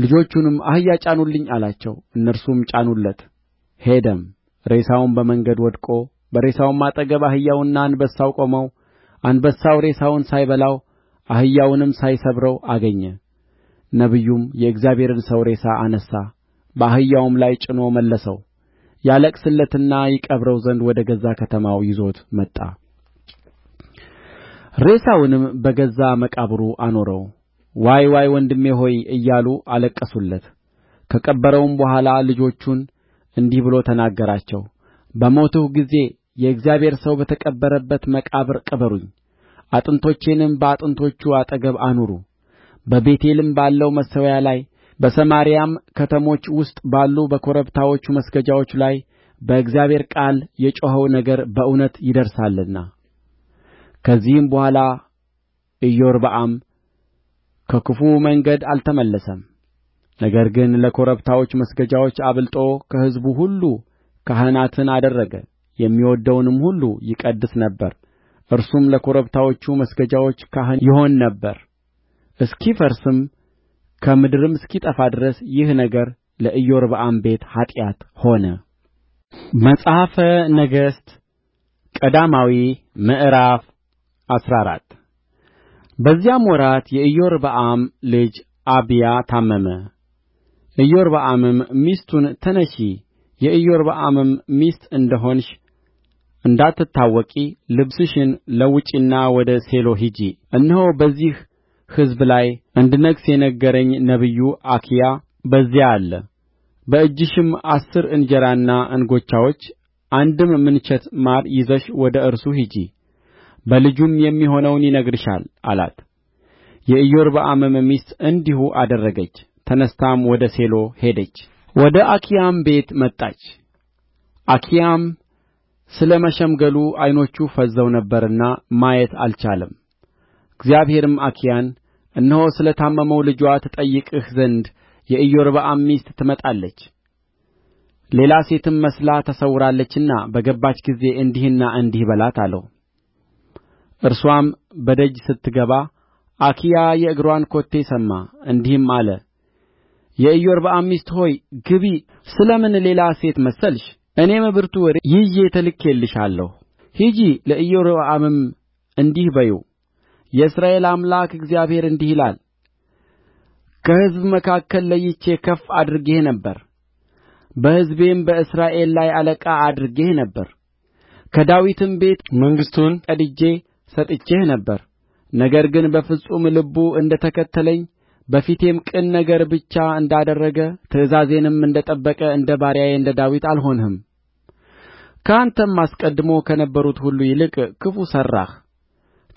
ልጆቹንም አህያ ጫኑልኝ አላቸው እነርሱም ጫኑለት ሄደም ሬሳውም በመንገድ ወድቆ በሬሳውም አጠገብ አህያውና አንበሳው ቆመው አንበሳው ሬሳውን ሳይበላው አህያውንም ሳይሰብረው አገኘ ነቢዩም የእግዚአብሔርን ሰው ሬሳ አነሣ በአህያውም ላይ ጭኖ መለሰው ያለቅስለትና ይቀብረው ዘንድ ወደ ገዛ ከተማው ይዞት መጣ ሬሳውንም በገዛ መቃብሩ አኖረው ዋይ ዋይ ወንድሜ ሆይ እያሉ አለቀሱለት ከቀበረውም በኋላ ልጆቹን እንዲህ ብሎ ተናገራቸው በሞትሁ ጊዜ የእግዚአብሔር ሰው በተቀበረበት መቃብር ቅበሩኝ አጥንቶቼንም በአጥንቶቹ አጠገብ አኑሩ በቤቴልም ባለው መሠዊያ ላይ በሰማርያም ከተሞች ውስጥ ባሉ በኮረብታዎቹ መስገጃዎች ላይ በእግዚአብሔር ቃል የጮኸው ነገር በእውነት ይደርሳልና ከዚህም በኋላ ኢዮርብዓም ከክፉ መንገድ አልተመለሰም ነገር ግን ለኮረብታዎች መስገጃዎች አብልጦ ከሕዝቡ ሁሉ ካህናትን አደረገ የሚወድደውንም ሁሉ ይቀድስ ነበር እርሱም ለኮረብታዎቹ መስገጃዎች ካህን ይሆን ነበር እስኪፈርስም ከምድርም እስኪጠፋ ድረስ ይህ ነገር ለኢዮርብዓም ቤት ኃጢአት ሆነ መጽሐፈ ነገሥት ቀዳማዊ ምዕራፍ አስራ አራት በዚያም ወራት የኢዮርብዓም ልጅ አብያ ታመመ ኢዮርብዓምም ሚስቱን ተነሺ የኢዮርብዓምም ሚስት እንደሆንሽ እንዳትታወቂ ልብስሽን ለውጪና ወደ ሴሎ ሂጂ እነሆ በዚህ ሕዝብ ላይ እንድነግሥ የነገረኝ ነቢዩ አኪያ በዚያ አለ በእጅሽም አሥር እንጀራና እንጎቻዎች አንድም ምንቸት ማር ይዘሽ ወደ እርሱ ሂጂ በልጁም የሚሆነውን ይነግርሻል አላት የኢዮርብዓምም ሚስት እንዲሁ አደረገች ተነሥታም ወደ ሴሎ ሄደች ወደ አኪያም ቤት መጣች አኪያም ስለ መሸምገሉ ዓይኖቹ ፈዝዘው ነበርና ማየት አልቻለም እግዚአብሔርም አኪያን እነሆ ስለ ታመመው ልጅዋ ትጠይቅህ ዘንድ የኢዮርብዓም ሚስት ትመጣለች ሌላ ሴትም መስላ ተሰውራለችና በገባች ጊዜ እንዲህና እንዲህ በላት አለው እርስዋም በደጅ ስትገባ አኪያ የእግርዋን ኮቴ ሰማ እንዲህም አለ የኢዮርብዓም ሚስት ሆይ ግቢ ስለ ምን ሌላ ሴት መሰልሽ እኔም ብርቱ ወሬ ይዤ ተልኬልሻለሁ ሂጂ ለኢዮርብዓምም እንዲህ በዪው የእስራኤል አምላክ እግዚአብሔር እንዲህ ይላል ከሕዝብ መካከል ለይቼ ከፍ አድርጌህ ነበር በሕዝቤም በእስራኤል ላይ አለቃ አድርጌህ ነበር ከዳዊትም ቤት መንግሥቱን ቀድጄ ሰጥቼህ ነበር ነገር ግን በፍጹም ልቡ እንደ ተከተለኝ በፊቴም ቅን ነገር ብቻ እንዳደረገ ትእዛዜንም እንደ ጠበቀ እንደ ባሪያዬ እንደ ዳዊት አልሆንህም ከአንተም አስቀድሞ ከነበሩት ሁሉ ይልቅ ክፉ ሠራህ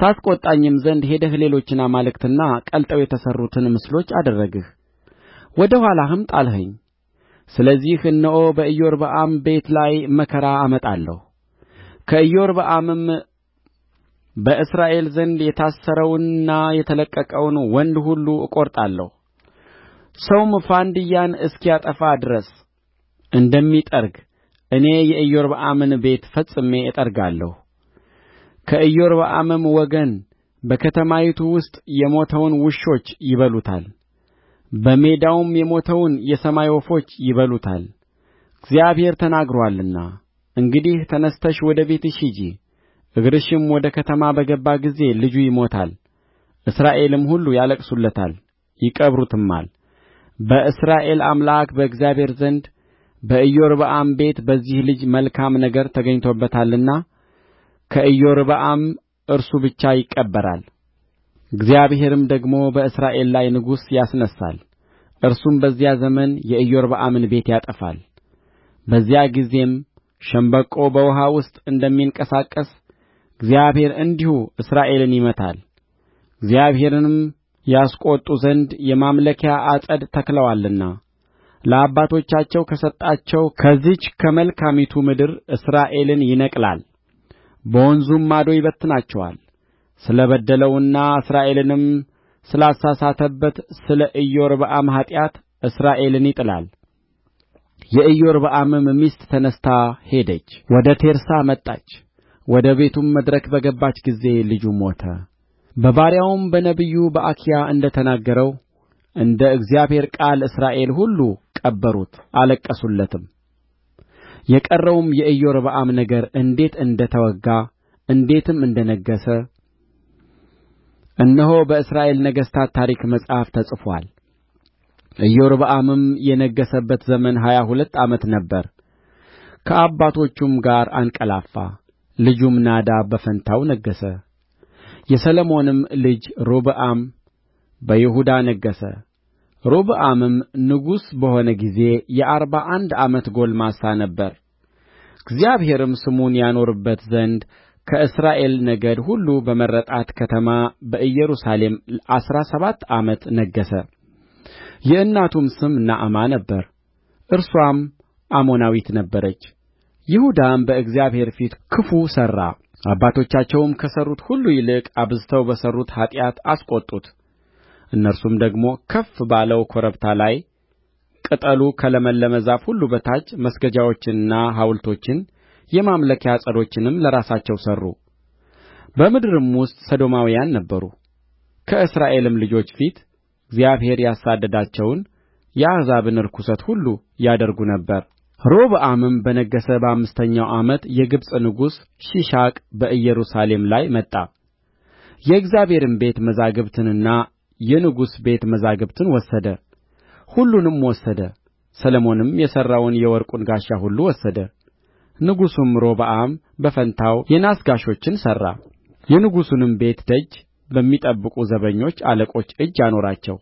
ታስቈጣኝም ዘንድ ሄደህ ሌሎችን አማልክትና ቀልጠው የተሠሩትን ምስሎች አደረግህ ወደ ኋላህም ጣልኸኝ ስለዚህ እነሆ በኢዮርብዓም ቤት ላይ መከራ አመጣለሁ ከኢዮርብዓምም በእስራኤል ዘንድ የታሰረውንና የተለቀቀውን ወንድ ሁሉ እቈርጣለሁ ሰውም ፋንድያን እስኪያጠፋ ድረስ እንደሚጠርግ እኔ የኢዮርብዓምን ቤት ፈጽሜ እጠርጋለሁ። ከኢዮርብዓምም ወገን በከተማይቱ ውስጥ የሞተውን ውሾች ይበሉታል፣ በሜዳውም የሞተውን የሰማይ ወፎች ይበሉታል። እግዚአብሔር ተናግሮአልና እንግዲህ ተነሥተሽ ወደ ቤትሽ ሂጂ። እግርሽም ወደ ከተማ በገባ ጊዜ ልጁ ይሞታል እስራኤልም ሁሉ ያለቅሱለታል ይቀብሩትማል በእስራኤል አምላክ በእግዚአብሔር ዘንድ በኢዮርብዓም ቤት በዚህ ልጅ መልካም ነገር ተገኝቶበታልና ከኢዮርብዓም እርሱ ብቻ ይቀበራል እግዚአብሔርም ደግሞ በእስራኤል ላይ ንጉሥ ያስነሣል እርሱም በዚያ ዘመን የኢዮርብዓምን ቤት ያጠፋል በዚያ ጊዜም ሸምበቆ በውኃ ውስጥ እንደሚንቀሳቀስ እግዚአብሔር እንዲሁ እስራኤልን ይመታል እግዚአብሔርንም ያስቈጡ ዘንድ የማምለኪያ ዐፀድ ተክለዋልና ለአባቶቻቸው ከሰጣቸው ከዚህች ከመልካሚቱ ምድር እስራኤልን ይነቅላል በወንዙም ማዶ ይበትናቸዋል ስለ በደለውና እስራኤልንም ስላሳሳተበት ስለ ኢዮርብዓም ኃጢአት እስራኤልን ይጥላል የኢዮርብዓምም ሚስት ተነሥታ ሄደች ወደ ቴርሳ መጣች ወደ ቤቱም መድረክ በገባች ጊዜ ልጁ ሞተ በባሪያውም በነቢዩ በአኪያ እንደ ተናገረው እንደ እግዚአብሔር ቃል እስራኤል ሁሉ ቀበሩት አለቀሱለትም የቀረውም የኢዮርብዓም ነገር እንዴት እንደ ተወጋ እንዴትም እንደ ነገሠ እነሆ በእስራኤል ነገሥታት ታሪክ መጽሐፍ ተጽፎአል ኢዮርብዓምም የነገሠበት ዘመን ሀያ ሁለት ዓመት ነበረ ከአባቶቹም ጋር አንቀላፋ ልጁም ናዳብ በፋንታው ነገሠ የሰሎሞንም ልጅ ሮብዓም በይሁዳ ነገሠ ሮብዓምም ንጉሥ በሆነ ጊዜ የአርባ አንድ ዓመት ጕልማሳ ነበረ እግዚአብሔርም ስሙን ያኖርበት ዘንድ ከእስራኤል ነገድ ሁሉ በመረጣት ከተማ በኢየሩሳሌም አሥራ ሰባት ዓመት ነገሠ የእናቱም ስም ናዕማ ነበረ እርስዋም አሞናዊት ነበረች ይሁዳም በእግዚአብሔር ፊት ክፉ ሠራ አባቶቻቸውም ከሠሩት ሁሉ ይልቅ አብዝተው በሠሩት ኃጢአት አስቈጡት እነርሱም ደግሞ ከፍ ባለው ኮረብታ ላይ ቅጠሉ ከለመለመ ዛፍ ሁሉ በታች መስገጃዎችንና ሐውልቶችን የማምለኪያ ዐፀዶችንም ለራሳቸው ሠሩ በምድርም ውስጥ ሰዶማውያን ነበሩ ከእስራኤልም ልጆች ፊት እግዚአብሔር ያሳደዳቸውን የአሕዛብን ርኵሰት ሁሉ ያደርጉ ነበር ሮብዓምም በነገሠ በአምስተኛው ዓመት የግብጽ ንጉሥ ሺሻቅ በኢየሩሳሌም ላይ መጣ የእግዚአብሔርም ቤት መዛግብትንና የንጉሥ ቤት መዛግብትን ወሰደ ሁሉንም ወሰደ ሰሎሞንም የሠራውን የወርቁን ጋሻ ሁሉ ወሰደ ንጉሡም ሮብዓም በፋንታው የናስ ጋሾችን ሠራ የንጉሡንም ቤት ደጅ በሚጠብቁ ዘበኞች አለቆች እጅ አኖራቸው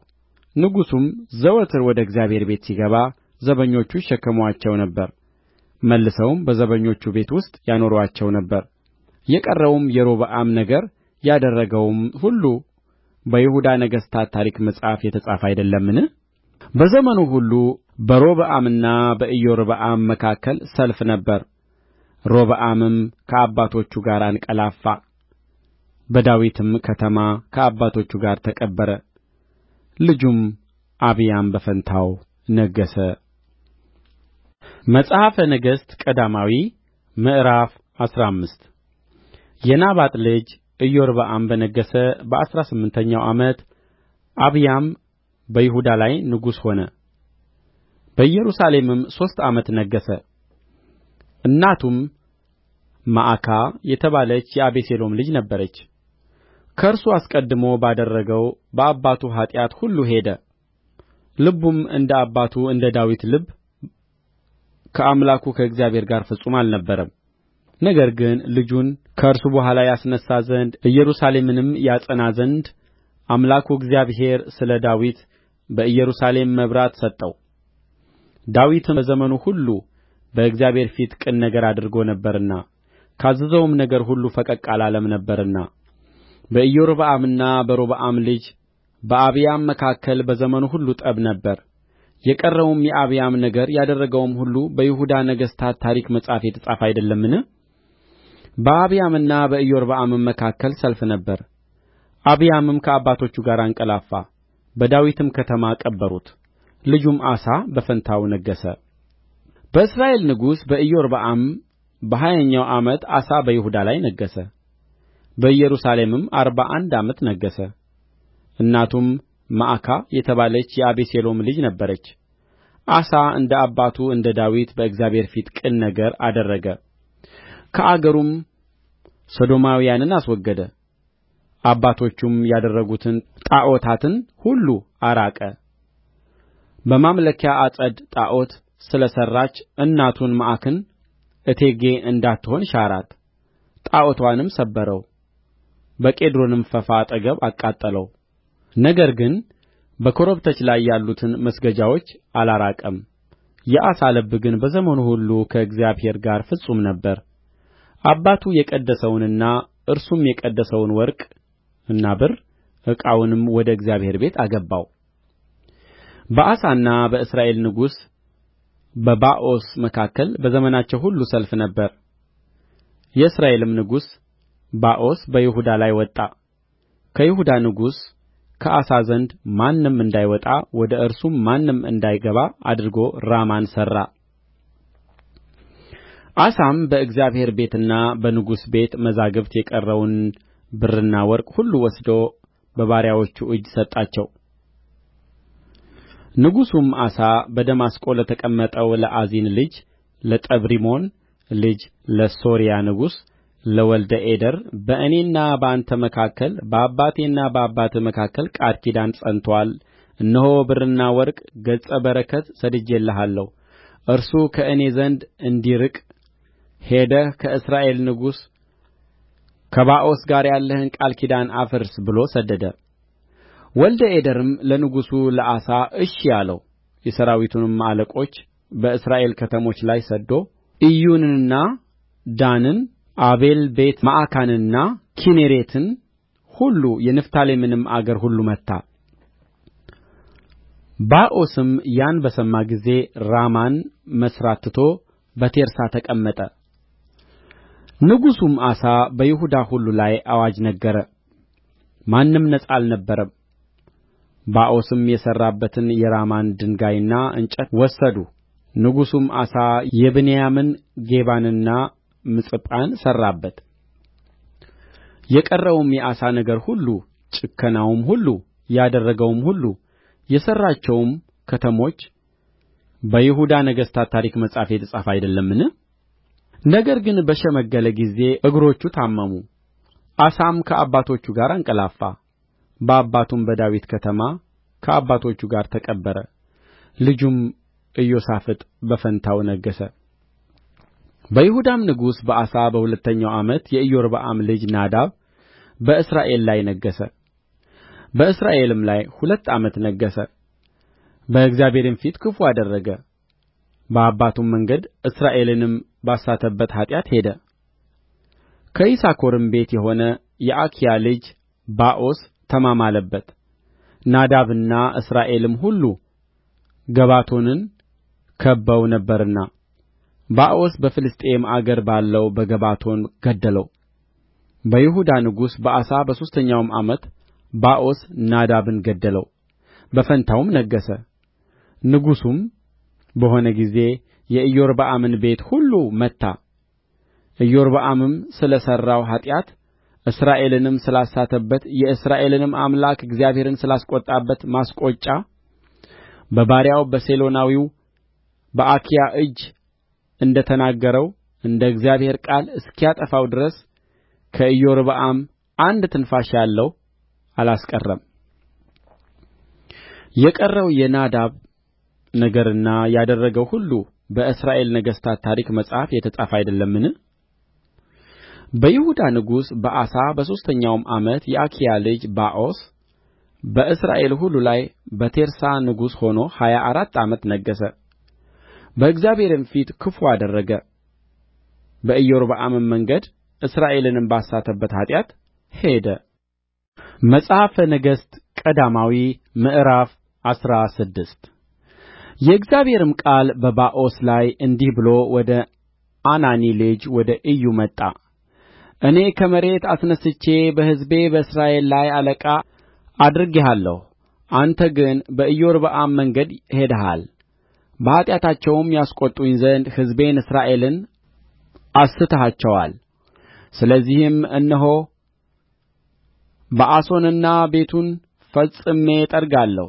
ንጉሡም ዘወትር ወደ እግዚአብሔር ቤት ሲገባ ዘበኞቹ ይሸከሙአቸው ነበር መልሰውም በዘበኞቹ ቤት ውስጥ ያኖሩአቸው ነበር የቀረውም የሮብዓም ነገር ያደረገውም ሁሉ በይሁዳ ነገሥታት ታሪክ መጽሐፍ የተጻፈ አይደለምን በዘመኑ ሁሉ በሮብዓምና በኢዮርብዓም መካከል ሰልፍ ነበረ ሮብዓምም ከአባቶቹ ጋር አንቀላፋ በዳዊትም ከተማ ከአባቶቹ ጋር ተቀበረ ልጁም አብያም በፈንታው ነገሠ መጽሐፈ ነገሥት ቀዳማዊ ምዕራፍ አስራ አምስት የናባጥ ልጅ ኢዮርብዓም በነገሠ በአሥራ ስምንተኛው ዓመት አብያም በይሁዳ ላይ ንጉሥ ሆነ በኢየሩሳሌምም ሦስት ዓመት ነገሠ እናቱም መዓካ የተባለች የአቤሴሎም ልጅ ነበረች ከእርሱ አስቀድሞ ባደረገው በአባቱ ኃጢአት ሁሉ ሄደ ልቡም እንደ አባቱ እንደ ዳዊት ልብ ከአምላኩ ከእግዚአብሔር ጋር ፍጹም አልነበረም ነገር ግን ልጁን ከእርሱ በኋላ ያስነሣ ዘንድ ኢየሩሳሌምንም ያጸና ዘንድ አምላኩ እግዚአብሔር ስለ ዳዊት በኢየሩሳሌም መብራት ሰጠው ዳዊትም በዘመኑ ሁሉ በእግዚአብሔር ፊት ቅን ነገር አድርጎ ነበርና ካዘዘውም ነገር ሁሉ ፈቀቅ አላለም ነበርና በኢዮርብዓምና በሮብዓም ልጅ በአብያም መካከል በዘመኑ ሁሉ ጠብ ነበረ የቀረውም የአብያም ነገር ያደረገውም ሁሉ በይሁዳ ነገሥታት ታሪክ መጽሐፍ የተጻፈ አይደለምን በአብያምና በኢዮርብዓምም መካከል ሰልፍ ነበረ አብያምም ከአባቶቹ ጋር አንቀላፋ በዳዊትም ከተማ ቀበሩት ልጁም አሳ በፋንታው ነገሠ በእስራኤል ንጉሥ በኢዮርብዓም በሀያኛው ዓመት አሳ በይሁዳ ላይ ነገሠ በኢየሩሳሌምም አርባ አንድ ዓመት ነገሠ እናቱም መዓካ የተባለች የአቤሴሎም ልጅ ነበረች አሳ እንደ አባቱ እንደ ዳዊት በእግዚአብሔር ፊት ቅን ነገር አደረገ ከአገሩም ሰዶማውያንን አስወገደ አባቶቹም ያደረጉትን ጣዖታትን ሁሉ አራቀ በማምለኪያ ዐፀድ ጣዖት ስለ ሠራች እናቱን መዓካን እቴጌ እንዳትሆን ሻራት ጣዖቷንም ሰበረው በቄድሮንም ፈፋ አጠገብ አቃጠለው ነገር ግን በኮረብቶች ላይ ያሉትን መስገጃዎች አላራቀም የአሳ ልብ ግን በዘመኑ ሁሉ ከእግዚአብሔር ጋር ፍጹም ነበረ አባቱ የቀደሰውንና እርሱም የቀደሰውን ወርቅና ብር ዕቃውንም ወደ እግዚአብሔር ቤት አገባው በአሳና በእስራኤል ንጉሥ በባኦስ መካከል በዘመናቸው ሁሉ ሰልፍ ነበረ የእስራኤልም ንጉሥ ባኦስ በይሁዳ ላይ ወጣ ከይሁዳ ንጉሥ ከአሳ ዘንድ ማንም እንዳይወጣ ወደ እርሱም ማንም እንዳይገባ አድርጎ ራማን ሠራ አሳም በእግዚአብሔር ቤትና በንጉሥ ቤት መዛግብት የቀረውን ብርና ወርቅ ሁሉ ወስዶ በባሪያዎቹ እጅ ሰጣቸው። ንጉሡም አሳ በደማስቆ ለተቀመጠው ለአዚን ልጅ ለጠብሪሞን ልጅ ለሶርያ ንጉሥ ለወልደ አዴር በእኔና በአንተ መካከል በአባቴና በአባትህ መካከል ቃል ኪዳን ጸንቶአል እነሆ ብርና ወርቅ ገጸ በረከት ሰድጄልሃለሁ እርሱ ከእኔ ዘንድ እንዲርቅ ሄደህ ከእስራኤል ንጉሥ ከባኦስ ጋር ያለህን ቃል ኪዳን አፍርስ ብሎ ሰደደ ወልደ አዴርም ለንጉሡ ለአሳ እሺ አለው የሠራዊቱንም አለቆች በእስራኤል ከተሞች ላይ ሰድዶ ዒዮንንና ዳንን አቤልቤት ማዕካንና ኪኔሬትን ሁሉ የንፍታሌምንም አገር ሁሉ መታ ባኦስም ያን በሰማ ጊዜ ራማን መሥራት ትቶ በቴርሳ ተቀመጠ ንጉሡም አሳ በይሁዳ ሁሉ ላይ አዋጅ ነገረ ማንም ነጻ አልነበረም ባኦስም የሠራበትን የራማን ድንጋይና እንጨት ወሰዱ ንጉሡም አሳ የብንያምን ጌባንና ምጽጳን ሠራበት የቀረውም የአሳ ነገር ሁሉ ጭከናውም ሁሉ ያደረገውም ሁሉ የሠራቸውም ከተሞች በይሁዳ ነገሥታት ታሪክ መጽሐፍ የተጻፈ አይደለምን ነገር ግን በሸመገለ ጊዜ እግሮቹ ታመሙ አሳም ከአባቶቹ ጋር አንቀላፋ በአባቱም በዳዊት ከተማ ከአባቶቹ ጋር ተቀበረ ልጁም ኢዮሣፍጥ በፋንታው ነገሠ በይሁዳም ንጉሥ በአሳ በሁለተኛው ዓመት የኢዮርብዓም ልጅ ናዳብ በእስራኤል ላይ ነገሠ በእስራኤልም ላይ ሁለት ዓመት ነገሠ በእግዚአብሔርም ፊት ክፉ አደረገ በአባቱም መንገድ እስራኤልንም ባሳተበት ኃጢአት ሄደ ከይሳኮርም ቤት የሆነ የአኪያ ልጅ ባኦስ ተማማለበት ናዳብና እስራኤልም ሁሉ ገባቶንን ከብበው ነበርና ባኦስ በፍልስጥኤም አገር ባለው በገባቶን ገደለው በይሁዳ ንጉሥ በአሳ በሦስተኛው ዓመት ባኦስ ናዳብን ገደለው በፋንታውም ነገሠ ንጉሥም በሆነ ጊዜ የኢዮርብዓምን ቤት ሁሉ መታ ኢዮርብዓምም ስለ ሠራው ኃጢአት እስራኤልንም ስላሳተበት የእስራኤልንም አምላክ እግዚአብሔርን ስላስቈጣበት ማስቈጫ በባሪያው በሴሎናዊው በአኪያ እጅ እንደ ተናገረው እንደ እግዚአብሔር ቃል እስኪያጠፋው ድረስ ከኢዮርብዓም አንድ ትንፋሽ ያለው አላስቀረም የቀረው የናዳብ ነገርና ያደረገው ሁሉ በእስራኤል ነገሥታት ታሪክ መጽሐፍ የተጻፈ አይደለምን በይሁዳ ንጉሥ በአሳ በሦስተኛው ዓመት የአኪያ ልጅ ባኦስ በእስራኤል ሁሉ ላይ በቴርሳ ንጉሥ ሆኖ ሀያ አራት ዓመት ነገሠ በእግዚአብሔርም ፊት ክፉ አደረገ በኢዮርብዓምም መንገድ እስራኤልንም ባሳተበት ኃጢአት ሄደ መጽሐፈ ነገሥት ቀዳማዊ ምዕራፍ አስራ ስድስት የእግዚአብሔርም ቃል በባኦስ ላይ እንዲህ ብሎ ወደ አናኒ ልጅ ወደ ኢዩ መጣ እኔ ከመሬት አስነሥቼ በሕዝቤ በእስራኤል ላይ አለቃ አድርጌሃለሁ አንተ ግን በኢዮርብዓም መንገድ ሄደሃል በኃጢአታቸውም ያስቈጡኝ ዘንድ ሕዝቤን እስራኤልን አስተሃቸዋል ስለዚህም እነሆ በአሶንና ቤቱን ፈጽሜ እጠርጋለሁ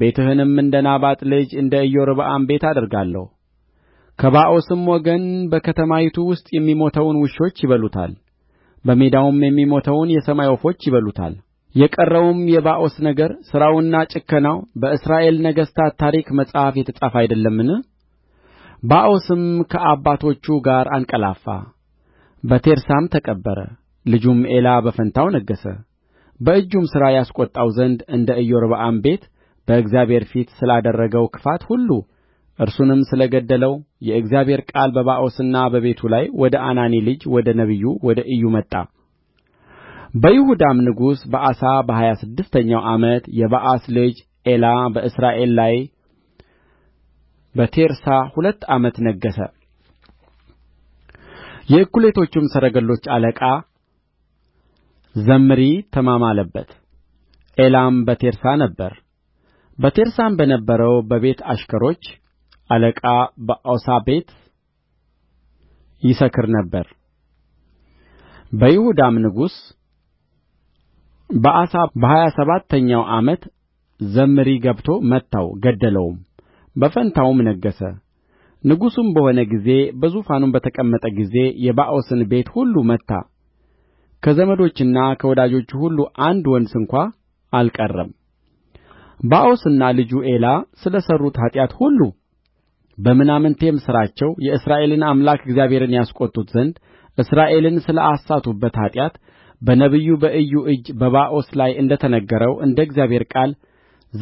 ቤትህንም እንደ ናባጥ ልጅ እንደ ኢዮርብዓም ቤት አደርጋለሁ ከባኦስም ወገን በከተማይቱ ውስጥ የሚሞተውን ውሾች ይበሉታል በሜዳውም የሚሞተውን የሰማይ ወፎች ይበሉታል የቀረውም የባኦስ ነገር ሥራውና ጭከናው በእስራኤል ነገሥታት ታሪክ መጽሐፍ የተጻፈ አይደለምን ባኦስም ከአባቶቹ ጋር አንቀላፋ በቴርሳም ተቀበረ ልጁም ኤላ በፋንታው ነገሠ በእጁም ሥራ ያስቈጣው ዘንድ እንደ ኢዮርብዓም ቤት በእግዚአብሔር ፊት ስላደረገው ክፋት ሁሉ እርሱንም ስለ ገደለው የእግዚአብሔር ቃል በባኦስና በቤቱ ላይ ወደ አናኒ ልጅ ወደ ነቢዩ ወደ ኢዩ መጣ በይሁዳም ንጉሥ በአሳ በሀያ ስድስተኛው ዓመት የባኦስ ልጅ ኤላ በእስራኤል ላይ በቴርሳ ሁለት ዓመት ነገሠ የእኵሌቶቹም ሰረገሎች አለቃ ዘምሪ ተማማለበት ኤላም በቴርሳ ነበር በቴርሳም በነበረው በቤት አሽከሮች አለቃ በኦሳ ቤት ይሰክር ነበር በይሁዳም ንጉሥ በአሳ በሀያ ሰባተኛው ዓመት ዘምሪ ገብቶ መታው ገደለውም በፋንታውም ነገሠ ንጉሥም በሆነ ጊዜ በዙፋኑም በተቀመጠ ጊዜ የባኦስን ቤት ሁሉ መታ ከዘመዶችና ከወዳጆቹ ሁሉ አንድ ወንድ ስንኳ አልቀረም ባኦስና ልጁ ኤላ ስለ ሠሩት ኃጢአት ሁሉ በምናምንቴም ሥራቸው የእስራኤልን አምላክ እግዚአብሔርን ያስቈጡት ዘንድ እስራኤልን ስለ አሳቱበት ኃጢአት በነቢዩ በኢዩ እጅ በባኦስ ላይ እንደ ተናገረው እንደ እግዚአብሔር ቃል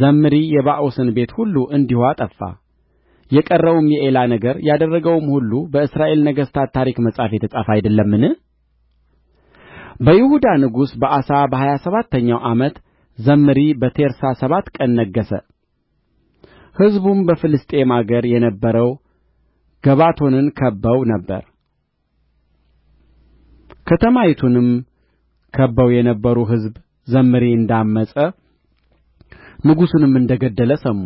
ዘምሪ የባኦስን ቤት ሁሉ እንዲሁ አጠፋ የቀረውም የኤላ ነገር ያደረገውም ሁሉ በእስራኤል ነገሥታት ታሪክ መጽሐፍ የተጻፈ አይደለምን በይሁዳ ንጉሥ በአሳ በሀያ ሰባተኛው ዓመት ዘምሪ በቴርሳ ሰባት ቀን ነገሠ ሕዝቡም በፍልስጥኤም አገር የነበረው ገባቶንን ከብበው ነበር ከተማይቱንም ከብበው የነበሩ ሕዝብ ዘምሪ እንዳመጸ ንጉሡንም እንደ ገደለ ሰሙ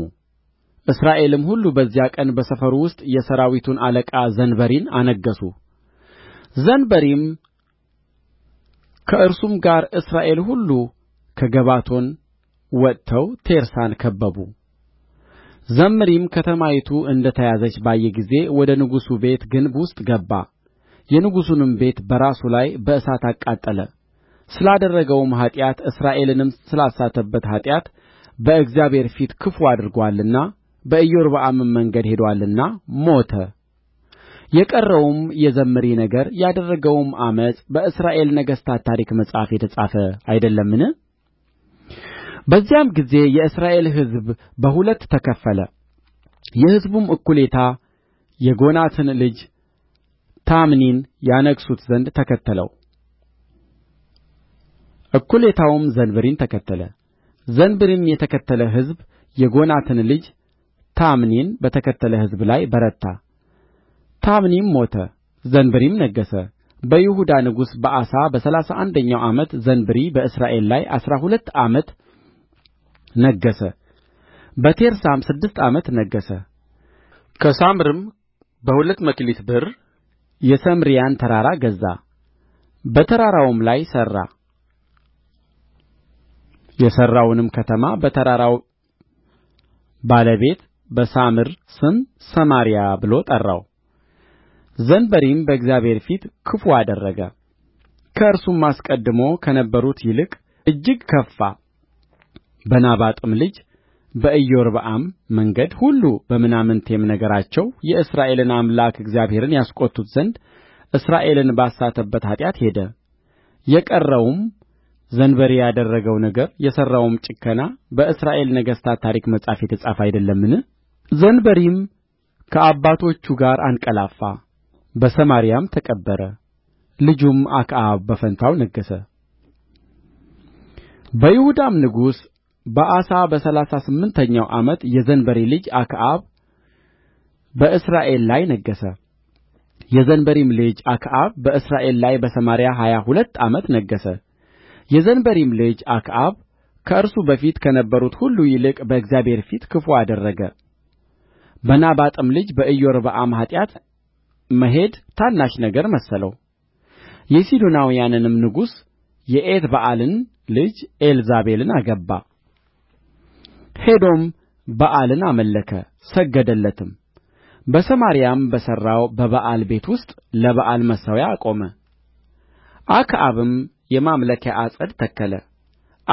እስራኤልም ሁሉ በዚያ ቀን በሰፈሩ ውስጥ የሠራዊቱን አለቃ ዘንበሪን አነገሡ ዘንበሪም ከእርሱም ጋር እስራኤል ሁሉ ከገባቶን ወጥተው ቴርሳን ከበቡ ዘምሪም ከተማይቱ እንደ ተያዘች ባየ ጊዜ ወደ ንጉሡ ቤት ግንብ ውስጥ ገባ የንጉሡንም ቤት በራሱ ላይ በእሳት አቃጠለ ስላደረገውም ኃጢአት እስራኤልንም ስላሳተበት ኃጢአት በእግዚአብሔር ፊት ክፉ አድርጎአልና በኢዮርብዓምም መንገድ ሄዶአልና ሞተ የቀረውም የዘምሪ ነገር ያደረገውም ዓመፅ በእስራኤል ነገሥታት ታሪክ መጽሐፍ የተጻፈ አይደለምን በዚያም ጊዜ የእስራኤል ሕዝብ በሁለት ተከፈለ የሕዝቡም እኩሌታ የጎናትን ልጅ ታምኒን ያነግሡት ዘንድ ተከተለው እኵሌታውም ዘንበሪን ተከተለ ዘንበሪም የተከተለ ሕዝብ የጎናትን ልጅ ታምኒን በተከተለ ሕዝብ ላይ በረታ ታምኒም ሞተ ዘንበሪም ነገሠ በይሁዳ ንጉሥ በአሳ በሠላሳ አንደኛው ዓመት ዘንበሪ በእስራኤል ላይ አሥራ ሁለት ዓመት ነገሠ በቴርሳም ስድስት ዓመት ነገሠ ከሳምርም በሁለት መክሊት ብር የሰማርያን ተራራ ገዛ በተራራውም ላይ ሠራ የሠራውንም ከተማ በተራራው ባለቤት በሳምር ስም ሰማርያ ብሎ ጠራው ዘንበሪም በእግዚአብሔር ፊት ክፉ አደረገ ከእርሱም አስቀድሞ ከነበሩት ይልቅ እጅግ ከፋ በናባጥም ልጅ በኢዮርብዓም መንገድ ሁሉ በምናምንቴም ነገራቸው የእስራኤልን አምላክ እግዚአብሔርን ያስቈጡት ዘንድ እስራኤልን ባሳተበት ኃጢአት ሄደ የቀረውም ዘንበሪ ያደረገው ነገር የሠራውም ጭከና በእስራኤል ነገሥታት ታሪክ መጽሐፍ የተጻፈ አይደለምን ዘንበሪም ከአባቶቹ ጋር አንቀላፋ በሰማርያም ተቀበረ ልጁም አክዓብ በፋንታው ነገሠ በይሁዳም ንጉሥ በአሳ በሠላሳ ስምንተኛው ዓመት የዘንበሪ ልጅ አክዓብ በእስራኤል ላይ ነገሠ የዘንበሪም ልጅ አክዓብ በእስራኤል ላይ በሰማርያ ሀያ ሁለት ዓመት ነገሠ የዘንበሪም ልጅ አክዓብ ከእርሱ በፊት ከነበሩት ሁሉ ይልቅ በእግዚአብሔር ፊት ክፉ አደረገ በናባጥም ልጅ በኢዮርብዓም ኃጢአት መሄድ ታናሽ ነገር መሰለው የሲዶናውያንንም ንጉሥ የኤትበኣልን ልጅ ኤልዛቤልን አገባ ሄዶም በኣልን አመለከ ሰገደለትም በሰማርያም በሠራው በበኣል ቤት ውስጥ ለበኣል መሠዊያ አቆመ አክዓብም የማምለኪያ ዐፀድ ተከለ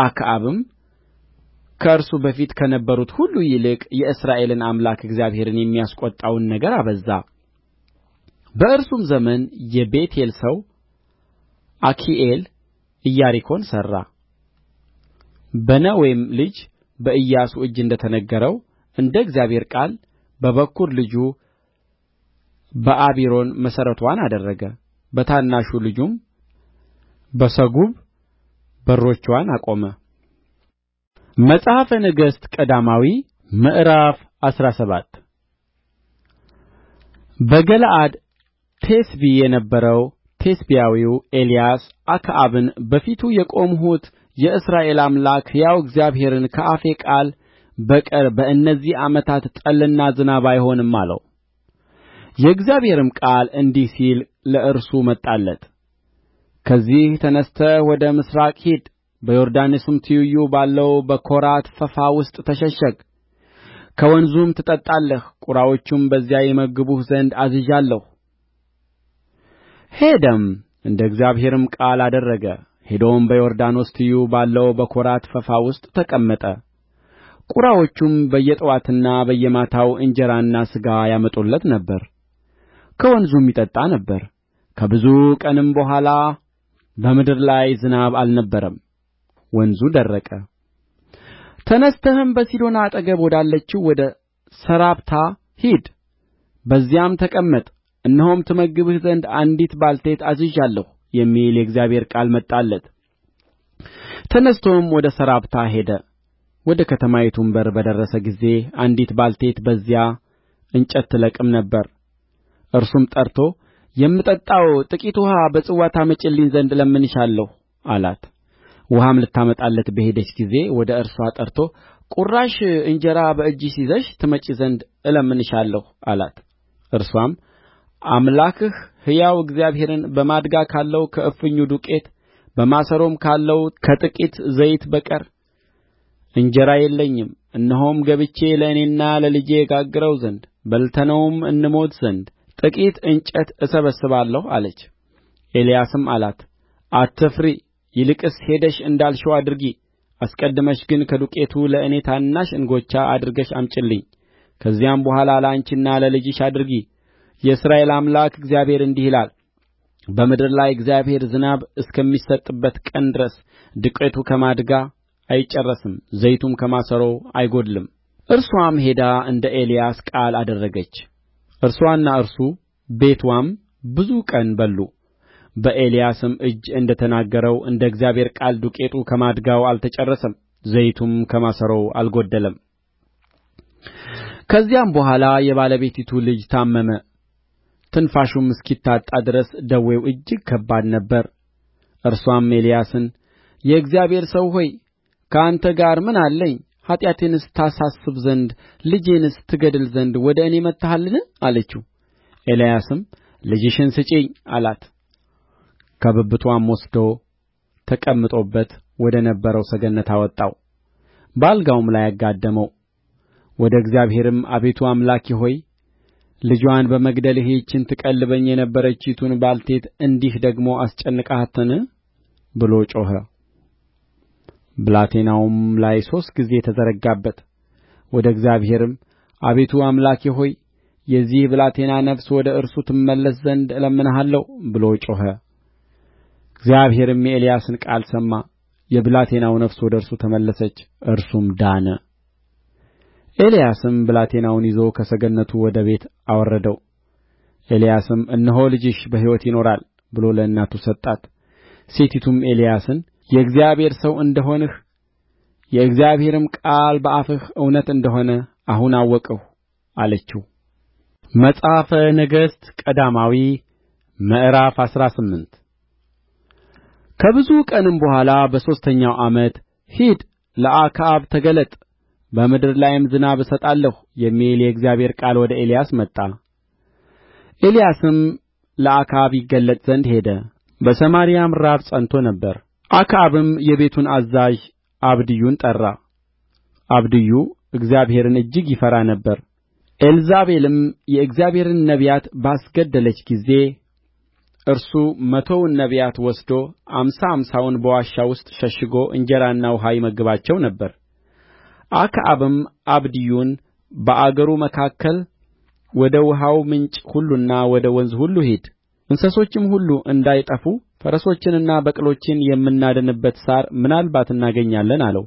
አክዓብም ከእርሱ በፊት ከነበሩት ሁሉ ይልቅ የእስራኤልን አምላክ እግዚአብሔርን የሚያስቈጣውን ነገር አበዛ በእርሱም ዘመን የቤቴል ሰው አኪኤል ኢያሪኮን ሠራ በነዌም ልጅ በኢያሱ እጅ እንደ ተነገረው እንደ እግዚአብሔር ቃል በበኵር ልጁ በአቢሮን መሠረትዋን አደረገ በታናሹ ልጁም በሰጉብ በሮችዋን አቆመ። መጽሐፈ ነገሥት ቀዳማዊ ምዕራፍ አስራ ሰባት በገለዓድ ቴስቢ የነበረው ቴስብያዊው ኤልያስ አክዓብን በፊቱ የቆምሁት የእስራኤል አምላክ ሕያው እግዚአብሔርን ከአፌ ቃል በቀር በእነዚህ ዓመታት ጠልና ዝናብ አይሆንም አለው። የእግዚአብሔርም ቃል እንዲህ ሲል ለእርሱ መጣለት ከዚህ ተነሥተህ ወደ ምሥራቅ ሂድ በዮርዳኖስም ትይዩ ባለው በኮራት ፈፋ ውስጥ ተሸሸግ ከወንዙም ትጠጣለህ ቁራዎቹም በዚያ ይመግቡህ ዘንድ አዝዣለሁ ሄደም እንደ እግዚአብሔርም ቃል አደረገ ሄዶም በዮርዳኖስ ትይዩ ባለው በኮራት ፈፋ ውስጥ ተቀመጠ ቁራዎቹም በየጠዋትና በየማታው እንጀራና ሥጋ ያመጡለት ነበር ከወንዙም ይጠጣ ነበር ከብዙ ቀንም በኋላ በምድር ላይ ዝናብ አልነበረም ወንዙ ደረቀ ተነሥተህም በሲዶና አጠገብ ወዳለችው ወደ ሰራፕታ ሂድ በዚያም ተቀመጥ እነሆም ትመግብህ ዘንድ አንዲት ባልቴት አዝዣለሁ የሚል የእግዚአብሔር ቃል መጣለት ተነሥቶም ወደ ሰራፕታ ሄደ ወደ ከተማይቱም በር በደረሰ ጊዜ አንዲት ባልቴት በዚያ እንጨት ትለቅም ነበር እርሱም ጠርቶ የምጠጣው ጥቂት ውኃ በጽዋ ታመጭልኝ ዘንድ እለምንሻለሁ አላት ውኃም ልታመጣለት በሄደች ጊዜ ወደ እርስዋ ጠርቶ ቁራሽ እንጀራ በእጅሽ ይዘሽ ትመጪ ዘንድ እለምንሻለሁ አላት እርስዋም አምላክህ ሕያው እግዚአብሔርን በማድጋ ካለው ከእፍኙ ዱቄት በማሰሮም ካለው ከጥቂት ዘይት በቀር እንጀራ የለኝም እነሆም ገብቼ ለእኔና ለልጄ እጋግረው ዘንድ በልተነውም እንሞት ዘንድ ጥቂት እንጨት እሰበስባለሁ አለች ኤልያስም አላት አትፍሪ ይልቅስ ሄደሽ እንዳልሽው አድርጊ አስቀድመሽ ግን ከዱቄቱ ለእኔ ታናሽ እንጎቻ አድርገሽ አምጪልኝ ከዚያም በኋላ ለአንቺና ለልጅሽ አድርጊ የእስራኤል አምላክ እግዚአብሔር እንዲህ ይላል በምድር ላይ እግዚአብሔር ዝናብ እስከሚሰጥበት ቀን ድረስ ዱቄቱ ከማድጋ አይጨረስም ዘይቱም ከማሰሮው አይጐድልም እርስዋም ሄዳ እንደ ኤልያስ ቃል አደረገች እርስዋና እርሱ ቤትዋም ብዙ ቀን በሉ በኤልያስም እጅ እንደ ተናገረው እንደ እግዚአብሔር ቃል ዱቄቱ ከማድጋው አልተጨረሰም ዘይቱም ከማሰሮው አልጎደለም። ከዚያም በኋላ የባለቤቲቱ ልጅ ታመመ ትንፋሹም እስኪታጣ ድረስ ደዌው እጅግ ከባድ ነበር እርሷም ኤልያስን የእግዚአብሔር ሰው ሆይ ከአንተ ጋር ምን አለኝ ኃጢአቴንስ ታሳስብ ዘንድ ልጄንስ ትገድል ዘንድ ወደ እኔ መጥተሃልን አለችው ኤልያስም ልጅሽን ስጪኝ አላት ከብብትዋም ወስዶ ተቀምጦበት ወደ ነበረው ሰገነት አወጣው በአልጋውም ላይ አጋደመው ወደ እግዚአብሔርም አቤቱ አምላኬ ሆይ ልጇን በመግደልህ ይህችን ትቀልበኝ የነበረቺቱን ባልቴት እንዲህ ደግሞ አስጨንቀሃትን ብሎ ጮኸ ብላቴናውም ላይ ሦስት ጊዜ ተዘረጋበት ወደ እግዚአብሔርም አቤቱ አምላኬ ሆይ የዚህ ብላቴና ነፍስ ወደ እርሱ ትመለስ ዘንድ እለምንሃለሁ ብሎ ጮኸ እግዚአብሔርም የኤልያስን ቃል ሰማ የብላቴናው ነፍስ ወደ እርሱ ተመለሰች እርሱም ዳነ ኤልያስም ብላቴናውን ይዞ ከሰገነቱ ወደ ቤት አወረደው ኤልያስም እነሆ ልጅሽ በሕይወት ይኖራል ብሎ ለእናቱ ሰጣት ሴቲቱም ኤልያስን የእግዚአብሔር ሰው እንደ ሆንህ የእግዚአብሔርም ቃል በአፍህ እውነት እንደ ሆነ አሁን አወቅሁ አለችው መጽሐፈ ነገሥት ቀዳማዊ ምዕራፍ አስራ ስምንት ከብዙ ቀንም በኋላ በሦስተኛው ዓመት ሂድ ለአክዓብ ተገለጥ በምድር ላይም ዝናብ እሰጣለሁ የሚል የእግዚአብሔር ቃል ወደ ኤልያስ መጣ። ኤልያስም ለአክዓብ ይገለጥ ዘንድ ሄደ፣ በሰማርያም ራብ ጸንቶ ነበር። አክዓብም የቤቱን አዛዥ አብድዩን ጠራ አብድዩ እግዚአብሔርን እጅግ ይፈራ ነበር ኤልዛቤልም የእግዚአብሔርን ነቢያት ባስገደለች ጊዜ እርሱ መቶውን ነቢያት ወስዶ አምሳ አምሳውን በዋሻ ውስጥ ሸሽጎ እንጀራና ውኃ ይመግባቸው ነበር። አክዓብም አብድዩን በአገሩ መካከል ወደ ውኃው ምንጭ ሁሉና ወደ ወንዝ ሁሉ ሂድ፣ እንስሶችም ሁሉ እንዳይጠፉ ፈረሶችንና በቅሎችን የምናድንበት ሣር ምናልባት እናገኛለን አለው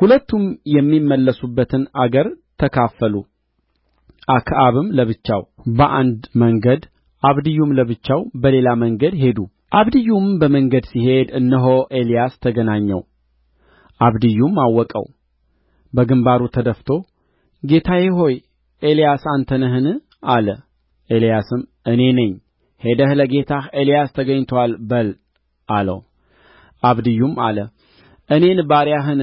ሁለቱም የሚመለሱበትን አገር ተካፈሉ አክዓብም ለብቻው በአንድ መንገድ አብድዩም ለብቻው በሌላ መንገድ ሄዱ አብድዩም በመንገድ ሲሄድ እነሆ ኤልያስ ተገናኘው አብድዩም አወቀው በግንባሩ ተደፍቶ ጌታዬ ሆይ ኤልያስ አንተ ነህን አለ ኤልያስም እኔ ነኝ ሄደህ ለጌታህ ኤልያስ ተገኝቶአል በል አለው አብድዩም አለ እኔን ባሪያህን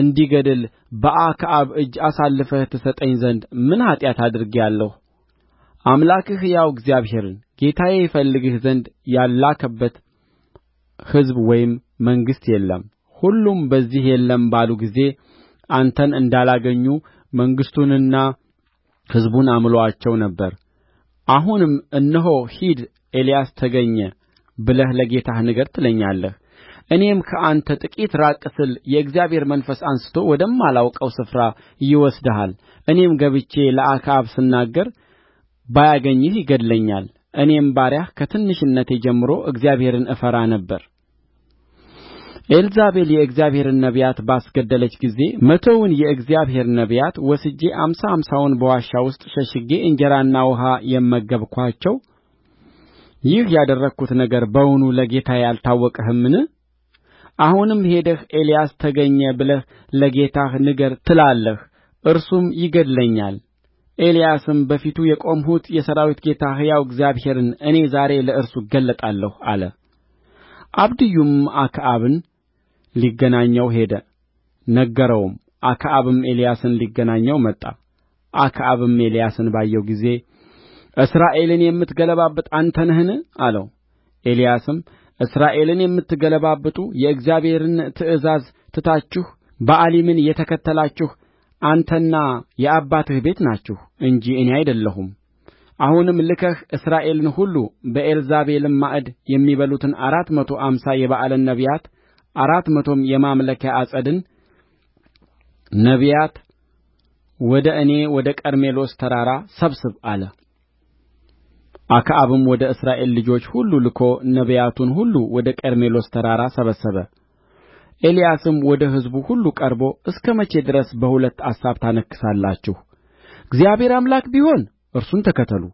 እንዲገድል በአክዓብ እጅ አሳልፈህ ትሰጠኝ ዘንድ ምን ኃጢአት አድርጌአለሁ አምላክህ ሕያው እግዚአብሔርን ጌታዬ ይፈልግህ ዘንድ ያላከበት ሕዝብ ወይም መንግሥት የለም ሁሉም በዚህ የለም ባሉ ጊዜ አንተን እንዳላገኙ መንግሥቱንና ሕዝቡን አምሎአቸው ነበር አሁንም እነሆ ሂድ ኤልያስ ተገኘ ብለህ ለጌታህ ንገር ትለኛለህ እኔም ከአንተ ጥቂት ራቅ ስል የእግዚአብሔር መንፈስ አንሥቶ ወደማላውቀው ስፍራ ይወስድሃል እኔም ገብቼ ለአክዓብ ስናገር ባያገኝህ ይገድለኛል እኔም ባሪያህ ከትንሽነቴ ጀምሮ እግዚአብሔርን እፈራ ነበር ኤልዛቤል የእግዚአብሔርን ነቢያት ባስገደለች ጊዜ መቶውን የእግዚአብሔር ነቢያት ወስጄ አምሳ አምሳውን በዋሻ ውስጥ ሸሽጌ እንጀራና ውኃ የመገብኋቸው ይህ ያደረግሁት ነገር በውኑ ለጌታዬ አልታወቀህምን አሁንም ሄደህ ኤልያስ ተገኘ ብለህ ለጌታህ ንገር ትላለህ እርሱም ይገድለኛል ኤልያስም በፊቱ የቆምሁት የሠራዊት ጌታ ሕያው እግዚአብሔርን እኔ ዛሬ ለእርሱ እገለጣለሁ አለ አብድዩም አክዓብን ሊገናኘው ሄደ ነገረውም አክዓብም ኤልያስን ሊገናኘው መጣ አክዓብም ኤልያስን ባየው ጊዜ እስራኤልን የምትገለባብጥ አንተ ነህን አለው ኤልያስም እስራኤልን የምትገለባብጡ የእግዚአብሔርን ትእዛዝ ትታችሁ በኣሊምን የተከተላችሁ አንተና የአባትህ ቤት ናችሁ እንጂ እኔ አይደለሁም አሁንም ልከህ እስራኤልን ሁሉ በኤልዛቤልም ማዕድ የሚበሉትን አራት መቶ አምሳ የበኣልን ነቢያት አራት መቶም የማምለኪያ ዐፀድን ነቢያት ወደ እኔ ወደ ቀርሜሎስ ተራራ ሰብስብ አለ። አክዓብም ወደ እስራኤል ልጆች ሁሉ ልኮ ነቢያቱን ሁሉ ወደ ቀርሜሎስ ተራራ ሰበሰበ። ኤልያስም ወደ ሕዝቡ ሁሉ ቀርቦ እስከ መቼ ድረስ በሁለት አሳብ ታነክሳላችሁ? እግዚአብሔር አምላክ ቢሆን እርሱን ተከተሉ፣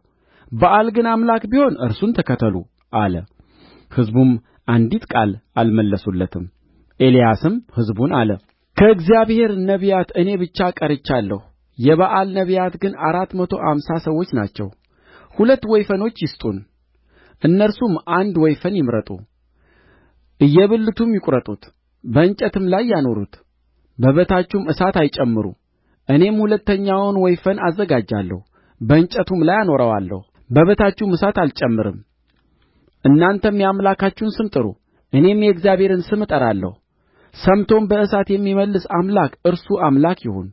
በኣል ግን አምላክ ቢሆን እርሱን ተከተሉ አለ። ሕዝቡም አንዲት ቃል አልመለሱለትም ኤልያስም ሕዝቡን አለ ከእግዚአብሔር ነቢያት እኔ ብቻ ቀርቻለሁ የበኣል ነቢያት ግን አራት መቶ አምሳ ሰዎች ናቸው ሁለት ወይፈኖች ይስጡን እነርሱም አንድ ወይፈን ይምረጡ እየብልቱም ይቍረጡት በእንጨትም ላይ ያኖሩት በበታቹም እሳት አይጨምሩ እኔም ሁለተኛውን ወይፈን አዘጋጃለሁ በእንጨቱም ላይ አኖረዋለሁ በበታቹም እሳት አልጨምርም እናንተም የአምላካችሁን ስም ጥሩ እኔም የእግዚአብሔርን ስም እጠራለሁ ሰምቶም በእሳት የሚመልስ አምላክ እርሱ አምላክ ይሁን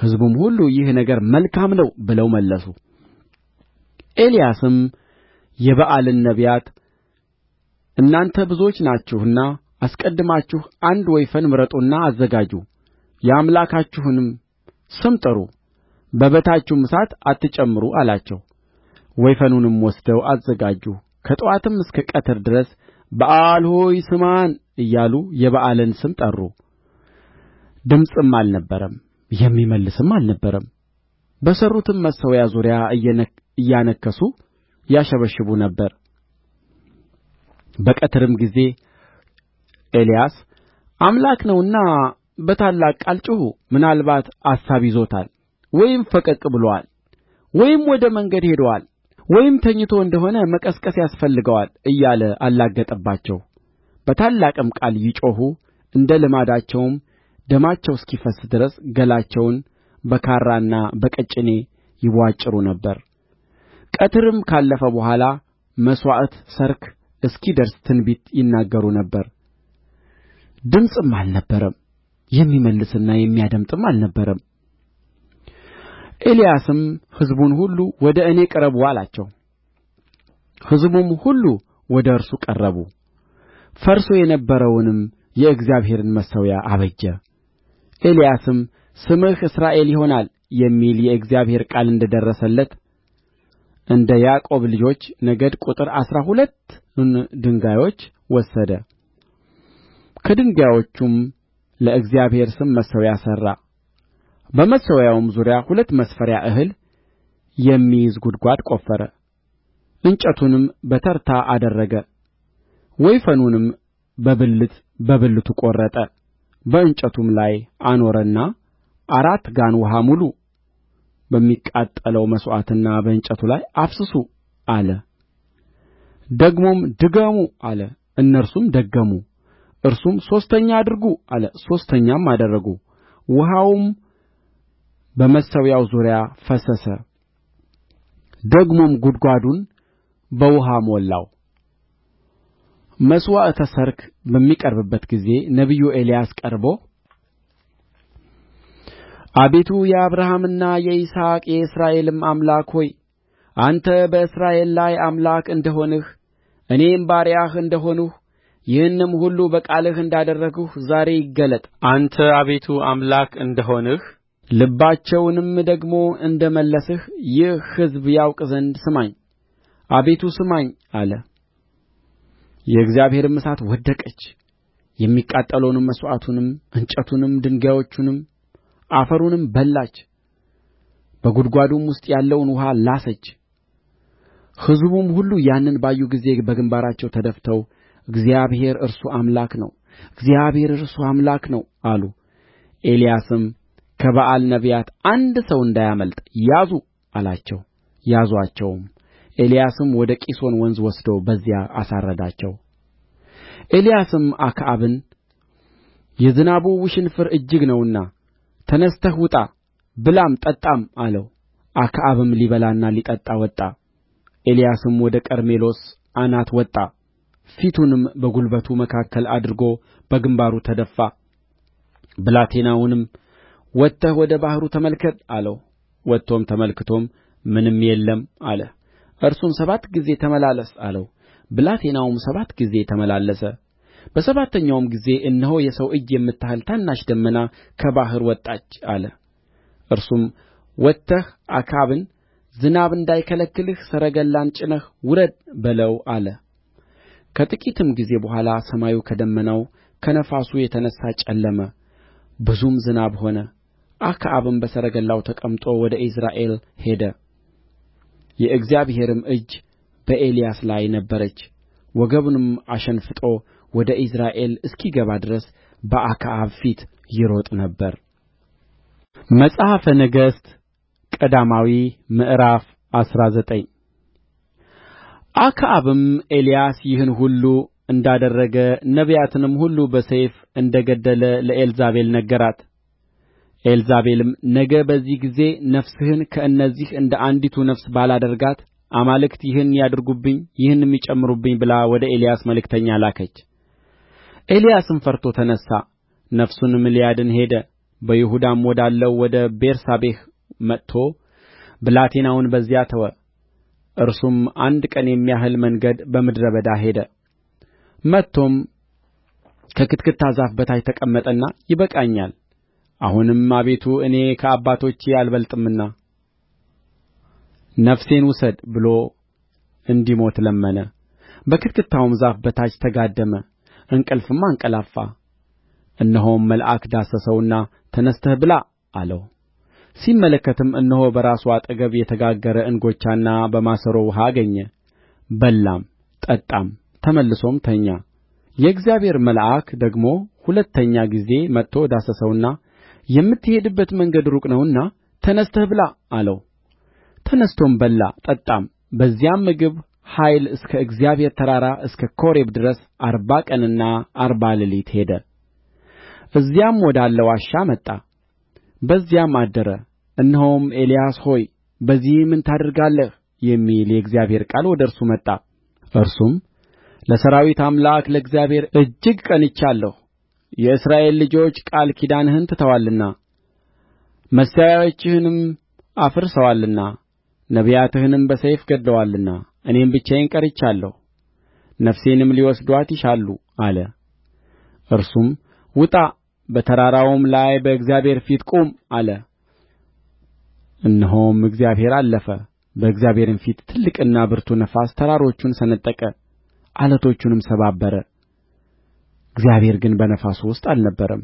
ሕዝቡም ሁሉ ይህ ነገር መልካም ነው ብለው መለሱ ኤልያስም የበኣልን ነቢያት እናንተ ብዙዎች ናችሁና አስቀድማችሁ አንድ ወይፈን ምረጡና አዘጋጁ የአምላካችሁንም ስም ጥሩ በበታችሁም እሳት አትጨምሩ አላቸው ወይፈኑንም ወስደው አዘጋጁ ከጠዋትም እስከ ቀትር ድረስ በኣል ሆይ ስማን እያሉ የበኣልን ስም ጠሩ ድምፅም አልነበረም የሚመልስም አልነበረም በሠሩትም መሠዊያ ዙሪያ እያነከሱ ያሸበሽቡ ነበር በቀትርም ጊዜ ኤልያስ አምላክ ነውና በታላቅ ቃል ጩኹ ምናልባት አሳብ ይዞታል ወይም ፈቀቅ ብሎአል ወይም ወደ መንገድ ሄዶአል ወይም ተኝቶ እንደ ሆነ መቀስቀስ ያስፈልገዋል እያለ አላገጠባቸው በታላቅም ቃል ይጮኹ እንደ ልማዳቸውም ደማቸው እስኪፈስስ ድረስ ገላቸውን በካራና በቀጭኔ ይቧጭሩ ነበር ቀትርም ካለፈ በኋላ መሥዋዕት ሠርክ እስኪደርስ ትንቢት ይናገሩ ነበር ድምፅም አልነበረም የሚመልስና የሚያደምጥም አልነበረም ኤልያስም ሕዝቡን ሁሉ ወደ እኔ ቅረቡ አላቸው ሕዝቡም ሁሉ ወደ እርሱ ቀረቡ ፈርሶ የነበረውንም የእግዚአብሔርን መሠዊያ አበጀ ኤልያስም ስምህ እስራኤል ይሆናል የሚል የእግዚአብሔር ቃል እንደ ደረሰለት እንደ ያዕቆብ ልጆች ነገድ ቍጥር አሥራ ሁለቱን ድንጋዮች ወሰደ ከድንጋዮቹም ለእግዚአብሔር ስም መሠዊያ ሠራ በመሠዊያውም ዙሪያ ሁለት መስፈሪያ እህል የሚይዝ ጕድጓድ ቈፈረ እንጨቱንም በተርታ አደረገ ወይፈኑንም በብልት በብልቱ ቈረጠ በእንጨቱም ላይ አኖረና አራት ጋን ውኃ ሙሉ በሚቃጠለው መሥዋዕትና በእንጨቱ ላይ አፍስሱ አለ ደግሞም ድገሙ አለ እነርሱም ደገሙ እርሱም ሦስተኛ አድርጉ አለ ሦስተኛም አደረጉ ውኃውም በመሠዊያው ዙሪያ ፈሰሰ ደግሞም ጕድጓዱን በውኃ ሞላው መሥዋዕተ ሠርክ በሚቀርብበት ጊዜ ነቢዩ ኤልያስ ቀርቦ አቤቱ የአብርሃምና የይስሐቅ የእስራኤልም አምላክ ሆይ አንተ በእስራኤል ላይ አምላክ እንደ ሆንህ እኔም ባሪያህ እንደ ሆንሁ ይህንም ሁሉ በቃልህ እንዳደረግሁ ዛሬ ይገለጥ አንተ አቤቱ አምላክ እንደ ሆንህ ልባቸውንም ደግሞ እንደ መለስህ ይህ ሕዝብ ያውቅ ዘንድ ስማኝ አቤቱ ስማኝ አለ የእግዚአብሔርም እሳት ወደቀች የሚቃጠለውንም መሥዋዕቱንም እንጨቱንም ድንጋዮቹንም አፈሩንም በላች በጕድጓዱም ውስጥ ያለውን ውኃ ላሰች ሕዝቡም ሁሉ ያንን ባዩ ጊዜ በግምባራቸው ተደፍተው እግዚአብሔር እርሱ አምላክ ነው እግዚአብሔር እርሱ አምላክ ነው አሉ ኤልያስም ከበኣል ነቢያት አንድ ሰው እንዳያመልጥ ያዙ አላቸው ያዙአቸውም ኤልያስም ወደ ቂሶን ወንዝ ወስዶ በዚያ አሳረዳቸው ኤልያስም አክዓብን የዝናቡ ውሽንፍር እጅግ ነውና ተነሥተህ ውጣ ብላም ጠጣም አለው አክዓብም ሊበላና ሊጠጣ ወጣ ኤልያስም ወደ ቀርሜሎስ አናት ወጣ ፊቱንም በጕልበቱ መካከል አድርጎ በግምባሩ ተደፋ ብላቴናውንም ወጥተህ ወደ ባሕሩ ተመልከት አለው ወጥቶም ተመልክቶም ምንም የለም አለ እርሱም ሰባት ጊዜ ተመላለስ አለው ብላቴናውም ሰባት ጊዜ ተመላለሰ በሰባተኛውም ጊዜ እነሆ የሰው እጅ የምታህል ታናሽ ደመና ከባሕር ወጣች አለ እርሱም ወጥተህ አክዓብን ዝናብ እንዳይከለክልህ ሰረገላን ጭነህ ውረድ በለው አለ ከጥቂትም ጊዜ በኋላ ሰማዩ ከደመናው ከነፋሱ የተነሣ ጨለመ ብዙም ዝናብ ሆነ አክዓብም በሰረገላው ተቀምጦ ወደ ኢይዝራኤል ሄደ የእግዚአብሔርም እጅ በኤልያስ ላይ ነበረች ወገቡንም አሸንፍጦ ወደ ኢይዝራኤል እስኪገባ ድረስ በአክዓብ ፊት ይሮጥ ነበር መጽሐፈ ነገሥት ቀዳማዊ ምዕራፍ አስራ ዘጠኝ አክዓብም ኤልያስ ይህን ሁሉ እንዳደረገ ነቢያትንም ሁሉ በሰይፍ እንደ ገደለ ለኤልዛቤል ነገራት ኤልዛቤልም ነገ በዚህ ጊዜ ነፍስህን ከእነዚህ እንደ አንዲቱ ነፍስ ባላደርጋት አማልክት ይህን ያድርጉብኝ ይህንም ይጨምሩብኝ ብላ ወደ ኤልያስ መልእክተኛ ላከች ኤልያስም ፈርቶ ተነሣ ነፍሱንም ሊያድን ሄደ በይሁዳም ወዳለው ወደ ቤርሳቤህ መጥቶ ብላቴናውን በዚያ ተወ እርሱም አንድ ቀን የሚያህል መንገድ በምድረ በዳ ሄደ መጥቶም ከክትክታ ዛፍ በታች ተቀመጠና ይበቃኛል አሁንም አቤቱ እኔ ከአባቶቼ አልበልጥምና ነፍሴን ውሰድ ብሎ እንዲሞት ለመነ በክትክታውም ዛፍ በታች ተጋደመ እንቅልፍም አንቀላፋ እነሆም መልአክ ዳሰሰውና ተነሥተህ ብላ አለው ሲመለከትም እነሆ በራሱ አጠገብ የተጋገረ እንጎቻና በማሰሮ ውኃ አገኘ በላም ጠጣም ተመልሶም ተኛ የእግዚአብሔር መልአክ ደግሞ ሁለተኛ ጊዜ መጥቶ ዳሰሰውና የምትሄድበት መንገድ ሩቅ ነውና ተነሥተህ ብላ አለው ተነሥቶም በላ ጠጣም በዚያም ምግብ ኃይል እስከ እግዚአብሔር ተራራ እስከ ኮሬብ ድረስ አርባ ቀንና አርባ ሌሊት ሄደ እዚያም ወዳለ ዋሻ መጣ በዚያም አደረ እነሆም ኤልያስ ሆይ በዚህ ምን ታደርጋለህ የሚል የእግዚአብሔር ቃል ወደ እርሱ መጣ እርሱም ለሠራዊት አምላክ ለእግዚአብሔር እጅግ ቀንቻለሁ የእስራኤል ልጆች ቃል ኪዳንህን ትተዋልና መሠዊያዎችህንም አፍርሰዋልና ነቢያትህንም በሰይፍ ገድለዋልና እኔም ብቻዬን ቀርቻለሁ ነፍሴንም ሊወስዱአት ይሻሉ አለ እርሱም ውጣ በተራራውም ላይ በእግዚአብሔር ፊት ቁም አለ እነሆም እግዚአብሔር አለፈ በእግዚአብሔርም ፊት ትልቅና ብርቱ ነፋስ ተራሮቹን ሰነጠቀ ዓለቶቹንም ሰባበረ እግዚአብሔር ግን በነፋሱ ውስጥ አልነበረም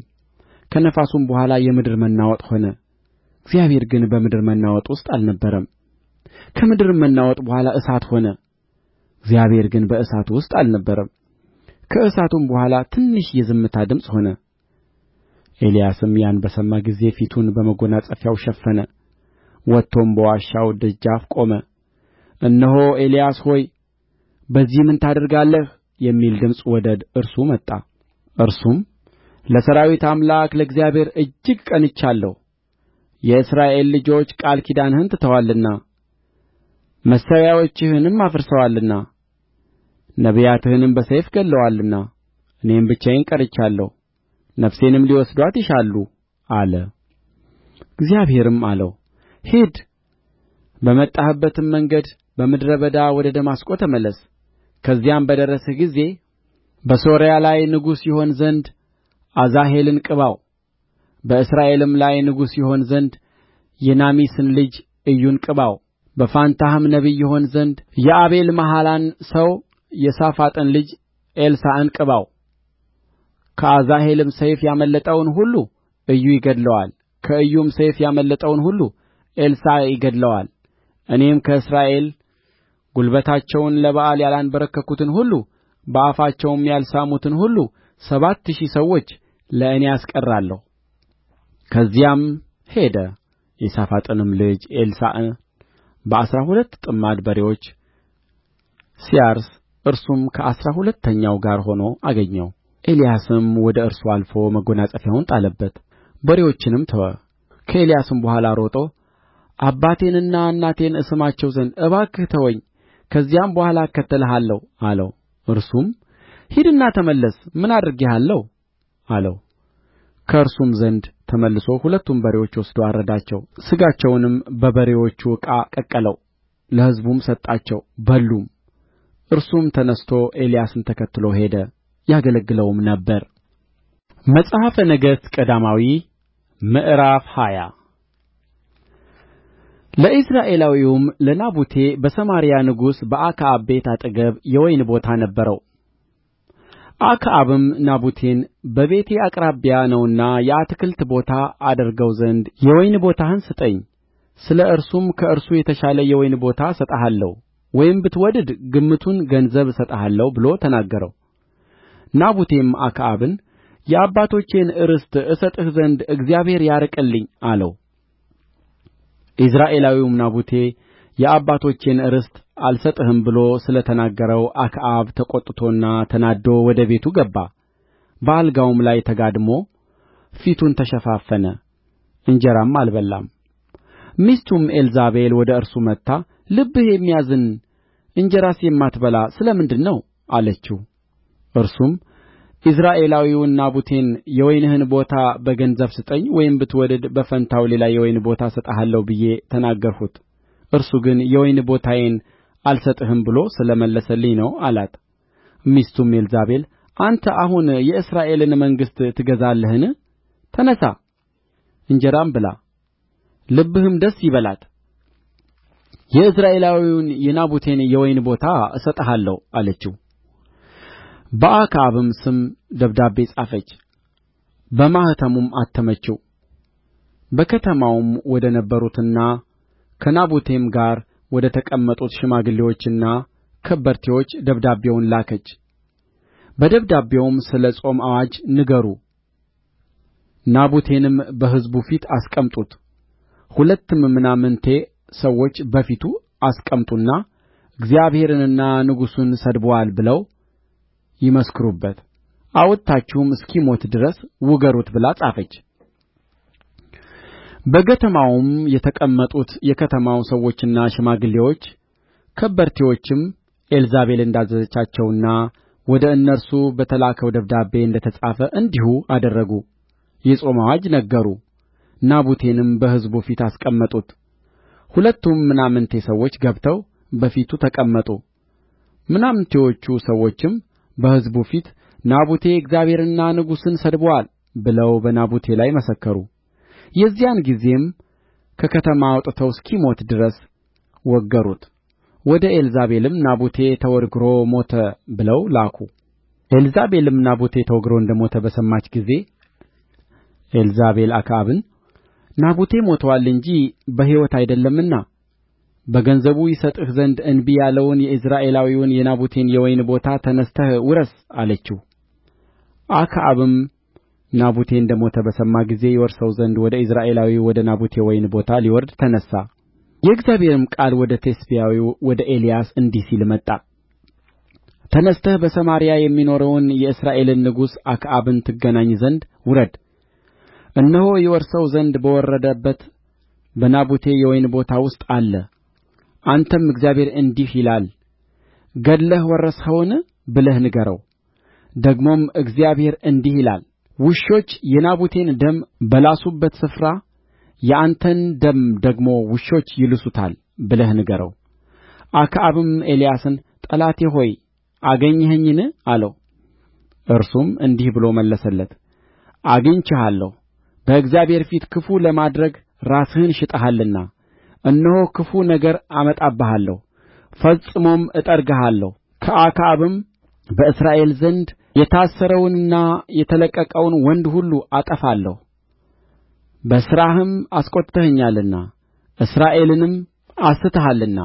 ከነፋሱም በኋላ የምድር መናወጥ ሆነ እግዚአብሔር ግን በምድር መናወጥ ውስጥ አልነበረም ከምድርም መናወጥ በኋላ እሳት ሆነ እግዚአብሔር ግን በእሳቱ ውስጥ አልነበረም ከእሳቱም በኋላ ትንሽ የዝምታ ድምፅ ሆነ ኤልያስም ያን በሰማ ጊዜ ፊቱን በመጐናጸፊያው ሸፈነ ወጥቶም በዋሻው ደጃፍ ቆመ እነሆ ኤልያስ ሆይ በዚህ ምን ታደርጋለህ የሚል ድምፅ ወደ እርሱ መጣ እርሱም ለሠራዊት አምላክ ለእግዚአብሔር እጅግ ቀንቻለሁ የእስራኤል ልጆች ቃል ኪዳንህን ትተዋልና መሠዊያዎችህንም አፍርሰዋልና ነቢያትህንም በሰይፍ ገድለዋልና እኔም ብቻዬን ቀርቻለሁ ነፍሴንም ሊወስዱአት ይሻሉ አለ እግዚአብሔርም አለው ሂድ በመጣህበትም መንገድ በምድረ በዳ ወደ ደማስቆ ተመለስ ከዚያም በደረስህ ጊዜ በሶርያ ላይ ንጉሥ ይሆን ዘንድ አዛሄልን ቅባው በእስራኤልም ላይ ንጉሥ ይሆን ዘንድ የናሜሲን ልጅ ኢዩን ቅባው በፋንታህም ነቢይ ይሆን ዘንድ የአቤልመሖላን ሰው የሳፋጥን ልጅ ኤልሳዕን ቅባው ከአዛሄልም ሰይፍ ያመለጠውን ሁሉ ኢዩ ይገድለዋል ከኢዩም ሰይፍ ያመለጠውን ሁሉ ኤልሳዕ ይገድለዋል እኔም ከእስራኤል ጒልበታቸውን ለበኣል ያላንበረከኩትን ሁሉ በአፋቸውም ያልሳሙትን ሁሉ ሰባት ሺህ ሰዎች ለእኔ አስቀራለሁ ከዚያም ሄደ የሳፋጥንም ልጅ ኤልሳዕን በአሥራ ሁለት ጥማድ በሬዎች ሲያርስ እርሱም ከአሥራ ሁለተኛው ጋር ሆኖ አገኘው ኤልያስም ወደ እርሱ አልፎ መጐናጸፊያውን ጣለበት በሬዎችንም ተወ ከኤልያስም በኋላ ሮጦ አባቴንና እናቴን እስማቸው ዘንድ እባክህ ተወኝ ከዚያም በኋላ እከተልሃለሁ አለው እርሱም ሂድና ተመለስ ምን አድርጌሃለሁ አለው ከእርሱም ዘንድ ተመልሶ ሁለቱን በሬዎች ወስዶ አረዳቸው ሥጋቸውንም በበሬዎቹ ዕቃ ቀቀለው ለሕዝቡም ሰጣቸው በሉም እርሱም ተነሥቶ ኤልያስን ተከትሎ ሄደ ያገለግለውም ነበር መጽሐፈ ነገሥት ቀዳማዊ ምዕራፍ ሃያ ለኢይዝራኤላዊውም ለናቡቴ በሰማርያ ንጉሥ በአክዓብ ቤት አጠገብ የወይን ቦታ ነበረው አክዓብም ናቡቴን በቤቴ አቅራቢያ ነውና የአትክልት ቦታ አደርገው ዘንድ የወይን ቦታህን ስጠኝ ስለ እርሱም ከእርሱ የተሻለ የወይን ቦታ እሰጥሃለሁ ወይም ብትወድድ ግምቱን ገንዘብ እሰጥሃለሁ ብሎ ተናገረው ናቡቴም አክዓብን የአባቶቼን ርስት እሰጥህ ዘንድ እግዚአብሔር ያርቅልኝ አለው ኢይዝራኤላዊውም ናቡቴ የአባቶቼን ርስት አልሰጥህም ብሎ ስለ ተናገረው አክዓብ ተቈጥቶና ተናድዶ ወደ ቤቱ ገባ በአልጋውም ላይ ተጋድሞ ፊቱን ተሸፋፈነ እንጀራም አልበላም ሚስቱም ኤልዛቤል ወደ እርሱ መጥታ ልብህ የሚያዝን እንጀራስ የማትበላ ስለ ምንድር ነው አለችው እርሱም ኢይዝራኤላዊውን ናቡቴን የወይንህን ቦታ በገንዘብ ስጠኝ ወይም ብትወድድ በፋንታው ሌላ የወይን ቦታ እሰጥሃለሁ ብዬ ተናገርሁት እርሱ ግን የወይን ቦታዬን አልሰጥህም ብሎ ስለ መለሰልኝ ነው አላት ሚስቱም ኤልዛቤል አንተ አሁን የእስራኤልን መንግሥት ትገዛለህን ተነሣ እንጀራም ብላ ልብህም ደስ ይበላት የኢይዝራኤላዊውን የናቡቴን የወይን ቦታ እሰጥሃለሁ አለችው በአክዓብም ስም ደብዳቤ ጻፈች በማኅተሙም አተመችው በከተማውም ወደ ነበሩትና ከናቡቴም ጋር ወደ ተቀመጡት ሽማግሌዎችና ከበርቴዎች ደብዳቤውን ላከች በደብዳቤውም ስለ ጾም አዋጅ ንገሩ ናቡቴንም በሕዝቡ ፊት አስቀምጡት ሁለትም ምናምንቴ ሰዎች በፊቱ አስቀምጡና እግዚአብሔርንና ንጉሡን ሰድቦአል ብለው ይመስክሩበት አውጥታችሁም እስኪሞት ድረስ ውገሩት ብላ ጻፈች በከተማውም የተቀመጡት የከተማው ሰዎችና ሽማግሌዎች ከበርቴዎችም ኤልዛቤል እንዳዘዘቻቸውና ወደ እነርሱ በተላከው ደብዳቤ እንደ ተጻፈ እንዲሁ አደረጉ የጾም አዋጅ ነገሩ ናቡቴንም በሕዝቡ ፊት አስቀመጡት ሁለቱም ምናምንቴ ሰዎች ገብተው በፊቱ ተቀመጡ ምናምንቴዎቹ ሰዎችም በሕዝቡ ፊት ናቡቴ እግዚአብሔርንና ንጉሡን ሰድቦአል ብለው በናቡቴ ላይ መሰከሩ የዚያን ጊዜም ከከተማ አውጥተው እስኪሞት ድረስ ወገሩት ወደ ኤልዛቤልም ናቡቴ ተወግሮ ሞተ ብለው ላኩ ኤልዛቤልም ናቡቴ ተወግሮ እንደ ሞተ በሰማች ጊዜ ኤልዛቤል አክዓብን ናቡቴ ሞቶአል እንጂ በሕይወት አይደለምና በገንዘቡ ይሰጥህ ዘንድ እንቢ ያለውን የኢይዝራኤላዊውን የናቡቴን የወይን ቦታ ተነሥተህ ውረስ አለችው አክዓብም ናቡቴ እንደ ሞተ በሰማ ጊዜ ይወርሰው ዘንድ ወደ ኢይዝራኤላዊው ወደ ናቡቴ ወይን ቦታ ሊወርድ ተነሣ የእግዚአብሔርም ቃል ወደ ቴስብያዊው ወደ ኤልያስ እንዲህ ሲል መጣ ተነሥተህ በሰማርያ የሚኖረውን የእስራኤልን ንጉሥ አክዓብን ትገናኝ ዘንድ ውረድ እነሆ ይወርሰው ዘንድ በወረደበት በናቡቴ የወይን ቦታ ውስጥ አለ አንተም እግዚአብሔር እንዲህ ይላል ገድለህ ወረስኸውን ብለህ ንገረው ደግሞም እግዚአብሔር እንዲህ ይላል ውሾች የናቡቴን ደም በላሱበት ስፍራ የአንተን ደም ደግሞ ውሾች ይልሱታል ብለህ ንገረው አክዓብም ኤልያስን ጠላቴ ሆይ አገኘኸኝን አለው እርሱም እንዲህ ብሎ መለሰለት አግኝቼሃለሁ በእግዚአብሔር ፊት ክፉ ለማድረግ ራስህን ሽጠሃልና እነሆ ክፉ ነገር አመጣብሃለሁ ፈጽሞም እጠርግሃለሁ ከአክዓብም በእስራኤል ዘንድ የታሰረውንና የተለቀቀውን ወንድ ሁሉ አጠፋለሁ በሥራህም አስቈጥተኸኛልና እስራኤልንም አስተሃልና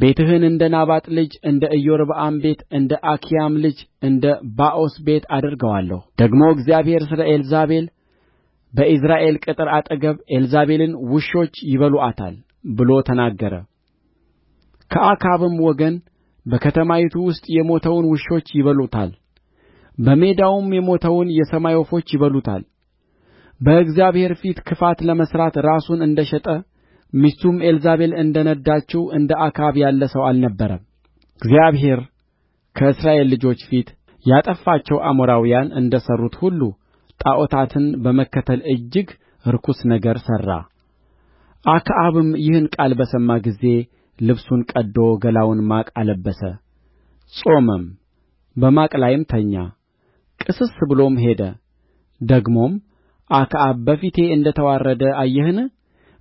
ቤትህን እንደ ናባጥ ልጅ እንደ ኢዮርብዓም ቤት እንደ አኪያም ልጅ እንደ ባኦስ ቤት አድርገዋለሁ ደግሞ እግዚአብሔር ስለ ኤልዛቤል በኢይዝራኤል ቅጥር አጠገብ ኤልዛቤልን ውሾች ይበሉአታል ብሎ ተናገረ ከአክዓብም ወገን በከተማይቱ ውስጥ የሞተውን ውሾች ይበሉታል በሜዳውም የሞተውን የሰማይ ወፎች ይበሉታል በእግዚአብሔር ፊት ክፋት ለመሥራት ራሱን እንደ ሸጠ ሚስቱም ኤልዛቤል እንደ ነዳችው እንደ አክዓብ ያለ ሰው አልነበረም እግዚአብሔር ከእስራኤል ልጆች ፊት ያጠፋቸው አሞራውያን እንደ ሠሩት ሁሉ ጣዖታትን በመከተል እጅግ ርኩስ ነገር ሠራ አክዓብም ይህን ቃል በሰማ ጊዜ ልብሱን ቀድዶ ገላውን ማቅ አለበሰ ጾመም በማቅ ላይም ተኛ ቅስስ ብሎም ሄደ ደግሞም አክዓብ በፊቴ እንደ ተዋረደ አየህን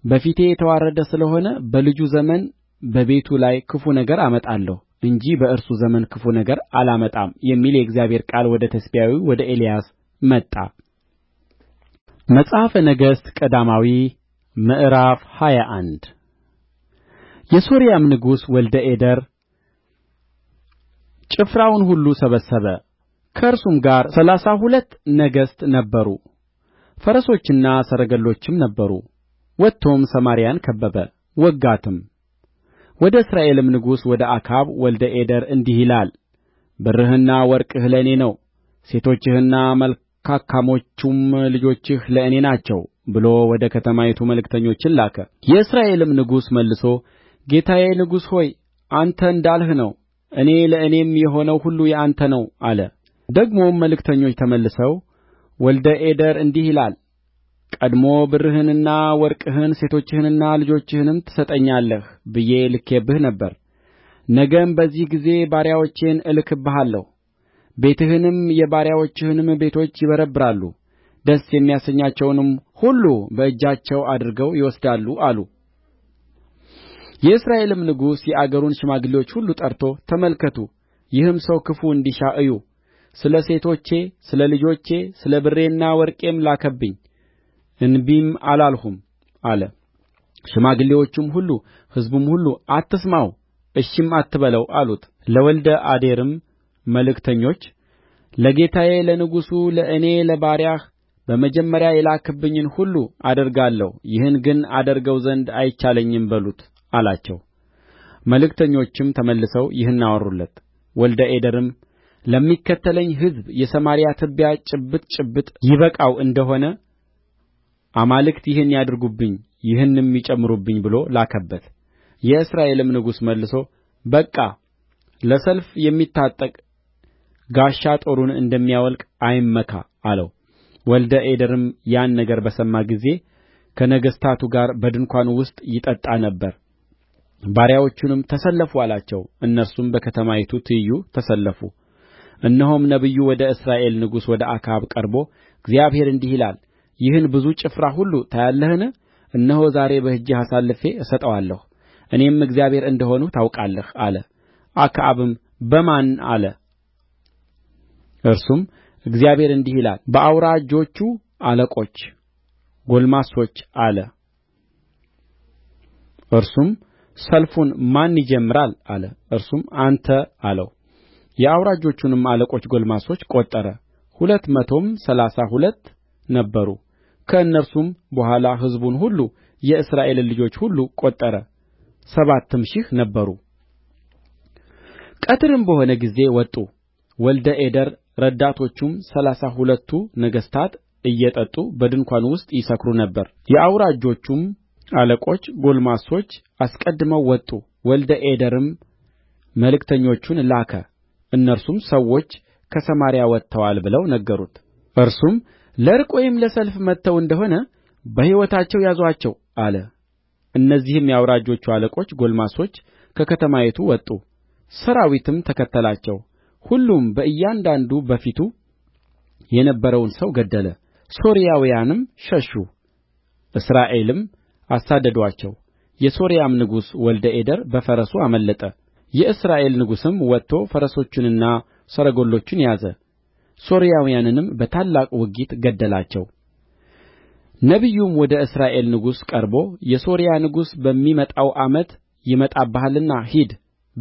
በፊቴ የተዋረደ ስለ ሆነ በልጁ ዘመን በቤቱ ላይ ክፉ ነገር አመጣለሁ እንጂ በእርሱ ዘመን ክፉ ነገር አላመጣም የሚል የእግዚአብሔር ቃል ወደ ተስቢያዊው ወደ ኤልያስ መጣ መጽሐፈ ነገሥት ቀዳማዊ ምዕራፍ ሃያ አንድ የሶርያም ንጉሥ ወልደ አዴር ጭፍራውን ሁሉ ሰበሰበ ከእርሱም ጋር ሠላሳ ሁለት ነገሥት ነበሩ ፈረሶችና ሰረገሎችም ነበሩ ወጥቶም ሰማርያን ከበበ ወጋትም ወደ እስራኤልም ንጉሥ ወደ አክዓብ ወልደ አዴር እንዲህ ይላል ብርህና ወርቅህ ለእኔ ነው ሴቶችህና መልካካሞቹም ልጆችህ ለእኔ ናቸው ብሎ ወደ ከተማይቱ መልእክተኞችን ላከ የእስራኤልም ንጉሥ መልሶ ጌታዬ ንጉሥ ሆይ አንተ እንዳልህ ነው እኔ ለእኔም የሆነው ሁሉ የአንተ ነው አለ ደግሞም መልእክተኞች ተመልሰው ወልደ አዴር እንዲህ ይላል ቀድሞ ብርህንና ወርቅህን ሴቶችህንና ልጆችህንም ትሰጠኛለህ ብዬ ልኬብህ ነበር ነገም በዚህ ጊዜ ባሪያዎቼን እልክብሃለሁ ቤትህንም የባሪያዎችህንም ቤቶች ይበረብራሉ ደስ የሚያሰኛቸውንም ሁሉ በእጃቸው አድርገው ይወስዳሉ አሉ የእስራኤልም ንጉሥ የአገሩን ሽማግሌዎች ሁሉ ጠርቶ ተመልከቱ ይህም ሰው ክፉ እንዲሻ እዩ ስለ ሴቶቼ ስለ ልጆቼ ስለ ብሬና ወርቄም ላከብኝ እንቢም አላልሁም አለ ሽማግሌዎቹም ሁሉ ሕዝቡም ሁሉ አትስማው እሺም አትበለው አሉት ለወልደ አዴርም መልእክተኞች ለጌታዬ ለንጉሡ ለእኔ ለባሪያህ በመጀመሪያ የላክህብኝን ሁሉ አደርጋለሁ ይህን ግን አደርገው ዘንድ አይቻለኝም በሉት አላቸው መልእክተኞችም ተመልሰው ይህን አወሩለት ወልደ አዴርም ለሚከተለኝ ሕዝብ የሰማርያ ትቢያ ጭብጥ ጭብጥ ይበቃው እንደሆነ አማልክት ይህን ያድርጉብኝ ይህንም ይጨምሩብኝ ብሎ ላከበት የእስራኤልም ንጉሥ መልሶ በቃ ለሰልፍ የሚታጠቅ ጋሻ ጦሩን እንደሚያወልቅ አይመካ አለው ወልደ አዴርም ያን ነገር በሰማ ጊዜ ከነገሥታቱ ጋር በድንኳኑ ውስጥ ይጠጣ ነበር ባሪያዎቹንም ተሰለፉ አላቸው እነርሱም በከተማይቱ ትይዩ ተሰለፉ እነሆም ነቢዩ ወደ እስራኤል ንጉሥ ወደ አክዓብ ቀርቦ እግዚአብሔር እንዲህ ይላል ይህን ብዙ ጭፍራ ሁሉ ታያለህን እነሆ ዛሬ በእጅህ አሳልፌ እሰጠዋለሁ እኔም እግዚአብሔር እንደ ሆንሁ ታውቃለህ አለ አክዓብም በማን አለ እርሱም እግዚአብሔር እንዲህ ይላል በአውራጆቹ አለቆች ጕልማሶች አለ እርሱም ሰልፉን ማን ይጀምራል አለ እርሱም አንተ አለው የአውራጆቹንም አለቆች ጕልማሶች ቈጠረ ሁለት መቶም ሠላሳ ሁለት ነበሩ ከእነርሱም በኋላ ሕዝቡን ሁሉ የእስራኤልን ልጆች ሁሉ ቈጠረ ሰባትም ሺህ ነበሩ ቀትርም በሆነ ጊዜ ወጡ ወልደ አዴር ረዳቶቹም ሠላሳ ሁለቱ ነገሥታት እየጠጡ በድንኳኑ ውስጥ ይሰክሩ ነበር የአውራጆቹም አለቆች ጕልማሶች አስቀድመው ወጡ ወልደ አዴርም መልእክተኞቹን ላከ እነርሱም ሰዎች ከሰማርያ ወጥተዋል ብለው ነገሩት እርሱም ለዕርቅ ወይም ለሰልፍ መጥተው እንደ ሆነ በሕይወታቸው ያዙአቸው አለ እነዚህም የአውራጆቹ አለቆች ጕልማሶች ከከተማይቱ ወጡ ሠራዊትም ተከተላቸው ሁሉም በእያንዳንዱ በፊቱ የነበረውን ሰው ገደለ ሶርያውያንም ሸሹ እስራኤልም አሳደዱአቸው የሶርያም ንጉሥ ወልደ አዴር በፈረሱ አመለጠ የእስራኤል ንጉሥም ወጥቶ ፈረሶቹንና ሰረገሎቹን ያዘ ሶርያውያንንም በታላቅ ውጊት ገደላቸው ነቢዩም ወደ እስራኤል ንጉሥ ቀርቦ የሶርያ ንጉሥ በሚመጣው ዓመት ይመጣብሃልና ሂድ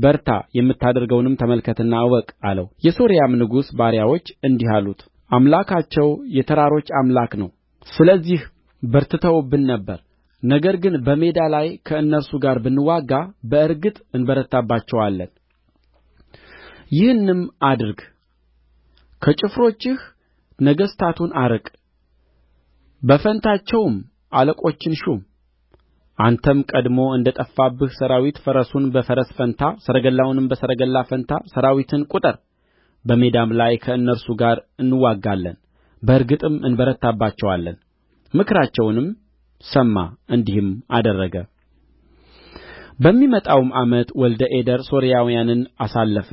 በርታ የምታደርገውንም ተመልከትና እወቅ አለው የሶርያም ንጉሥ ባሪያዎች እንዲህ አሉት አምላካቸው የተራሮች አምላክ ነው ስለዚህ በርትተውብን ነበር ነገር ግን በሜዳ ላይ ከእነርሱ ጋር ብንዋጋ በእርግጥ እንበረታባቸዋለን ይህንም አድርግ ከጭፍሮችህ ነገሥታቱን አርቅ በፋንታቸውም አለቆችን ሹም አንተም ቀድሞ እንደ ጠፋብህ ሠራዊት ፈረሱን በፈረስ ፈንታ ሰረገላውንም በሰረገላ ፈንታ ሠራዊትን ቍጠር በሜዳም ላይ ከእነርሱ ጋር እንዋጋለን በእርግጥም እንበረታባቸዋለን ምክራቸውንም ሰማ እንዲህም አደረገ በሚመጣውም ዓመት ወልደ አዴር ሶርያውያንን አሳለፈ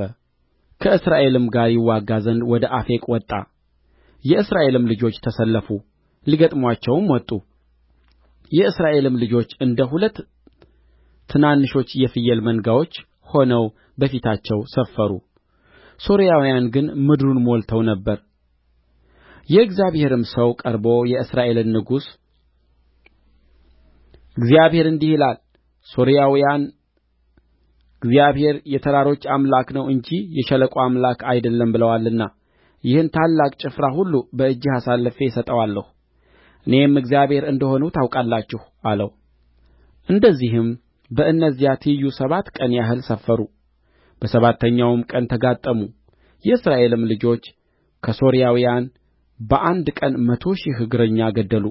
ከእስራኤልም ጋር ይዋጋ ዘንድ ወደ አፌቅ ወጣ የእስራኤልም ልጆች ተሰለፉ ሊገጥሙአቸውም ወጡ የእስራኤልም ልጆች እንደ ሁለት ትናንሾች የፍየል መንጋዎች ሆነው በፊታቸው ሰፈሩ ሶርያውያን ግን ምድሩን ሞልተው ነበር የእግዚአብሔርም ሰው ቀርቦ የእስራኤልን ንጉሥ እግዚአብሔር እንዲህ ይላል ሶርያውያን እግዚአብሔር የተራሮች አምላክ ነው እንጂ የሸለቆ አምላክ አይደለም ብለዋልና ይህን ታላቅ ጭፍራ ሁሉ በእጅህ አሳልፌ እሰጠዋለሁ እኔም እግዚአብሔር እንደ ሆንሁ ታውቃላችሁ አለው እንደዚህም በእነዚያ ትይዩ ሰባት ቀን ያህል ሰፈሩ በሰባተኛውም ቀን ተጋጠሙ የእስራኤልም ልጆች ከሶርያውያን በአንድ ቀን መቶ ሺህ እግረኛ ገደሉ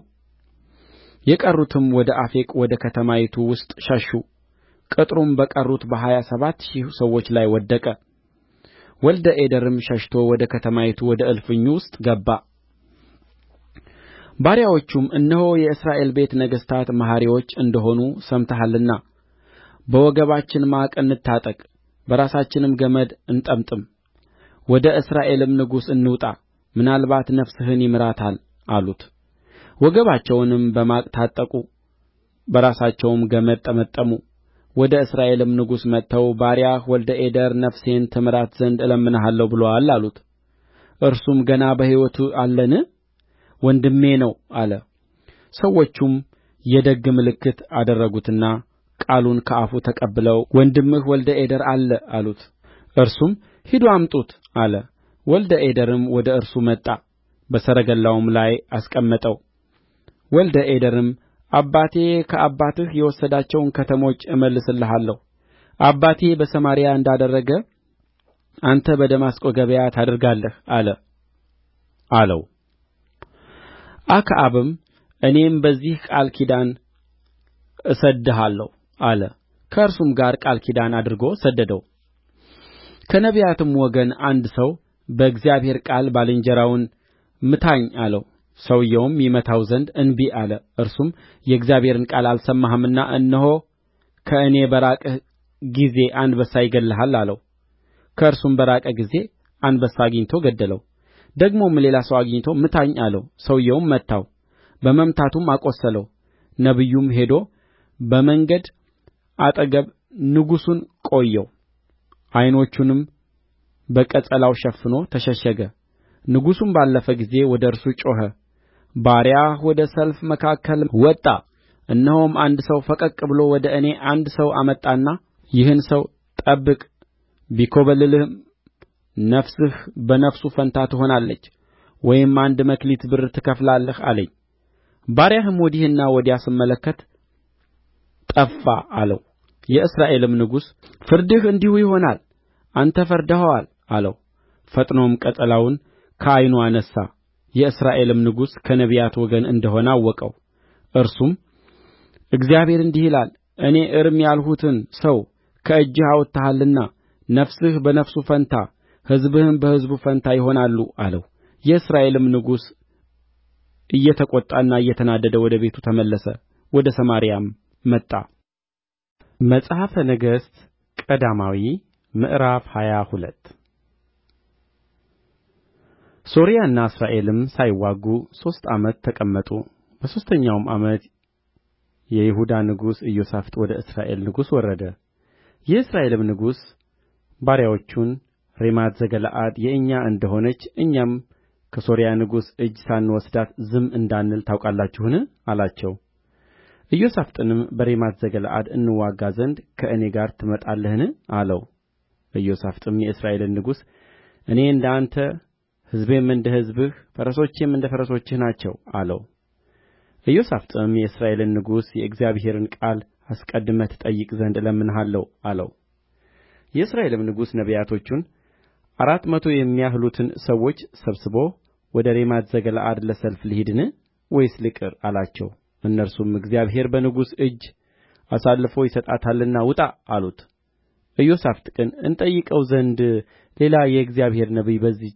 የቀሩትም ወደ አፌቅ ወደ ከተማይቱ ውስጥ ሸሹ ቅጥሩም በቀሩት በሀያ ሰባት ሺህ ሰዎች ላይ ወደቀ ወልደ አዴርም ሸሽቶ ወደ ከተማይቱ ወደ እልፍኙ ውስጥ ገባ ባሪያዎቹም እነሆ የእስራኤል ቤት ነገሥታት መሐሪዎች እንደ ሆኑ ሰምተናልና በወገባችን ማቅ እንታጠቅ በራሳችንም ገመድ እንጠምጥም ወደ እስራኤልም ንጉሥ እንውጣ ምናልባት ነፍስህን ይምራታል አሉት ወገባቸውንም በማቅ ታጠቁ በራሳቸውም ገመድ ጠመጠሙ ወደ እስራኤልም ንጉሥ መጥተው ባሪያህ ወልደ አዴር ነፍሴን ትምራት ዘንድ እለምንሃለሁ ብሎአል አሉት እርሱም ገና በሕይወቱ አለን ወንድሜ ነው አለ ሰዎቹም የደግ ምልክት አደረጉትና ቃሉን ከአፉ ተቀብለው ወንድምህ ወልደ አዴር አለ አሉት እርሱም ሂዱ አምጡት አለ ወልደ አዴርም ወደ እርሱ መጣ በሰረገላውም ላይ አስቀመጠው ወልደ አዴርም አባቴ ከአባትህ የወሰዳቸውን ከተሞች እመልስልሃለሁ አባቴ በሰማርያ እንዳደረገ አንተ በደማስቆ ገበያ ታደርጋለህ አለ አለው አክዓብም እኔም በዚህ ቃል ኪዳን እሰድድሃለሁ አለ ከእርሱም ጋር ቃል ኪዳን አድርጎ ሰደደው ከነቢያትም ወገን አንድ ሰው በእግዚአብሔር ቃል ባልንጀራውን ምታኝ አለው ሰውዮውም ይመታው ዘንድ እንቢ አለ እርሱም የእግዚአብሔርን ቃል አልሰማህምና እነሆ ከእኔ በራቅህ ጊዜ አንበሳ ይገድልሃል አለው ከእርሱም በራቀ ጊዜ አንበሳ አግኝቶ ገደለው ደግሞም ሌላ ሰው አግኝቶ ምታኝ አለው ሰውዮውም መታው በመምታቱም አቈሰለው ነቢዩም ሄዶ በመንገድ አጠገብ ንጉሡን ቆየው ዓይኖቹንም በቀጸላው ሸፍኖ ተሸሸገ ንጉሡም ባለፈ ጊዜ ወደ እርሱ ጮኸ ባሪያህ ወደ ሰልፍ መካከል ወጣ እነሆም አንድ ሰው ፈቀቅ ብሎ ወደ እኔ አንድ ሰው አመጣና ይህን ሰው ጠብቅ ቢኰበልልህም ነፍስህ በነፍሱ ፋንታ ትሆናለች ወይም አንድ መክሊት ብር ትከፍላለህ አለኝ ባሪያህም ወዲህና ወዲያ ሲመለከት ጠፋ አለው የእስራኤልም ንጉሥ ፍርድህ እንዲሁ ይሆናል አንተ ፈርድኸዋል አለው ፈጥኖም ቀጸላውን ከዓይኑ አነሣ የእስራኤልም ንጉሥ ከነቢያት ወገን እንደ ሆነ አወቀው እርሱም እግዚአብሔር እንዲህ ይላል እኔ እርም ያልሁትን ሰው ከእጅህ አውጥተሃልና ነፍስህ በነፍሱ ፋንታ ሕዝብህም በሕዝቡ ፋንታ ይሆናሉ አለው የእስራኤልም ንጉሥ እየተቈጣና እየተናደደ ወደ ቤቱ ተመለሰ ወደ ሰማርያም መጣ መጽሐፈ ነገሥት ቀዳማዊ ምዕራፍ ሃያ ሁለት ሶርያና እስራኤልም ሳይዋጉ ሦስት ዓመት ተቀመጡ በሦስተኛውም ዓመት የይሁዳ ንጉሥ ኢዮሣፍጥ ወደ እስራኤል ንጉሥ ወረደ የእስራኤልም ንጉሥ ባሪያዎቹን ሬማት ዘገለዓድ የእኛ እንደ ሆነች እኛም ከሶርያ ንጉሥ እጅ ሳንወስዳት ዝም እንዳልን ታውቃላችሁን አላቸው ኢዮሣፍጥንም በሬማት ዘገለዓድ እንዋጋ ዘንድ ከእኔ ጋር ትመጣለህን አለው ኢዮሣፍጥም የእስራኤልን ንጉሥ እኔ እንደ አንተ ሕዝቤም እንደ ሕዝብህ ፈረሶቼም እንደ ፈረሶችህ ናቸው አለው ኢዮሣፍጥም የእስራኤልን ንጉሥ የእግዚአብሔርን ቃል አስቀድመህ ትጠይቅ ዘንድ እለምንሃለሁ አለው የእስራኤልም ንጉሥ ነቢያቶቹን አራት መቶ የሚያህሉትን ሰዎች ሰብስቦ ወደ ሬማት ዘገለዓድ ለሰልፍ ልሂድን ወይስ ልቅር አላቸው እነርሱም እግዚአብሔር በንጉሡ እጅ አሳልፎ ይሰጣታልና ውጣ አሉት ኢዮሣፍጥ ግን እንጠይቀው ዘንድ ሌላ የእግዚአብሔር ነቢይ በዚህ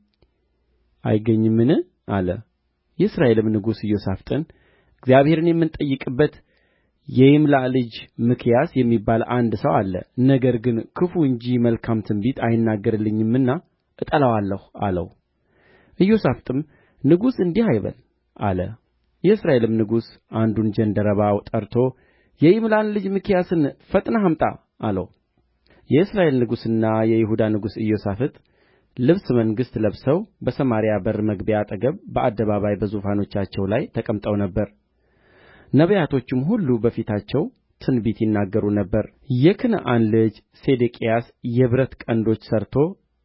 አይገኝምን አለ የእስራኤልም ንጉሥ ኢዮሣፍጥን እግዚአብሔርን የምንጠይቅበት የይምላ ልጅ ሚክያስ የሚባል አንድ ሰው አለ ነገር ግን ክፉ እንጂ መልካም ትንቢት አይናገርልኝምና እጠላዋለሁ አለው ኢዮሣፍጥም ንጉሥ እንዲህ አይበል አለ የእስራኤልም ንጉሥ አንዱን ጃንደረባ ጠርቶ የይምላን ልጅ ሚክያስን ፈጥነህ አምጣ አለው የእስራኤል ንጉሥና የይሁዳ ንጉሥ ኢዮሣፍጥ ልብሰ መንግሥት ለብሰው በሰማርያ በር መግቢያ አጠገብ በአደባባይ በዙፋኖቻቸው ላይ ተቀምጠው ነበር ነቢያቶቹም ሁሉ በፊታቸው ትንቢት ይናገሩ ነበር የክንዓና ልጅ ሴዴቅያስ የብረት ቀንዶች ሠርቶ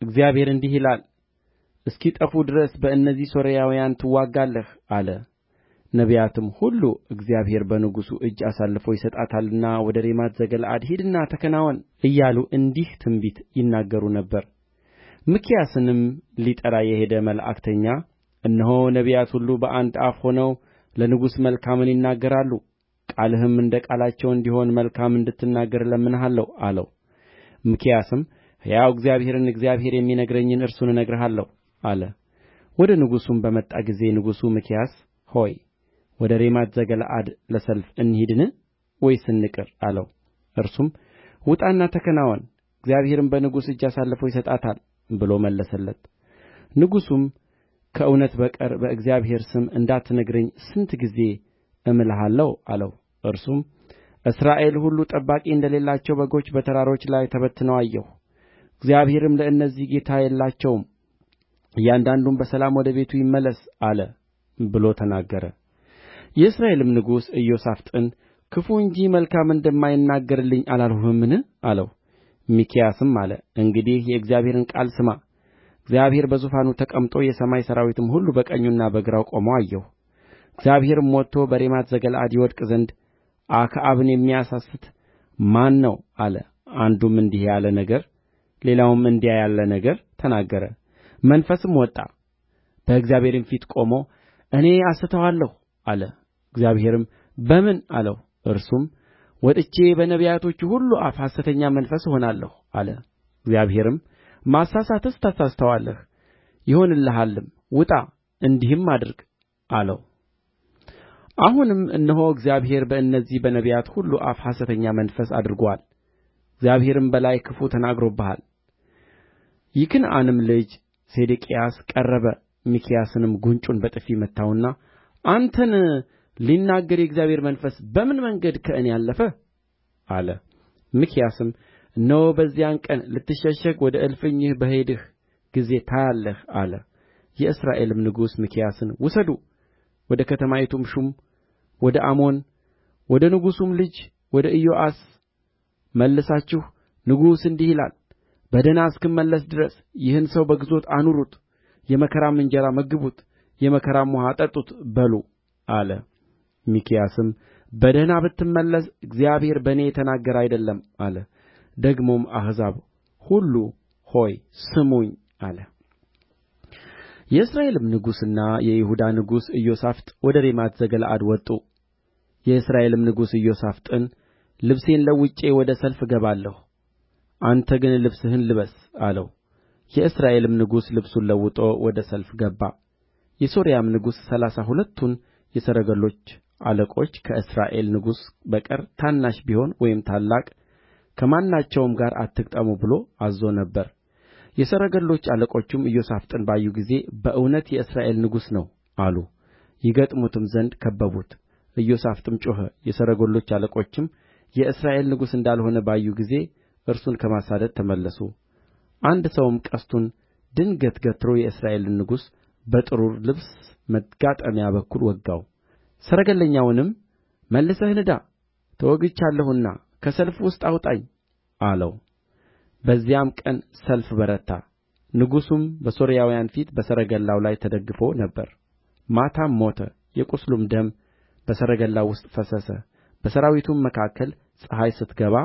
እግዚአብሔር እንዲህ ይላል እስኪጠፉ ድረስ በእነዚህ ሶርያውያን ትዋጋለህ አለ ነቢያትም ሁሉ እግዚአብሔር በንጉሡ እጅ አሳልፎ ይሰጣታልና ወደ ሬማት ዘገለዓድ ሂድና ተከናወን እያሉ እንዲህ ትንቢት ይናገሩ ነበር ሚክያስንም ሊጠራ የሄደ መልእክተኛ እነሆ ነቢያት ሁሉ በአንድ አፍ ሆነው ለንጉሥ መልካምን ይናገራሉ ቃልህም እንደ ቃላቸው እንዲሆን መልካም እንድትናገር እለምንሃለሁ አለው ሚክያስም ሕያው እግዚአብሔርን እግዚአብሔር የሚነግረኝን እርሱን እነግርሃለሁ አለ ወደ ንጉሡም በመጣ ጊዜ ንጉሡ ሚክያስ ሆይ ወደ ሬማት ዘገለዓድ ለሰልፍ እንሂድን ወይስ እንቅር አለው እርሱም ውጣና ተከናወን እግዚአብሔርም በንጉሡ እጅ አሳልፎ ይሰጣታል ብሎ መለሰለት ንጉሡም ከእውነት በቀር በእግዚአብሔር ስም እንዳትነግረኝ ስንት ጊዜ እምልሃለሁ አለው እርሱም እስራኤል ሁሉ ጠባቂ እንደሌላቸው በጎች በተራሮች ላይ ተበትነው አየሁ እግዚአብሔርም ለእነዚህ ጌታ የላቸውም እያንዳንዱም በሰላም ወደ ቤቱ ይመለስ አለ ብሎ ተናገረ የእስራኤልም ንጉሥ ኢዮሣፍጥን ክፉ እንጂ መልካም እንደማይናገርልኝ አላልሁህምን አለው ሚክያስም አለ እንግዲህ የእግዚአብሔርን ቃል ስማ እግዚአብሔር በዙፋኑ ተቀምጦ የሰማይ ሠራዊትም ሁሉ በቀኙና በግራው ቆመው አየሁ እግዚአብሔርም ወጥቶ በሬማት ዘገለዓድ ይወድቅ ዘንድ አክዓብን የሚያሳስት ማን ነው አለ አንዱም እንዲህ ያለ ነገር ሌላውም እንዲያ ያለ ነገር ተናገረ መንፈስም ወጣ በእግዚአብሔርም ፊት ቆሞ እኔ አስተዋለሁ አለ እግዚአብሔርም በምን አለው እርሱም ወጥቼ በነቢያቶቹ ሁሉ አፍ ሐሰተኛ መንፈስ እሆናለሁ አለ እግዚአብሔርም ማሳሳትስ ታሳስተዋለህ ይሆንልሃልም ውጣ እንዲህም አድርግ አለው አሁንም እነሆ እግዚአብሔር በእነዚህ በነቢያት ሁሉ አፍ ሐሰተኛ መንፈስ አድርጎአል እግዚአብሔርም በላይ ክፉ ተናግሮብሃል የክንዓናም ልጅ ሴዴቅያስ ቀረበ ሚክያስንም ጕንጩን በጥፊ መታውና አንተን ሊናገር የእግዚአብሔር መንፈስ በምን መንገድ ከእኔ አለፈ አለ ሚክያስም እነሆ በዚያን ቀን ልትሸሸግ ወደ እልፍኝህ በሄድህ ጊዜ ታያለህ አለ የእስራኤልም ንጉሥ ሚክያስን ውሰዱ ወደ ከተማይቱም ሹም ወደ አሞን ወደ ንጉሡም ልጅ ወደ ኢዮአስ መልሳችሁ ንጉሡ እንዲህ ይላል በደኅና እስክመለስ ድረስ ይህን ሰው በግዞት አኑሩት የመከራም እንጀራ መግቡት የመከራም ውኃ አጠጡት በሉ አለ ሚክያስም በደኅና ብትመለስ እግዚአብሔር በእኔ የተናገረ አይደለም አለ ደግሞም አሕዛብ ሁሉ ሆይ ስሙኝ አለ የእስራኤልም ንጉሥና የይሁዳ ንጉሥ ኢዮሣፍጥ ወደ ሬማት ዘገለዓድ ወጡ የእስራኤልም ንጉሥ ኢዮሣፍጥን ልብሴን ለውጬ ወደ ሰልፍ እገባለሁ አንተ ግን ልብስህን ልበስ አለው የእስራኤልም ንጉሥ ልብሱን ለውጦ ወደ ሰልፍ ገባ የሶርያም ንጉሥ ሠላሳ ሁለቱን የሰረገሎች አለቆች ከእስራኤል ንጉሥ በቀር ታናሽ ቢሆን ወይም ታላቅ ከማናቸውም ጋር አትግጠሙ ብሎ አዝዞ ነበር የሰረገሎች አለቆችም ኢዮሣፍጥን ባዩ ጊዜ በእውነት የእስራኤል ንጉሥ ነው አሉ ይገጥሙትም ዘንድ ከበቡት ኢዮሣፍጥም ጮኸ የሰረገሎች አለቆችም የእስራኤል ንጉሥ እንዳልሆነ ባዩ ጊዜ እርሱን ከማሳደድ ተመለሱ አንድ ሰውም ቀስቱን ድንገት ገትሮ የእስራኤልን ንጉሥ በጥሩር ልብስ መጋጠሚያ በኩል ወጋው ሰረገለኛውንም መልሰህ ንዳ ተወግቻለሁና ከሰልፍ ውስጥ አውጣኝ አለው በዚያም ቀን ሰልፍ በረታ ንጉሡም በሶርያውያን ፊት በሰረገላው ላይ ተደግፎ ነበር ማታም ሞተ የቍስሉም ደም በሰረገላው ውስጥ ፈሰሰ በሠራዊቱም መካከል ፀሐይ ስትገባ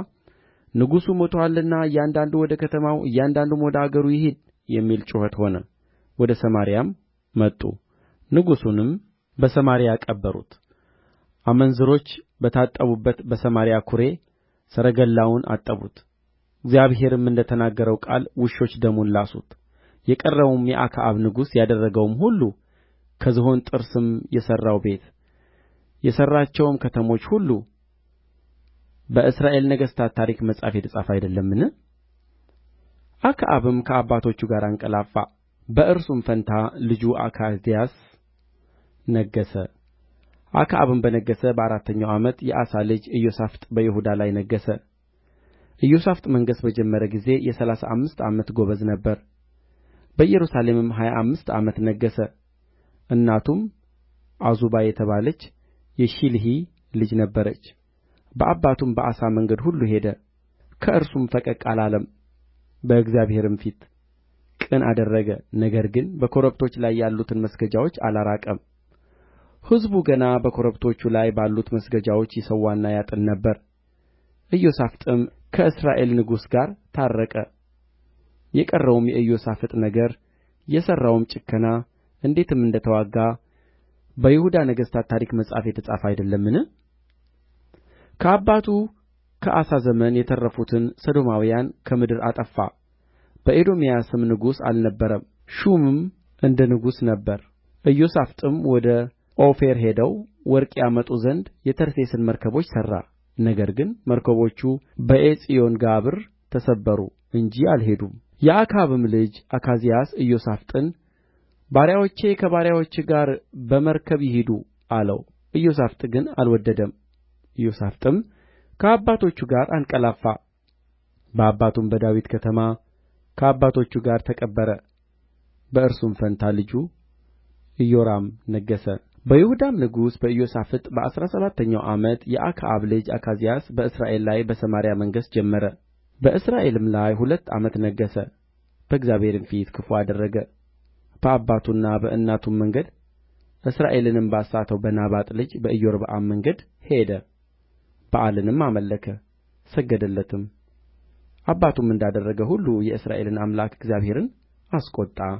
ንጉሡ ሞቶአልና እያንዳንዱ ወደ ከተማው እያንዳንዱም ወደ አገሩ ይሂድ የሚል ጩኸት ሆነ ወደ ሰማርያም መጡ ንጉሡንም በሰማርያ ቀበሩት አመንዝሮች በታጠቡበት በሰማርያ ኵሬ ሰረገላውን አጠቡት እግዚአብሔርም እንደ ተናገረው ቃል ውሾች ደሙን ላሱት የቀረውም የአክዓብ ንጉሥ ያደረገውም ሁሉ ከዝሆን ጥርስም የሠራው ቤት የሠራቸውም ከተሞች ሁሉ በእስራኤል ነገሥታት ታሪክ መጽሐፍ የተጻፈ አይደለምን አክዓብም ከአባቶቹ ጋር አንቀላፋ በእርሱም ፋንታ ልጁ አካዝያስ ነገሠ አክዓብም በነገሠ በአራተኛው ዓመት የአሳ ልጅ ኢዮሣፍጥ በይሁዳ ላይ ነገሠ ኢዮሣፍጥ መንገሥ በጀመረ ጊዜ የሠላሳ አምስት ዓመት ጎበዝ ነበረ በኢየሩሳሌምም ሀያ አምስት ዓመት ነገሠ እናቱም ዓዙባ የተባለች የሺልሒ ልጅ ነበረች በአባቱም በአሳ መንገድ ሁሉ ሄደ ከእርሱም ፈቀቅ አላለም በእግዚአብሔርም ፊት ቅን አደረገ ነገር ግን በኮረብቶች ላይ ያሉትን መስገጃዎች አላራቀም ሕዝቡ ገና በኮረብቶቹ ላይ ባሉት መስገጃዎች ይሠዋና ያጥን ነበር ኢዮሣፍጥም ከእስራኤል ንጉሥ ጋር ታረቀ የቀረውም የኢዮሣፍጥ ነገር የሠራውም ጭከና እንዴትም እንደ ተዋጋ በይሁዳ ነገሥታት ታሪክ መጽሐፍ የተጻፈ አይደለምን ከአባቱ ከአሳ ዘመን የተረፉትን ሰዶማውያን ከምድር አጠፋ በኤዶምያስም ንጉሥ አልነበረም ሹምም እንደ ንጉሥ ነበረ ኢዮሣፍጥም ወደ ኦፊር ሄደው ወርቅ ያመጡ ዘንድ የተርሴስን መርከቦች ሠራ ነገር ግን መርከቦቹ በዔጽዮንጋብር ተሰበሩ እንጂ አልሄዱም የአክዓብም ልጅ አካዝያስ ኢዮሣፍጥን ባሪያዎቼ ከባሪያዎችህ ጋር በመርከብ ይሂዱ አለው ኢዮሣፍጥ ግን አልወደደም ኢዮሣፍጥም ከአባቶቹ ጋር አንቀላፋ በአባቱም በዳዊት ከተማ ከአባቶቹ ጋር ተቀበረ በእርሱም ፋንታ ልጁ ኢዮራም ነገሠ በይሁዳም ንጉሥ በኢዮሣፍጥ በአሥራ ሰባተኛው ዓመት የአክዓብ ልጅ አካዝያስ በእስራኤል ላይ በሰማርያ መንገሥ ጀመረ በእስራኤልም ላይ ሁለት ዓመት ነገሠ በእግዚአብሔርም ፊት ክፉ አደረገ በአባቱና በእናቱም መንገድ እስራኤልንም ባሳተው በናባጥ ልጅ በኢዮርብዓም መንገድ ሄደ በኣልንም አመለከ ሰገደለትም አባቱም እንዳደረገ ሁሉ የእስራኤልን አምላክ እግዚአብሔርን አስቈጣ